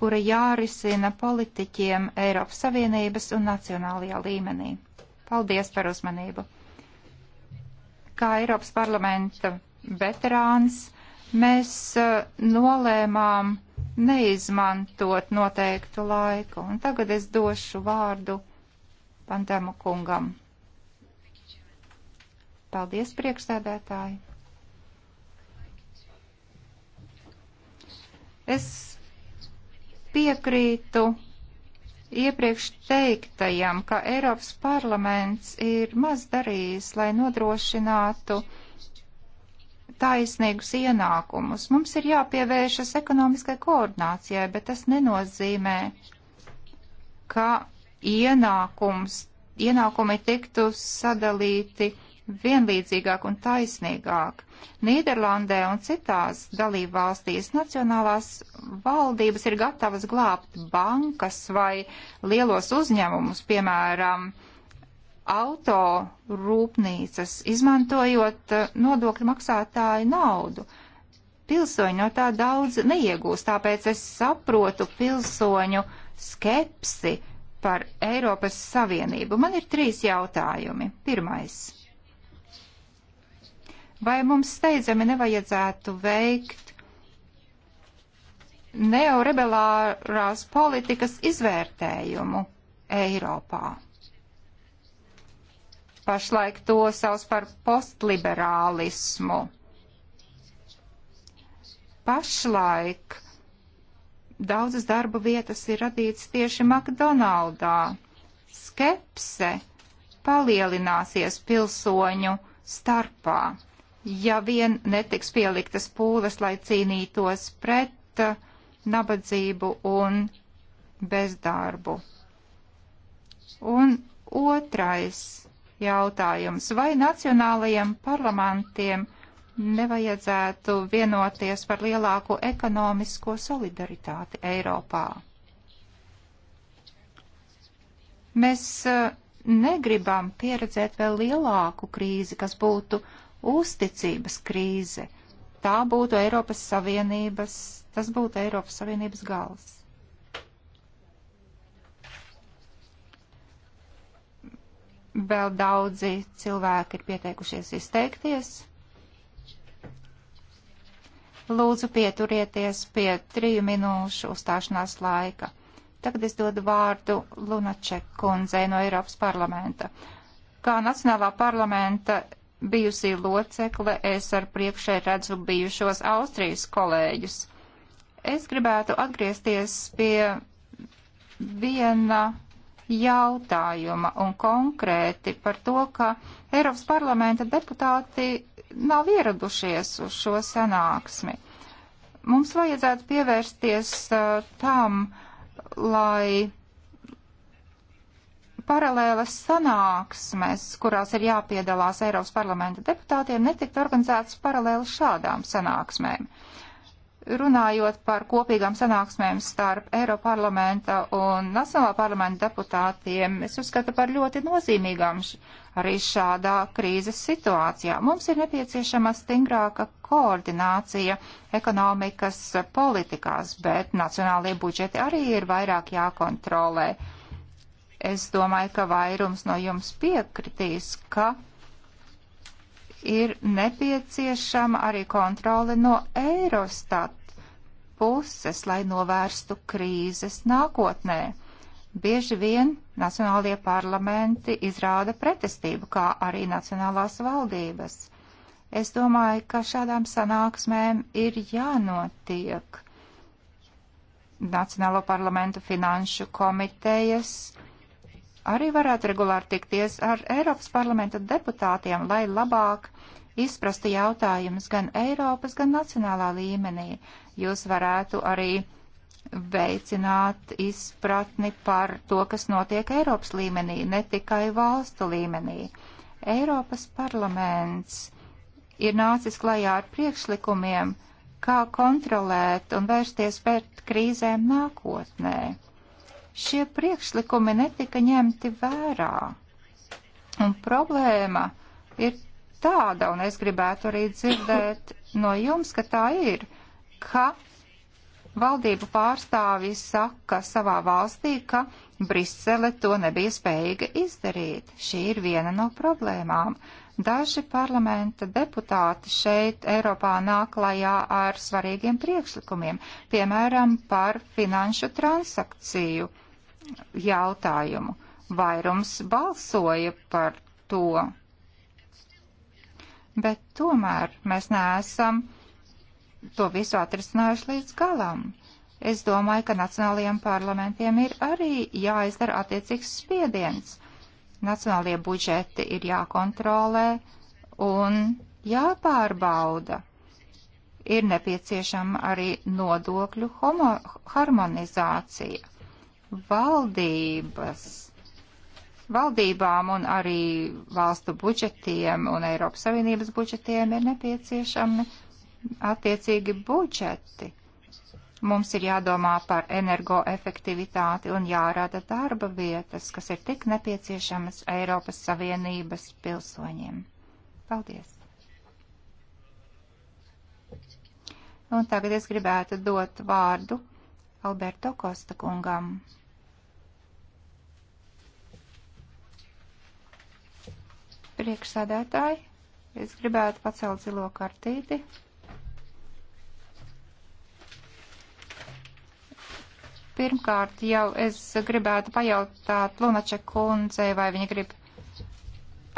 kura jārisina politiķiem Eiropas Savienības un nacionālajā līmenī. Paldies par uzmanību! Kā Eiropas parlamenta veterāns mēs eh, nolēmām, neizmantot noteiktu laiku. Un tagad es došu vārdu Pantēmu kungam. Paldies, priekšsēdētāji! Es piekrītu iepriekš teiktajam, ka Eiropas parlaments ir maz darījis, lai nodrošinātu taisnīgus ienākumus. Mums ir jāpievēršas ekonomiskai koordinācijai, bet tas nenozīmē, ka ienākums, ienākumi tiktu sadalīti vienlīdzīgāk un taisnīgāk. Nīderlandē un citās dalībvalstīs nacionālās valdības ir gatavas glābt bankas vai lielos uzņēmumus, piemēram, auto rūpnīcas, izmantojot eh, nodokļu maksātāju naudu. Pilsoņi no tā daudz neiegūst, tāpēc es saprotu pilsoņu skepsi par Eiropas Savienību. Man ir trīs jautājumi. Pirmais. Vai mums steidzami nevajadzētu veikt neorebelārās politikas izvērtējumu Eiropā? pašlaik to savs par postliberālismu. Pašlaik daudzas darba vietas ir radīts tieši McDonaldā. Skepse palielināsies pilsoņu starpā, ja vien netiks pieliktas pūles, lai cīnītos pret uh, nabadzību un bezdarbu. Un otrais jautājums. Vai nacionālajiem parlamentiem nevajadzētu vienoties par lielāku ekonomisko solidaritāti Eiropā? Mēs eh, negribam pieredzēt vēl lielāku krīzi, kas būtu uzticības krīze. Tā būtu Eiropas Savienības, tas būtu Eiropas Savienības gals. Vēl daudzi cilvēki ir pieteikušies izteikties. Lūdzu, pieturieties pie triju minūšu uzstāšanās laika. Tagad es dodu vārdu Lunaček kundzei no Eiropas parlamenta. Kā Nacionālā parlamenta bijusī locekle, es ar priekšē redzu bijušos Austrijas kolēģus. Es gribētu atgriezties pie viena jautājuma un konkrēti par to, ka Eiropas parlamenta deputāti nav ieradušies uz šo sanāksmi. Mums vajadzētu pievērsties uh, tam, lai paralēlas sanāksmes, kurās ir jāpiedalās Eiropas parlamenta deputātiem, netikt organizētas paralēli šādām sanāksmēm. Uh, Runājot par kopīgām sanāksmēm starp Eiroparlamenta un Nacionālā parlamenta deputātiem, es uzskatu par ļoti nozīmīgām arī šādā krīzes situācijā. Mums ir nepieciešama stingrāka koordinācija ekonomikas politikās, bet nacionālie budžeti arī ir vairāk jākontrolē. Es domāju, ka vairums no jums piekritīs, ka ir nepieciešama arī kontrole no Eurostat puses, lai novērstu krīzes nākotnē. Bieži vien nacionālie parlamenti izrāda pretestību, kā arī nacionālās valdības. Es domāju, ka šādām sanāksmēm ir jānotiek. Nacionālo parlamentu finanšu komitejas arī varētu regulāri tikties ar Eiropas parlamenta deputātiem, lai labāk izprastu jautājumus gan Eiropas, gan nacionālā līmenī. Jūs varētu arī veicināt izpratni par to, kas notiek Eiropas līmenī, ne tikai valstu līmenī. Eiropas parlaments ir nācis klajā ar priekšlikumiem, kā kontrolēt un vērsties pret krīzēm nākotnē. Šie priekšlikumi netika ņemti vērā. Un problēma ir tāda, un es gribētu arī dzirdēt no jums, ka tā ir, ka valdību pārstāvji saka savā valstī, ka Brisele to nebija spējīga izdarīt. Šī ir viena no problēmām. Daži parlamenta deputāti šeit Eiropā nāk klajā ar svarīgiem priekšlikumiem, piemēram, par finanšu transakciju jautājumu. Vairums balsoja par to, bet tomēr mēs neesam to visu atrisinājuši līdz galam. Es domāju, ka nacionālajiem parlamentiem ir arī jāizdara attiecīgs spiediens. Nacionālajie budžeti ir jākontrolē un jāpārbauda. Ir nepieciešama arī nodokļu homo, harmonizācija valdības, valdībām un arī valstu budžetiem un Eiropas Savienības budžetiem ir nepieciešami attiecīgi budžeti. Mums ir jādomā par energoefektivitāti un jārada darba vietas, kas ir tik nepieciešamas Eiropas Savienības pilsoņiem. Paldies! Un tagad es gribētu dot vārdu Alberto Kosta kungam. Priekšsādātāji, es gribētu pacelt zilo kartīti. Pirmkārt, jau es gribētu pajautāt Lunača kundzei, vai viņa grib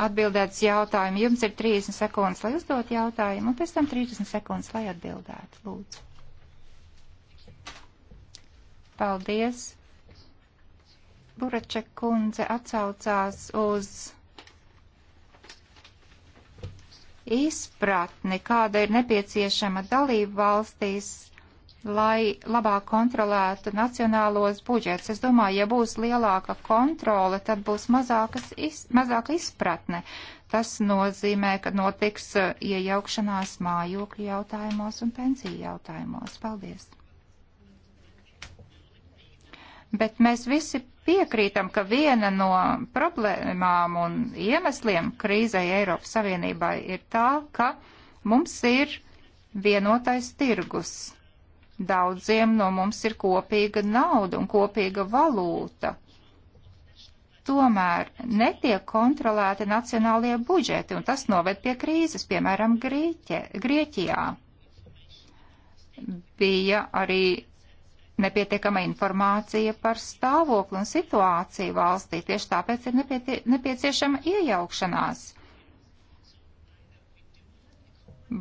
atbildēt uz jautājumu. Jums ir 30 sekundes, lai uzdot jautājumu, un pēc tam 30 sekundes, lai atbildētu. Lūdzu. Paldies. Burača kundze atsaucās uz izpratni, kāda ir nepieciešama dalību valstīs, lai labāk kontrolētu nacionālos budžets. Es domāju, ja būs lielāka kontrole, tad būs mazākas, iz, mazāka izpratne. Tas nozīmē, ka notiks uh, iejaukšanās mājokļu jautājumos un pensiju jautājumos. Paldies! bet mēs visi piekrītam, ka viena no problēmām un iemesliem krīzai Eiropas Savienībai ir tā, ka mums ir vienotais tirgus. Daudziem no mums ir kopīga nauda un kopīga valūta. Tomēr netiek kontrolēti nacionālie budžeti, un tas noved pie krīzes, piemēram, Grieķe, Grieķijā. Bija arī nepietiekama informācija par stāvokli un situāciju valstī. Tieši tāpēc ir nepiecie, nepieciešama iejaukšanās.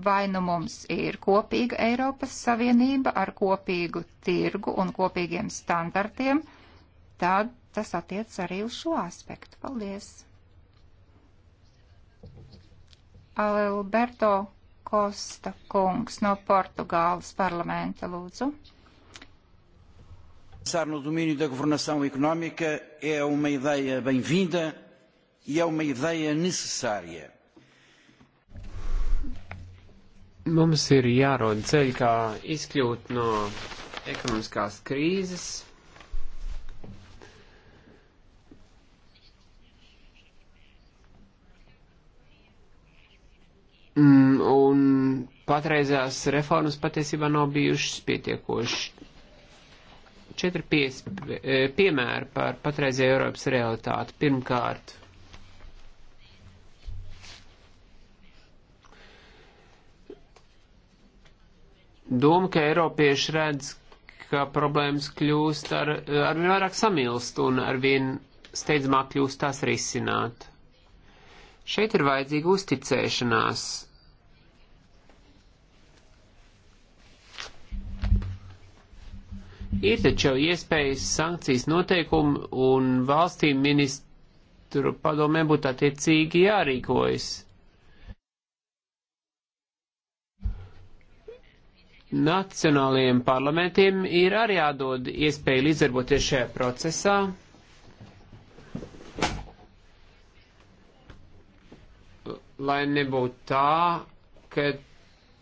Vai nu mums ir kopīga Eiropas Savienība ar kopīgu tirgu un kopīgiem standartiem, tad tas attiec arī uz šo aspektu. Paldies! Alberto Kosta kungs no Portugāles parlamenta lūdzu. Pensar no domínio da governação económica é uma ideia bem-vinda e é uma ideia necessária. Mums ir jārod ceļ, kā izkļūt no ekonomiskās krīzes. Mm, un patreizējās reformas patiesībā nav bijušas pietiekoši četri pies, eh, piemēri par patreizēju Eiropas realitāti. Pirmkārt, doma, ka Eiropieši redz, ka problēmas kļūst ar, ar vien vairāk samilst un ar vien steidzamāk kļūst tās risināt. Šeit ir vajadzīga uzticēšanās Ir taču jau iespējas sankcijas noteikumi un valstīm ministru padomē būtu attiecīgi jārīkojas. Nacionālajiem parlamentiem ir arī jādod iespēja līdzdarboties šajā procesā. Lai nebūtu tā, ka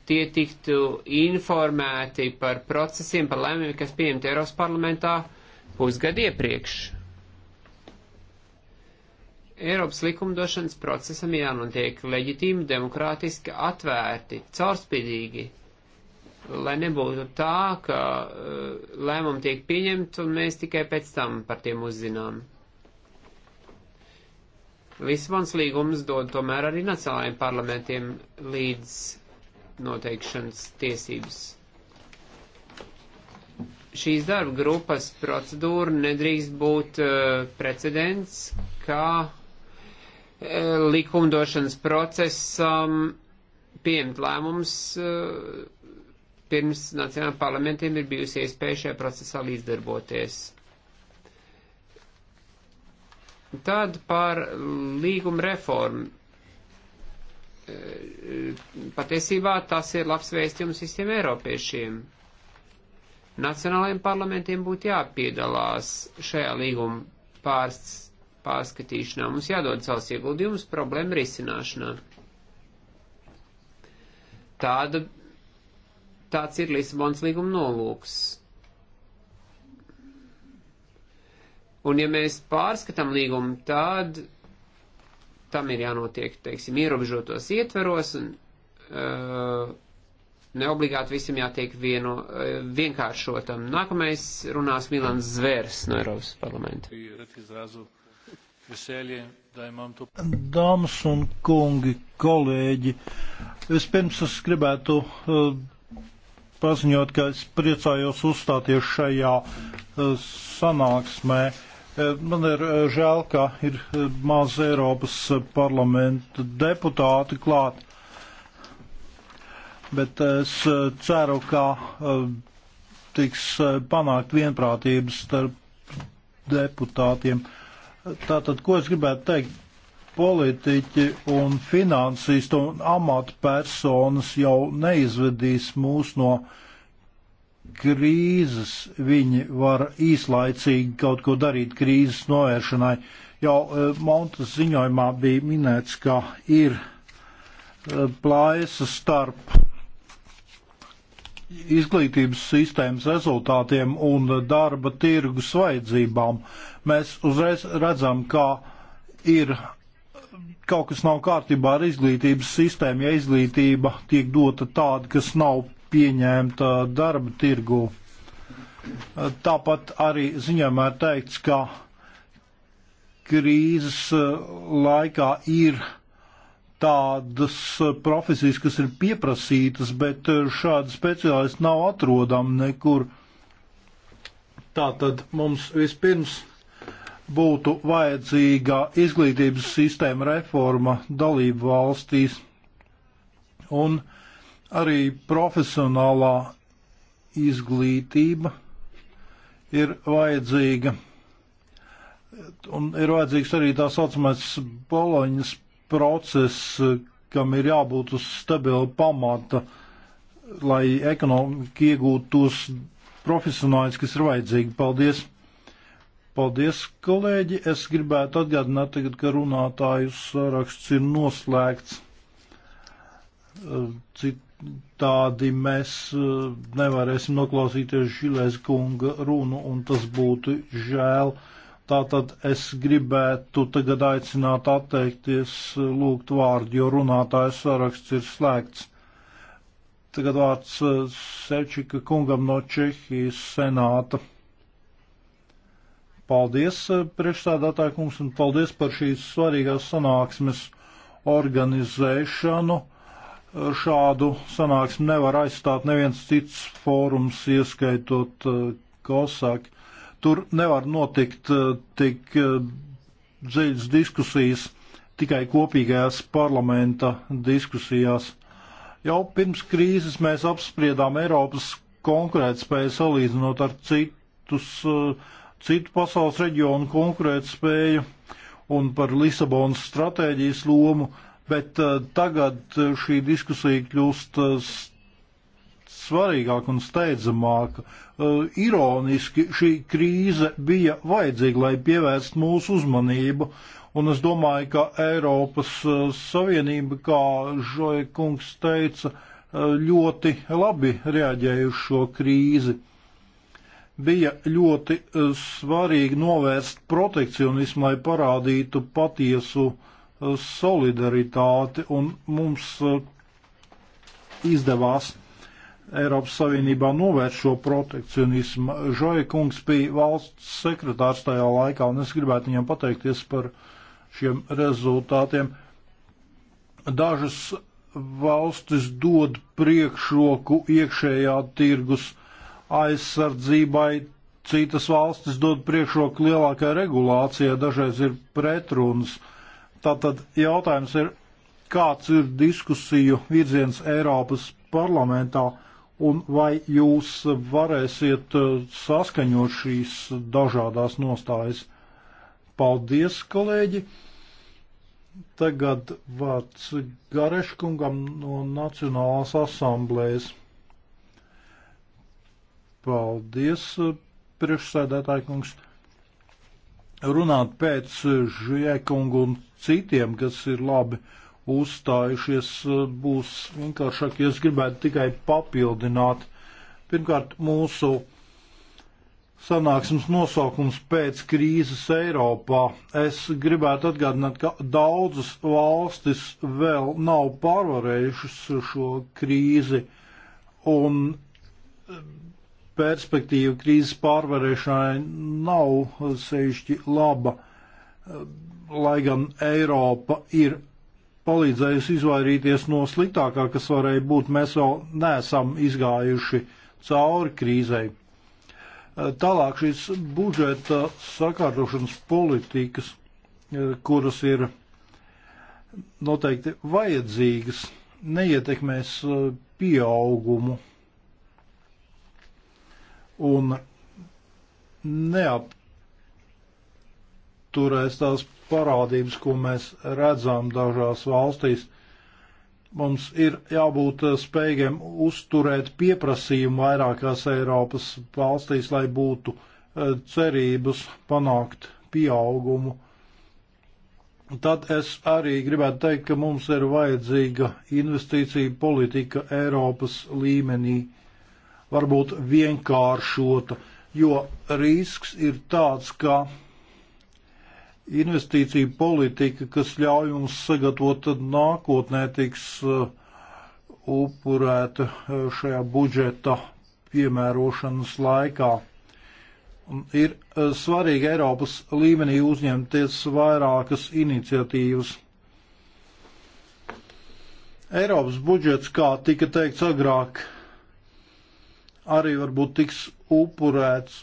tie tiktu informēti par procesiem, par lēmumiem, kas pieņemti Eiropas parlamentā pusgadu iepriekš. Eiropas likumdošanas procesam jānotiek leģitīmi, demokrātiski, atvērti, caurspīdīgi, lai nebūtu tā, ka uh, lēmumi tiek pieņemti un mēs tikai pēc tam par tiem uzzinām. Lisabons līgums dod tomēr arī nacionālajiem parlamentiem līdz noteikšanas tiesības. Šīs darba grupas procedūra nedrīkst būt uh, precedents, kā uh, likumdošanas procesam um, pieņemt lēmums uh, pirms nacionālajiem parlamentiem ir bijusi iespēja šajā procesā līdzdarboties. Tad par līguma reformu Eh, patiesībā tas ir labs vēstījums visiem eiropiešiem. Nacionālajiem parlamentiem būtu jāpiedalās šajā līguma pārsts, pārskatīšanā. Mums jādod savus ieguldījumus problēmu risināšanā. Tāda, tāds ir Lisabons līguma nolūks. Un ja mēs pārskatām līgumu, tad tam ir jānotiek, teiksim, ierobežotos ietveros un uh, neobligāti visam jātiek vieno, uh, vienkāršotam. Nākamais runās Milans Zvērs no Eiropas parlamenta. Dāmas un kungi, kolēģi, vispirms es gribētu uh, paziņot, ka es priecājos uzstāties šajā uh, sanāksmē. Uh, Eh, man ir eh, žēl, ka ir eh, maz Eiropas parlamenta deputāti klāt, bet es ceru, ka tiks panākt vienprātības starp deputātiem. Tātad, ko es gribētu teikt, politiķi un finansisti un amatpersonas jau neizvedīs mūs no uh, krīzes viņi var īslaicīgi kaut ko darīt krīzes novēršanai. Jau e, Montas ziņojumā bija minēts, ka ir e, plājas starp izglītības sistēmas rezultātiem un darba tirgus vajadzībām. Mēs uzreiz redzam, ka ir kaut kas nav kārtībā ar izglītības sistēmu, ja izglītība tiek dota tāda, kas nav pieņemta darba tirgu. Tāpat arī ziņojumā ir teikts, ka krīzes uh, laikā ir tādas profesijas, kas ir pieprasītas, bet uh, šādi speciālisti nav atrodami nekur. Tātad mums vispirms būtu vajadzīga izglītības sistēma reforma dalību valstīs, un Arī profesionālā izglītība ir vajadzīga. Un ir vajadzīgs arī tā saucamais Boloņas process, kam ir jābūt uz stabila pamata, lai ekonomika iegūtu tos profesionāļus, kas ir vajadzīgi. Paldies! Paldies, kolēģi! Es gribētu atgādināt tagad, ka runātāju saraksts ir noslēgts. Cit citādi mēs eh, nevarēsim noklausīties Žilēs kunga runu, un tas būtu žēl. Tātad es gribētu tagad aicināt atteikties eh, lūgt vārdu, jo runātājs saraksts ir slēgts. Tagad vārds eh, Sevčika kungam no Čehijas senāta. Paldies, priekšstādātāja kungs, un paldies par šīs svarīgās sanāksmes organizēšanu šādu sanāksmi nevar aizstāt neviens cits fórums, ieskaitot Kosāk. Eh, Tur nevar notikt eh, tik eh, dziļas diskusijas tikai kopīgajās parlamenta diskusijās. Jau pirms krīzes mēs apspriedām Eiropas konkurētspēju salīdzinot ar citus, citu pasaules reģionu konkurētspēju un par Lisabonas stratēģijas lomu bet eh, tagad eh, šī diskusija kļūst eh, svarīgāk un steidzamāk. Ironiski šī krīze bija vajadzīga, lai pievērst mūsu uzmanību, un es domāju, ka Eiropas Savienība, kā Žoja kungs teica, ļoti labi reaģēja uz šo krīzi. Bija ļoti svarīgi novērst protekcionismu, lai parādītu patiesu uh, solidaritāti, un mums eh, izdevās Eiropas Savienībā novērst šo protekcionismu. Žoja kungs bija valsts sekretārs tajā laikā, un es gribētu viņam pateikties par šiem rezultātiem. Dažas valstis dod priekšroku iekšējā tirgus aizsardzībai, citas valstis dod priekšroku lielākai regulācijai, dažreiz ir pretrunas. Uh, Tātad jautājums ir, kāds ir diskusiju virziens Eiropas parlamentā un vai jūs varēsiet eh, saskaņot šīs dažādās nostājas. Paldies, kolēģi! Tagad vārds Gareškungam no Nacionālās asamblējas. Paldies, priekšsēdētāji kungs! runāt pēc Žiekungu eh, un citiem, kas ir labi uzstājušies, eh, būs vienkāršāk, ja es gribētu tikai papildināt. Pirmkārt, mūsu sanāksmes nosaukums pēc krīzes Eiropā. Es gribētu atgādināt, ka daudzas valstis vēl nav pārvarējušas šo krīzi, un eh, perspektīva krīzes pārvarēšanai nav sevišķi laba, lai gan Eiropa ir palīdzējusi izvairīties no sliktākā, kas varēja būt. Mēs vēl neesam izgājuši cauri krīzei. Tālāk šīs budžeta sakārtošanas politikas, kuras ir noteikti vajadzīgas, neietekmēs pieaugumu un neapturēs tās parādības, ko mēs redzam dažās valstīs. Mums ir jābūt eh, spējīgiem uzturēt pieprasījumu vairākās Eiropas valstīs, lai būtu eh, cerības panākt pieaugumu. Tad es arī gribētu teikt, ka mums ir vajadzīga investīcija politika Eiropas līmenī varbūt vienkāršota, jo risks ir tāds, ka investīcija politika, kas ļauj mums sagatavot nākotnē, tiks uh, upurēta uh, šajā budžeta piemērošanas laikā. Ir uh, svarīgi Eiropas līmenī uzņemties vairākas iniciatīvas. Eiropas budžets, kā tika teikts agrāk, arī varbūt tiks upurēts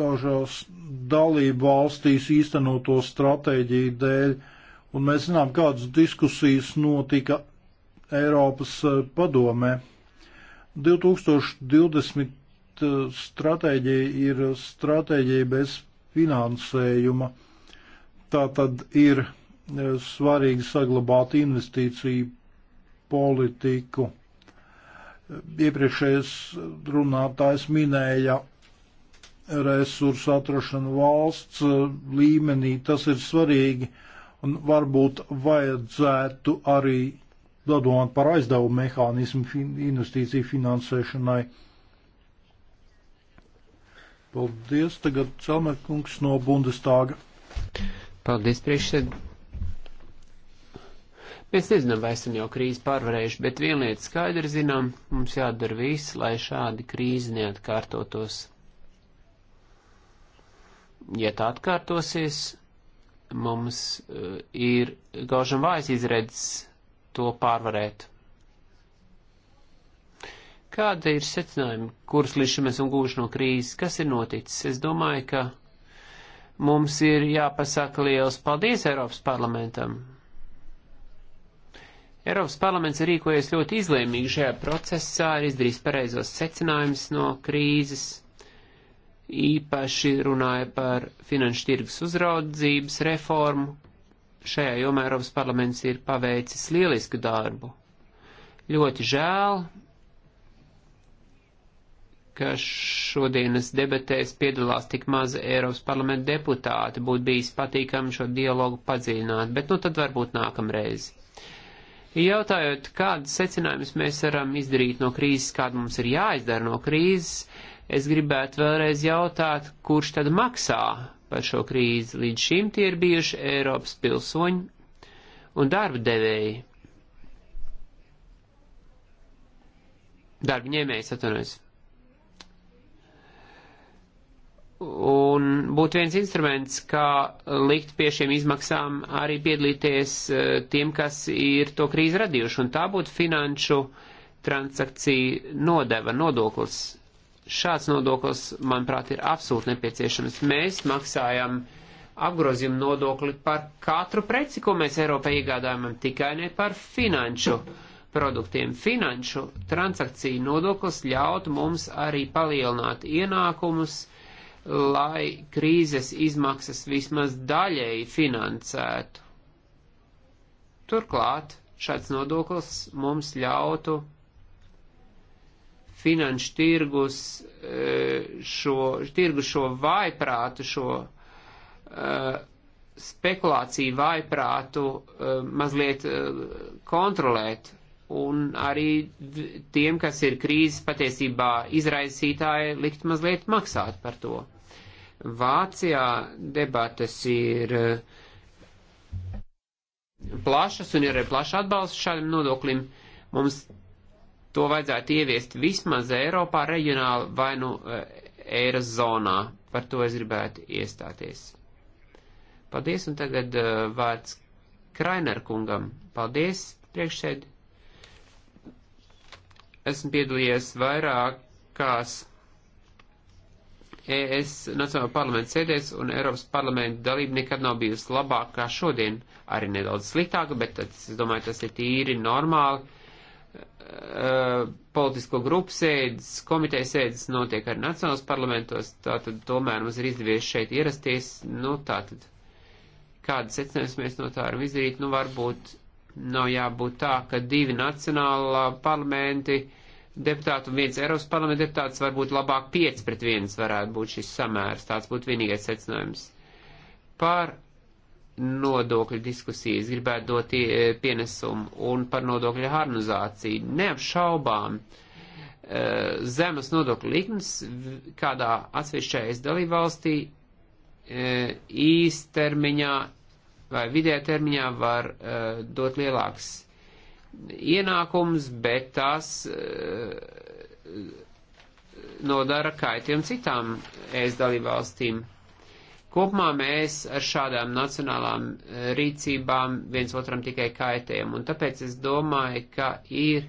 dažās dalību valstīs īstenoto stratēģiju dēļ, un mēs zinām, kādas diskusijas notika Eiropas eh, padomē. 2020 eh, stratēģija ir stratēģija bez finansējuma. Tā tad ir eh, svarīgi saglabāt investīciju politiku iepriekšējais runātājs minēja resursu atrašanu valsts līmenī, tas ir svarīgi, un varbūt vajadzētu arī dodomāt par aizdevumu mehānismu investīciju finansēšanai. Paldies, tagad Celmerkungs no Bundestāga. Paldies, priekšsēdētāji. Mēs nezinām, vai esam jau krīzi pārvarējuši, bet viena lieta skaidri zinām, mums jādara viss, lai šādi krīzi neatkārtotos. Ja tā atkārtosies, mums uh, ir gaužam vājas izredzes to pārvarēt. Kāda ir secinājuma, kurus līdz šim esam gūši no krīzes? Kas ir noticis? Es domāju, ka mums ir jāpasaka liels paldies Eiropas parlamentam Eiropas parlaments ir rīkojies ļoti izlēmīgi šajā procesā, ir izdarījis pareizos secinājumus no krīzes, īpaši runāja par finanšu tirgus uzraudzības reformu. Šajā jomā Eiropas parlaments ir paveicis lielisku darbu. Ļoti žēl, ka šodienas debatēs piedalās tik maz Eiropas parlamenta deputāti. Būtu bijis patīkami šo dialogu padziļināt, bet nu tad varbūt nākamreiz. Jautājot, kādas secinājumus mēs varam izdarīt no krīzes, kāda mums ir jāizdara no krīzes, es gribētu vēlreiz jautāt, kurš tad maksā par šo krīzi. Līdz šim tie ir bijuši Eiropas pilsoņi un darba devēji. Darba ņēmējs atvainojas. un būtu viens instruments, kā likt pie šiem izmaksām arī piedalīties eh, tiem, kas ir to krīzi radījuši, un tā būtu finanšu transakciju nodeva nodoklis. Šāds nodoklis, manuprāt, ir absolūti nepieciešams. Mēs maksājam apgrozījumu nodokli par katru preci, ko mēs Eiropā iegādājam, tikai ne par finanšu produktiem. Finanšu transakciju nodoklis ļautu mums arī palielināt ienākumus, uh, lai krīzes izmaksas vismaz daļēji finansētu. Turklāt šāds nodoklis mums ļautu finanšu tirgus eh, šo, tirgu šo vaiprātu, šo uh, spekulāciju vaiprātu uh, mazliet uh, kontrolēt. Un arī tiem, kas ir krīzes patiesībā izraisītāji, likt mazliet maksāt par to. Vācijā debates ir eh, plašas un ir arī plaša atbalsts šādam nodoklim. Mums to vajadzētu ieviest vismaz Eiropā reģionāli vai nu eh, Eiras zonā. Par to es gribētu iestāties. Paldies, un tagad uh, vārds Krainer kungam. Paldies, priekšsēdi. Esmu piedalījies vairākās ES Nacionālajā parlamenta sēdēs un Eiropas parlamenta dalība nekad nav bijusi labāka kā šodien, arī nedaudz sliktāka, bet tas, es domāju, tas ir tīri normāli. Uh, politisko grupu sēdes, komiteja sēdes notiek arī Nacionālas parlamentos, tātad tomēr mums ir izdevies šeit ierasties, nu tātad kādas secinājumus mēs no tā varam izdarīt, nu varbūt nav jābūt tā, ka divi nacionālā parlamenti uh, deputātu un viens Eiropas parlamenta deputāts, varbūt labāk 5 pret 1 varētu būt šis samērs, tāds būtu vienīgais secinājums. Par nodokļu diskusijas gribētu dot pienesumu un par nodokļu harmonizāciju. Neapšaubām, e, zemes nodokļu likmes kādā atsevišķais dalībvalstī e, īstermiņā vai vidē termiņā var e, dot lielāks ienākums, bet tās eh, nodara kaitiem citām ES dalībvalstīm. Kopumā mēs ar šādām nacionālām eh, rīcībām viens otram tikai kaitējam, un tāpēc es domāju, ka ir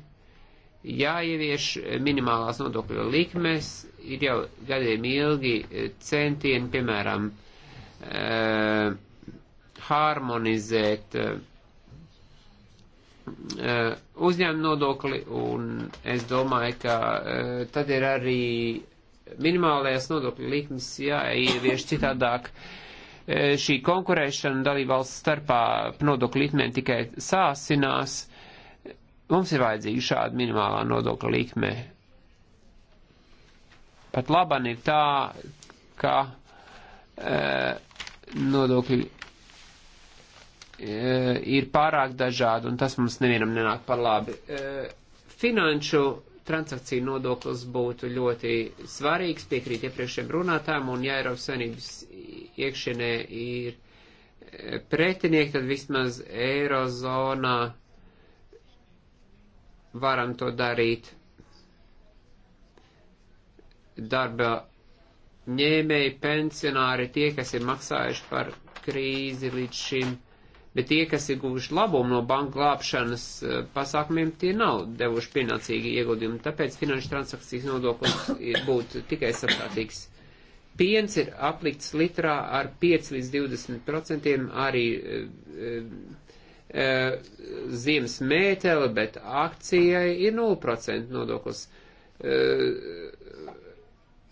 jāievieš minimālās nodokļu likmes, ir jau gadiem ilgi eh, centieni, piemēram, harmonizēt uh, Eh, uzņēmuma nodokli, un es domāju, ka eh, tad ir arī minimālajās nodokļu likmes jāievieš citādāk. Eh, šī konkurēšana dalībvalsts starpā nodokļu likmēm tikai sāsinās. Mums ir vajadzīga šāda minimālā nodokļa likme. Pat laban ir tā, ka e, nodokļu Eh, ir pārāk dažādi, un tas mums nevienam nenāk par labi. Eh, finanšu transakciju nodoklis būtu ļoti svarīgs, piekrīt iepriekšējiem runātājiem, un ja Eiropas Savienības iekšienē ir eh, pretinieki, tad vismaz Eirozonā varam to darīt darba ņēmēji, pensionāri, tie, kas ir maksājuši par krīzi līdz šim bet tie, kas ir guvuši labumu no banku glābšanas eh, pasākumiem, tie nav devuši pienācīgi ieguldījumi, tāpēc finanšu transakcijas nodoklis būtu tikai saprātīgs. Piens ir aplikts litrā ar 5 līdz 20 procentiem arī e, e, ziemas mētele, bet akcijai ir 0% nodoklis. E,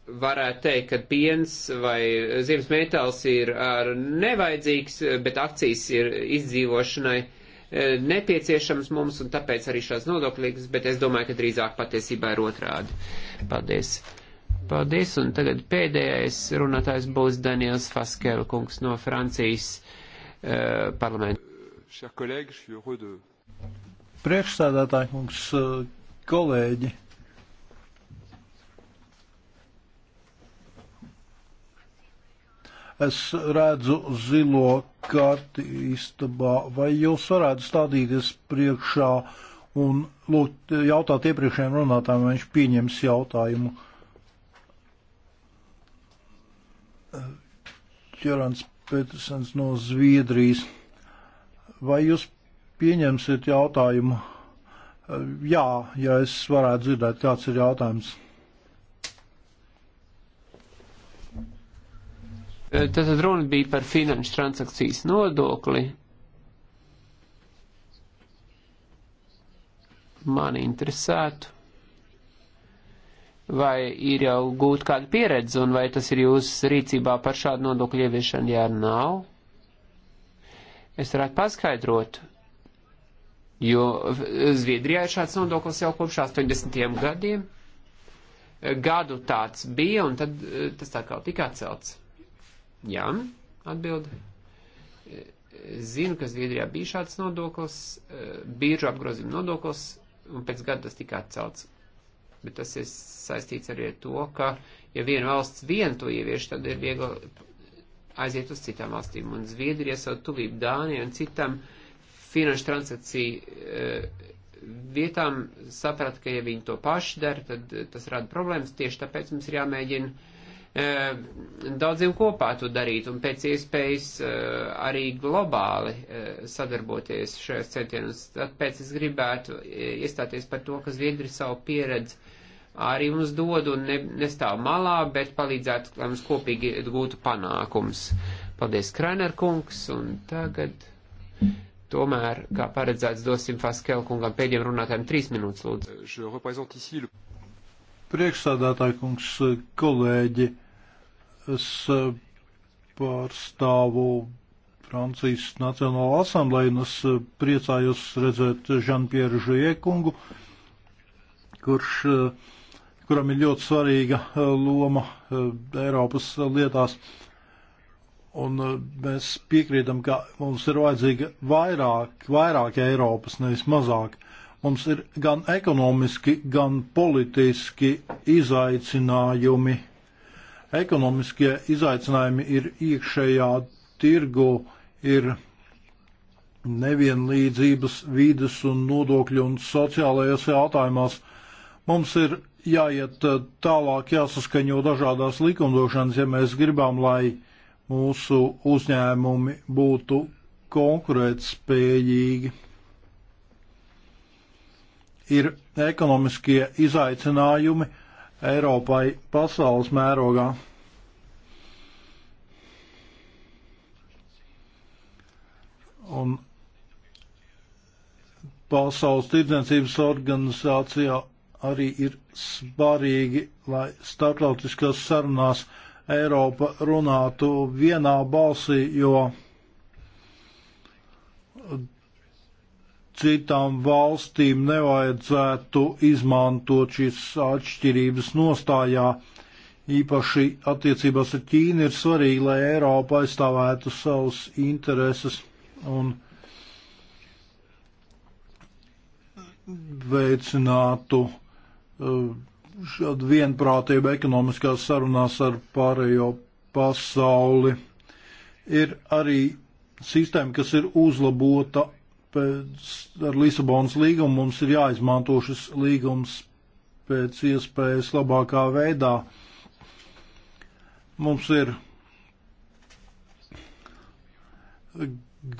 varētu teikt, ka piens vai ziemas metāls ir nevajadzīgs, bet akcijas ir izdzīvošanai e, nepieciešams mums, un tāpēc arī šāds nodoklīgs, bet es domāju, ka drīzāk patiesībā ir otrādi. Paldies. Paldies, un tagad pēdējais runātājs būs Daniels Faskela kungs no Francijas uh, parlamenta. Priekšsādātāji kungs, e, kolēģi. Es redzu zilo karti istabā. Vai jūs varētu stādīties priekšā un lūgt jautāt iepriekšējiem runātājiem, vai viņš pieņems jautājumu? Ķerans Petersens no Zviedrijas. Vai jūs pieņemsiet jautājumu? Jā, ja es varētu dzirdēt, kāds ir jautājums. Eh, tātad runa bija par finanšu transakcijas nodokli. Mani interesētu, vai ir jau gūt kāda pieredze un vai tas ir jūsu rīcībā par šādu nodokļu ieviešanu, ja nav. Es varētu paskaidrot, jo Zviedrijā ir šāds nodoklis jau kopš 80. gadiem. Gadu tāds bija un tad eh, tas tā kā tika atcelts. Jā, atbild. Zinu, ka Zviedrijā bija šāds nodoklis, bīržu apgrozījuma nodoklis, un pēc gada tas tika atcelts. Bet tas ir saistīts arī ar to, ka ja viena valsts vien to ievieš, tad ir viegli aiziet uz citām valstīm. Un Zviedrija savu tuvību Dānijai un citam finanšu transakciju eh, vietām saprata, ka ja viņi to paši dara, tad eh, tas rada problēmas. Tieši tāpēc mums ir jāmēģina E, daudziem kopā to darīt un pēc iespējas e, arī globāli e, sadarboties šajos centienos. Tāpēc es gribētu iestāties par to, ka Zviedri savu pieredzi arī mums dod un ne, nestāv malā, bet palīdzētu, lai mums kopīgi gūtu panākums. Paldies, Krainer kungs, un tagad tomēr, kā paredzēts, dosim Faskel kungam pēdējiem runātājiem trīs minūtes, lūdzu. Priekšsādātāji kungs, kolēģi. Es eh, pārstāvu Francijas Nacionālo asambleju un es eh, priecājos redzēt Žanpieru Žiekungu, kurš, eh, kuram ir ļoti svarīga loma Eiropas lietās. Un mēs piekrītam, ka mums ir vajadzīga vairāk, vairāk Eiropas, nevis mazāk. Mums ir gan ekonomiski, gan politiski izaicinājumi Ekonomiskie izaicinājumi ir iekšējā tirgu, ir nevienlīdzības vīdes un nodokļu un sociālajos jautājumos. Mums ir jāiet eh, tālāk, jāsaskaņo dažādās likumdošanas, ja mēs gribam, lai mūsu uzņēmumi būtu konkurētspējīgi. Ir ekonomiskie izaicinājumi, Eiropai pasaules mērogā. Un Pasaules tirdzniecības organizācijā arī ir svarīgi, lai starptautiskās sarunās Eiropa runātu vienā balsī, jo citām valstīm nevajadzētu izmantot šīs atšķirības nostājā. Īpaši attiecībās ar Ķīnu ir svarīgi, lai Eiropa aizstāvētu savus intereses un veicinātu uh, šādu vienprātību ekonomiskās sarunās ar pārējo pasauli. Ir arī sistēma, kas ir uzlabota pēc, ar Lisabonas līgumu mums ir jāizmanto šis līgums pēc iespējas labākā veidā. Mums ir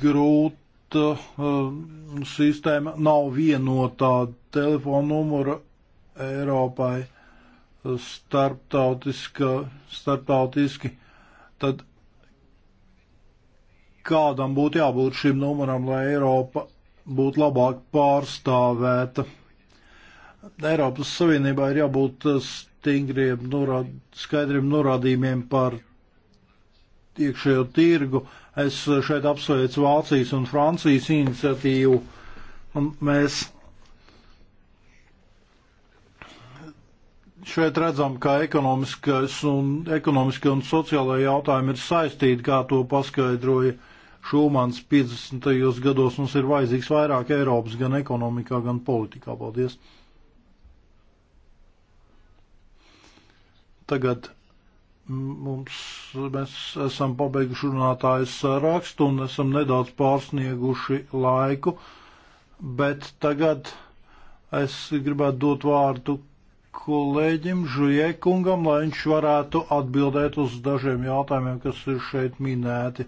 grūta uh, sistēma, nav vienotā telefona numura Eiropai starptautiski, tad kādam būtu jābūt šim numuram, lai Eiropa būtu labāk pārstāvēta. Eiropas Savienībā ir jābūt stingriem, norād, skaidriem norādījumiem par iekšējo tirgu. Es šeit apsveicu Vācijas un Francijas iniciatīvu. Un mēs šeit redzam, ka ekonomiskais un, ekonomiski un sociālai jautājumi ir saistīti, kā to paskaidroja Šumans 50. gados mums ir vajadzīgs vairāk Eiropas gan ekonomikā, gan politikā. Paldies! Tagad mums, mēs esam pabeiguši runātājs rakstu un esam nedaudz pārsnieguši laiku, bet tagad es gribētu dot vārdu kolēģim Žujekungam, lai viņš varētu atbildēt uz dažiem jautājumiem, kas ir šeit minēti.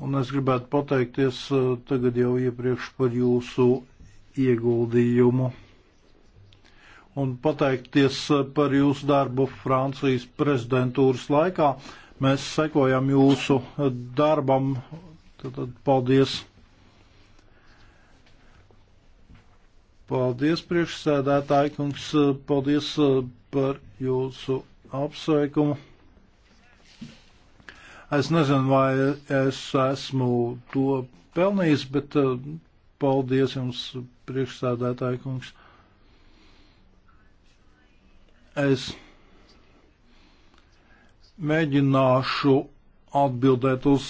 Un es gribētu pateikties eh, tagad jau iepriekš par jūsu ieguldījumu. Un pateikties eh, par jūsu darbu Francijas prezidentūras laikā. Mēs sekojam jūsu eh, darbam. Tad, tad paldies. Paldies, priekšsēdētāji kungs. Paldies par jūsu apsveikumu. Es nezinu, vai es esmu to pelnījis, bet eh, paldies jums, priekšsēdētāji kungs. Es mēģināšu atbildēt uz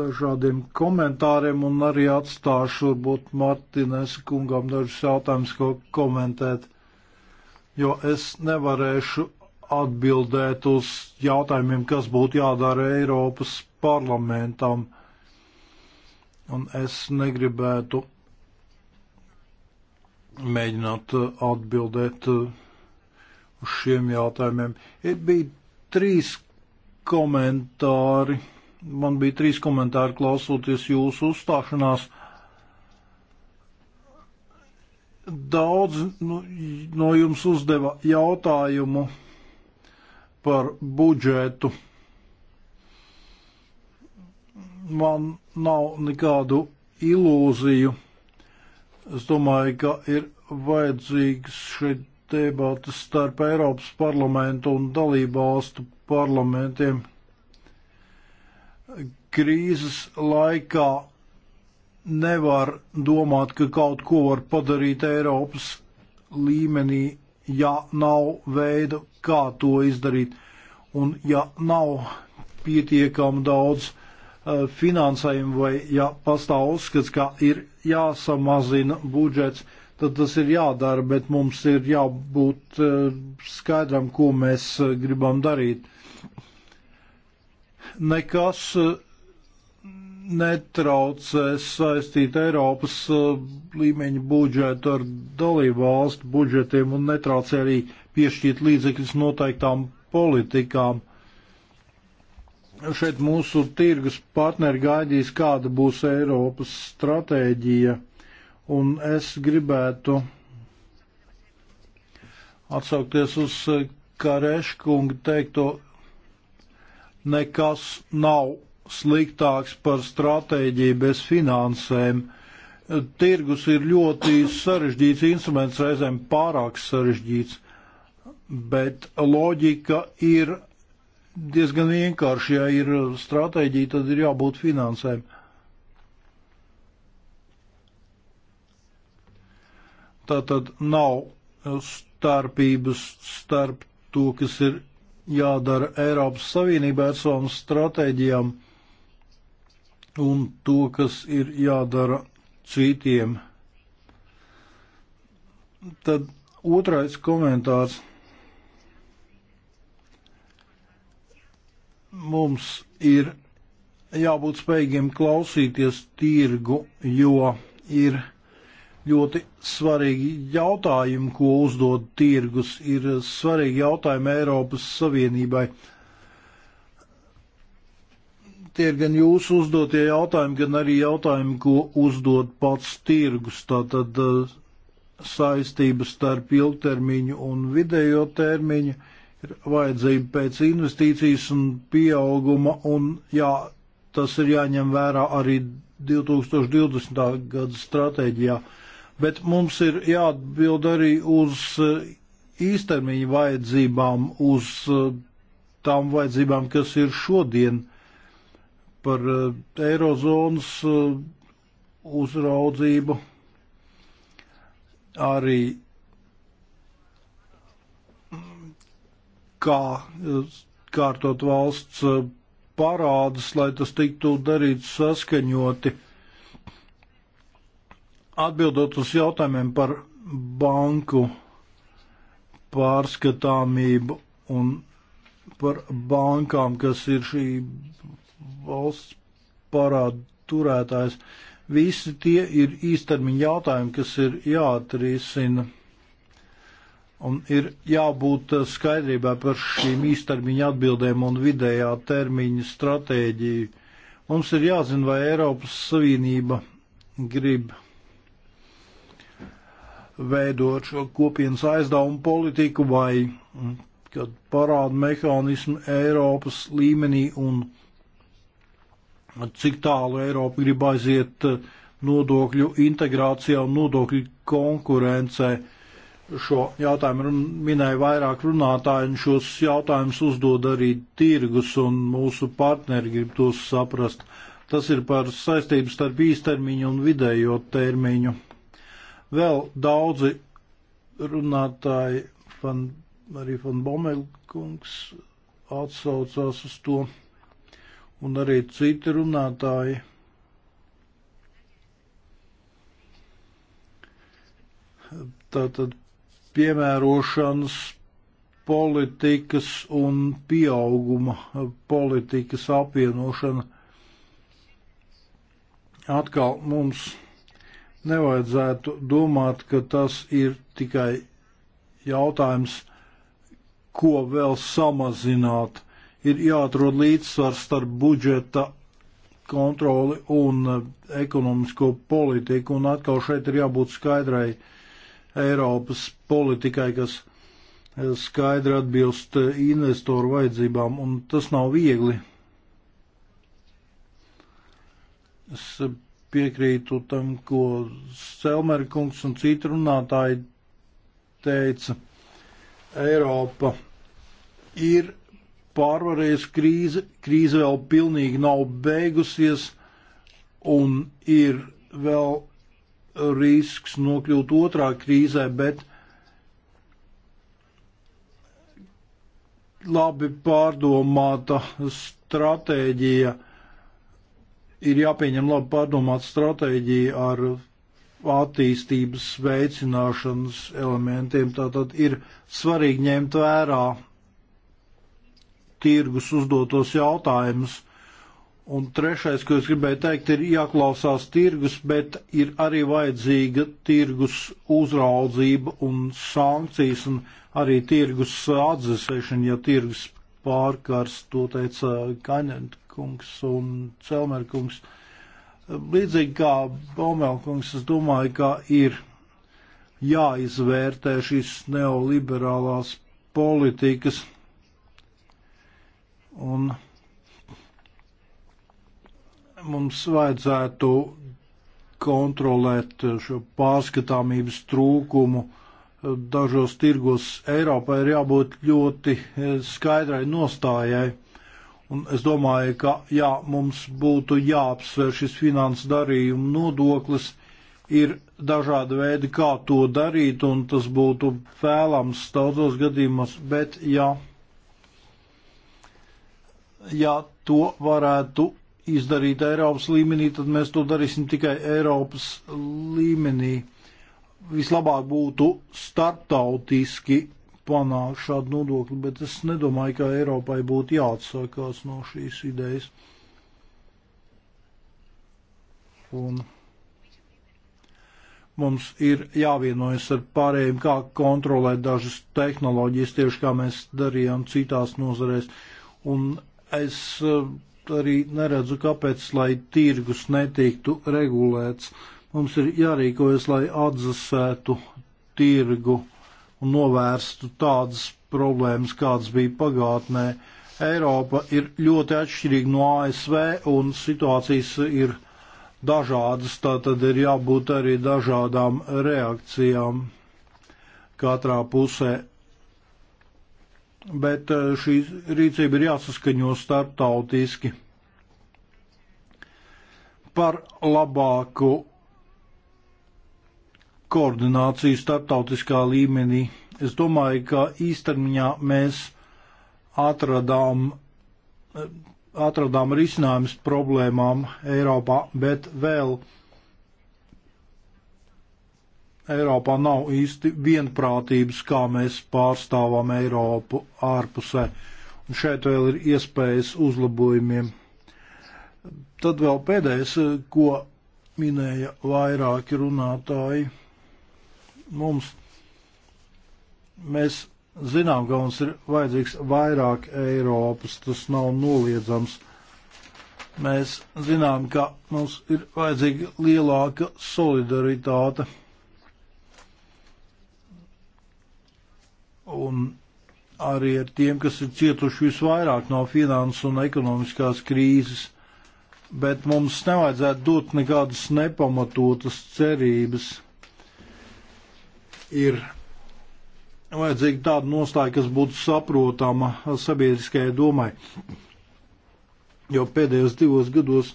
dažādiem komentāriem un arī atstāšu varbūt Martinēs kungam dažus jautājumus, ko komentēt, jo es nevarēšu atbildēt uz jautājumiem, kas būtu jādara Eiropas parlamentam. Un es negribētu mēģināt atbildēt uz šiem jautājumiem. Ir bija trīs komentāri, man bija trīs komentāri klausoties jūsu uzstāšanās. Daudz nu, no jums uzdeva jautājumu par budžetu. Man nav nekādu ilūziju. Es domāju, ka ir vajadzīgs šeit debatas starp Eiropas parlamentu un dalībvalstu parlamentiem. Krīzes laikā nevar domāt, ka kaut ko var padarīt Eiropas līmenī ja nav veida, kā to izdarīt, un ja nav pietiekami daudz e, finansējumu vai ja pastāv uzskats, ka ir jāsamazina budžets, tad tas ir jādara, bet mums ir jābūt e, skaidram, ko mēs e, gribam darīt. Nekas netraucē saistīt Eiropas eh, līmeņa budžetu ar dalību valstu budžetiem un netraucē arī piešķirt līdzekļus noteiktām politikām. Šeit mūsu tirgus partneri gaidīs, kāda būs Eiropas stratēģija, un es gribētu atsaukties uz eh, Kareškunga teikto, nekas nav sliktāks par stratēģiju bez finansēm. Tirgus ir ļoti sarežģīts instruments, reizēm pārāk sarežģīts, bet loģika ir diezgan vienkārši. Ja ir stratēģija, tad ir jābūt finansēm. Tā tad nav starpības starp to, kas ir jādara Eiropas Savienībā ar savām stratēģijām un to, kas ir jādara citiem. Tad otrais komentārs. Mums ir jābūt spējīgiem klausīties tirgu, jo ir ļoti svarīgi jautājumi, ko uzdod tirgus, ir svarīgi jautājumi Eiropas Savienībai. Uh, tie ir gan jūsu uzdotie jautājumi, gan arī jautājumi, ko uzdod pats tirgus. Tātad eh, saistības starp ilgtermiņu un vidējo termiņu ir vajadzība pēc investīcijas un pieauguma, un jā, tas ir jāņem vērā arī 2020. gada stratēģijā. Bet mums ir jāatbild arī uz eh, īstermiņa vajadzībām, uz eh, tām vajadzībām, kas ir šodien par eh, Eirozonas eh, uzraudzību. Arī kā eh, kārtot valsts parādus, lai tas tiktu darīts saskaņoti. Atbildot uz jautājumiem par banku pārskatāmību un par bankām, kas ir šī valsts parādu turētājs. Visi tie ir īstermiņa jautājumi, kas ir jāatrisina. Un ir jābūt skaidrībā par šīm īstermiņa atbildēm un vidējā termiņa stratēģiju. Mums ir jāzina, vai Eiropas Savienība grib veidot šo kopienas aizdevumu politiku vai mm, parādu mehānismu Eiropas līmenī un cik tālu Eiropa grib aiziet eh, nodokļu integrācijā un nodokļu konkurencē. Šo jautājumu minēja vairāk runātāji, un šos jautājumus uzdod arī tirgus, un mūsu partneri grib tos saprast. Tas ir par saistību starp īstermiņu un vidējo termiņu. Vēl daudzi runātāji, fan, arī Fan Bomelkungs, atsaucās uz to un arī citi runātāji. Tātad piemērošanas politikas un pieauguma politikas apvienošana. Atkal mums nevajadzētu domāt, ka tas ir tikai jautājums, ko vēl samazināt ir jāatrod līdzsvars starp budžeta kontroli un eh, ekonomisko politiku, un atkal šeit ir jābūt skaidrai Eiropas politikai, kas eh, skaidri atbilst eh, investoru vajadzībām, un tas nav viegli. Es piekrītu tam, ko Selmerkungs un citi runātāji teica. Eiropa ir pārvarējis krīzi, krīze vēl pilnīgi nav beigusies un ir vēl risks nokļūt otrā krīzē, bet labi pārdomāta stratēģija ir jāpieņem labi pārdomāta stratēģija ar attīstības veicināšanas elementiem. Tātad ir svarīgi ņemt vērā tirgus uzdotos jautājumus. Un trešais, ko es gribēju teikt, ir jāklausās tirgus, bet ir arī vajadzīga tirgus uzraudzība un sankcijas un arī tirgus atdzesēšana, ja tirgus pārkars, to teica Kaņent kungs un Celmer kungs. Līdzīgi kā Baumel kungs, es domāju, ka ir jāizvērtē šīs neoliberālās politikas Un mums vajadzētu kontrolēt šo pārskatāmības trūkumu dažos tirgos Eiropā ir jābūt ļoti skaidrai nostājai. Un es domāju, ka jā, mums būtu jāapsver šis finanses darījuma nodoklis, ir dažādi veidi, kā to darīt, un tas būtu vēlams daudzos gadījumos, bet jā, ja to varētu izdarīt Eiropas līmenī, tad mēs to darīsim tikai Eiropas līmenī. Vislabāk būtu starptautiski panākt šādu nodokli, bet es nedomāju, ka Eiropai būtu jāatsakās no šīs idejas. Un mums ir jāvienojas ar pārējiem, kā kontrolēt dažas tehnoloģijas, tieši kā mēs darījām citās nozarēs. Un Es eh, arī neredzu, kāpēc, lai tirgus netiktu regulēts. Mums ir jārīkojas, lai atzasētu tirgu un novērstu tādas problēmas, kādas bija pagātnē. Eiropa ir ļoti atšķirīga no ASV un situācijas ir dažādas, tā tad ir jābūt arī dažādām reakcijām katrā pusē bet eh, šī rīcība ir jāsaskaņo starptautiski par labāku koordināciju starptautiskā līmenī. Es domāju, ka īstermiņā mēs atradām, eh, atradām risinājumus problēmām Eiropā, bet vēl uh, Eiropā nav īsti vienprātības, kā mēs pārstāvam Eiropu ārpusē. Un šeit vēl ir iespējas uzlabojumiem. Tad vēl pēdējais, ko minēja vairāki runātāji. Mums, mēs zinām, ka mums ir vajadzīgs vairāk Eiropas, tas nav noliedzams. Mēs zinām, ka mums ir vajadzīga lielāka solidaritāte un arī ar tiem, kas ir cietuši visvairāk no finanses un ekonomiskās krīzes. Bet mums nevajadzētu dot nekādas nepamatotas cerības. Ir vajadzīga tāda nostāja, kas būtu saprotama sabiedriskajai domai. Jo pēdējos divos gados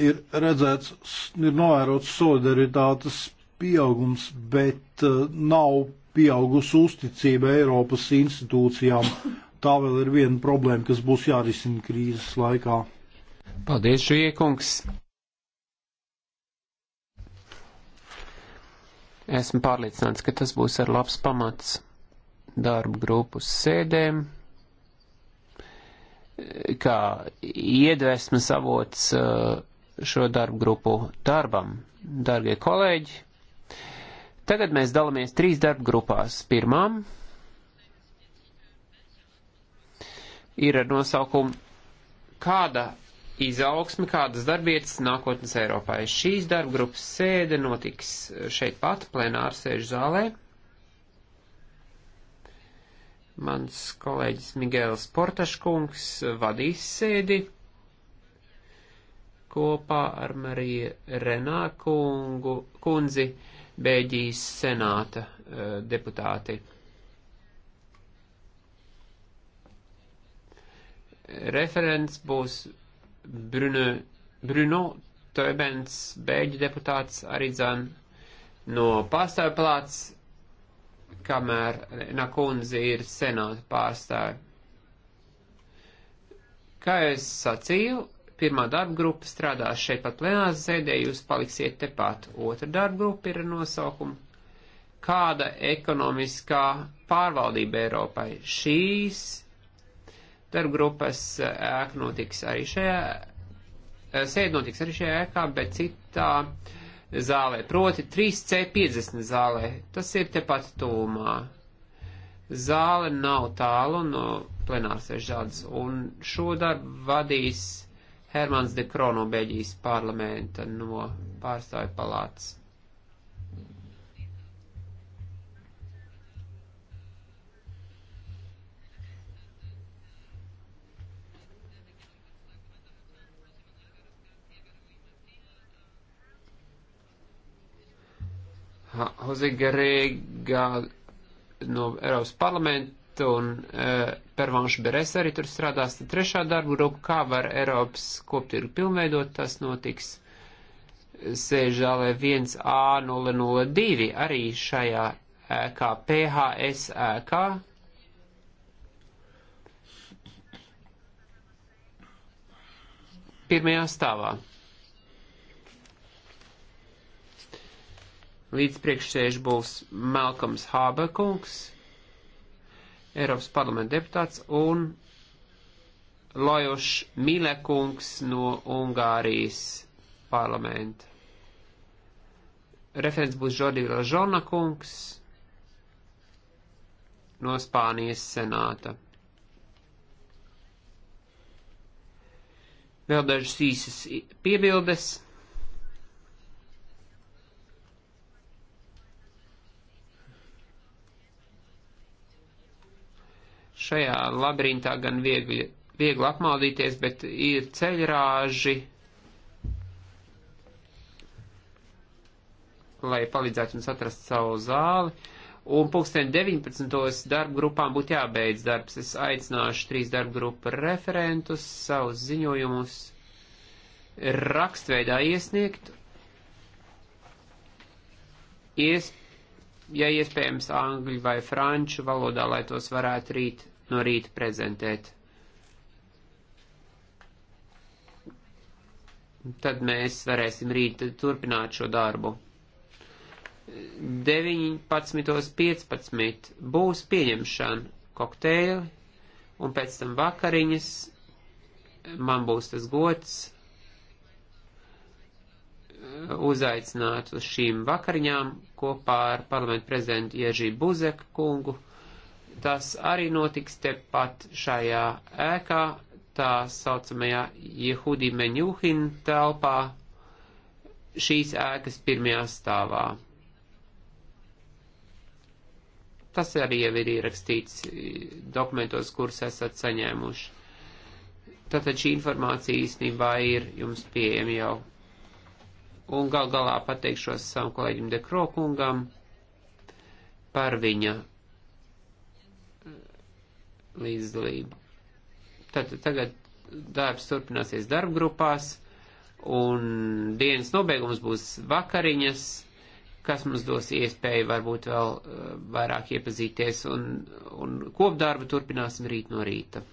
ir redzēts, ir novērots solidaritātes pieaugums, bet eh, nav pieaugusi uzticība Eiropas institūcijām. Tā vēl ir viena problēma, kas būs jārisina krīzes laikā. Paldies, Žiekungs! Esmu pārliecināts, ka tas būs ar labs pamats darba grupas sēdēm, kā iedvesmas avots eh, šo darbu grupu darbam. Dargie kolēģi, Tagad mēs dalāmies trīs darba grupās. Pirmām ir ar nosaukumu Kāda izaugsme, kādas darbietas nākotnes Eiropā. Šīs darba grupas sēde notiks šeit pat, plenāra sēžu zālē. Mans kolēģis Migēls Portaškungs vadīs sēdi kopā ar Mariju Renākungu kundzi. Uh, Bēģijas senāta eh, deputāti. Referents būs Bruno, Bruno Toibens, Bēģu deputāts arī dzan no pārstāvplāts, kamēr Nakunzi ir senāta pārstāvi. Kā es sacīju, Pirmā darba grupa strādās šeit pat plenās zēdē, jūs paliksiet tepat. Otra darba grupa ir nosaukuma Kāda ekonomiskā pārvaldība Eiropai? Šīs darba grupas eh, ēka notiks arī šajā, eh, sēd notiks arī šajā ēkā, bet citā zālē, proti 3C50 zālē. Tas ir tepat tūmā. Zāle nav tālu no plenārsēžādas, un šo darbu vadīs Hermans de Krono Beļģijas parlamenta no pārstāju palātas. Jose Garega no Eiropas parlamenta un uh, eh, Pervanš Beres arī tur strādās. Tad trešā darba grupa, kā var Eiropas koptirgu pilnveidot, tas notiks sēžālē 1A002 arī šajā ēkā, PHS ēkā. Pirmajā stāvā. Līdz priekšsēž būs Malkams Hābekungs. Eiropas parlamenta deputāts un Lojošs Milekungs no Ungārijas parlamenta. Referents būs Jordi Ražona kungs no Spānijas senāta. Vēl dažas īsas piebildes. šajā labirintā gan viegli, viegli apmaldīties, bet ir ceļrāži, lai palīdzētu jums atrast savu zāli. Un pulksten 19. darba grupām būtu jābeidz darbs. Es aicināšu trīs darba grupu referentus savus ziņojumus rakstveidā iesniegt. Ies, ja iespējams angļu vai franču valodā, lai tos varētu rīt no rīta prezentēt. Tad mēs varēsim rīt turpināt šo darbu. 19.15 būs pieņemšana kokteili, un pēc tam vakariņas man būs tas gods uzaicināt uz šīm vakariņām kopā ar parlamentu prezidentu Iežī Buzeku kungu. Tas arī notiks tepat šajā ēkā, tā saucamajā Jehudi Meņuhin telpā, šīs ēkas pirmajā stāvā. Tas arī jau ir ierakstīts e, dokumentos, kurus esat saņēmuši. Tātad šī informācija īstenībā ir jums pieejama jau. Un gal galā pateikšos savam kolēģim Dekrokungam par viņa līdzdalību. Tad tagad darbs turpināsies darbgrupās, un dienas nobeigums būs vakariņas, kas mums dos iespēju varbūt vēl eh, vairāk iepazīties, un, un kopdarbu turpināsim rīt no rīta.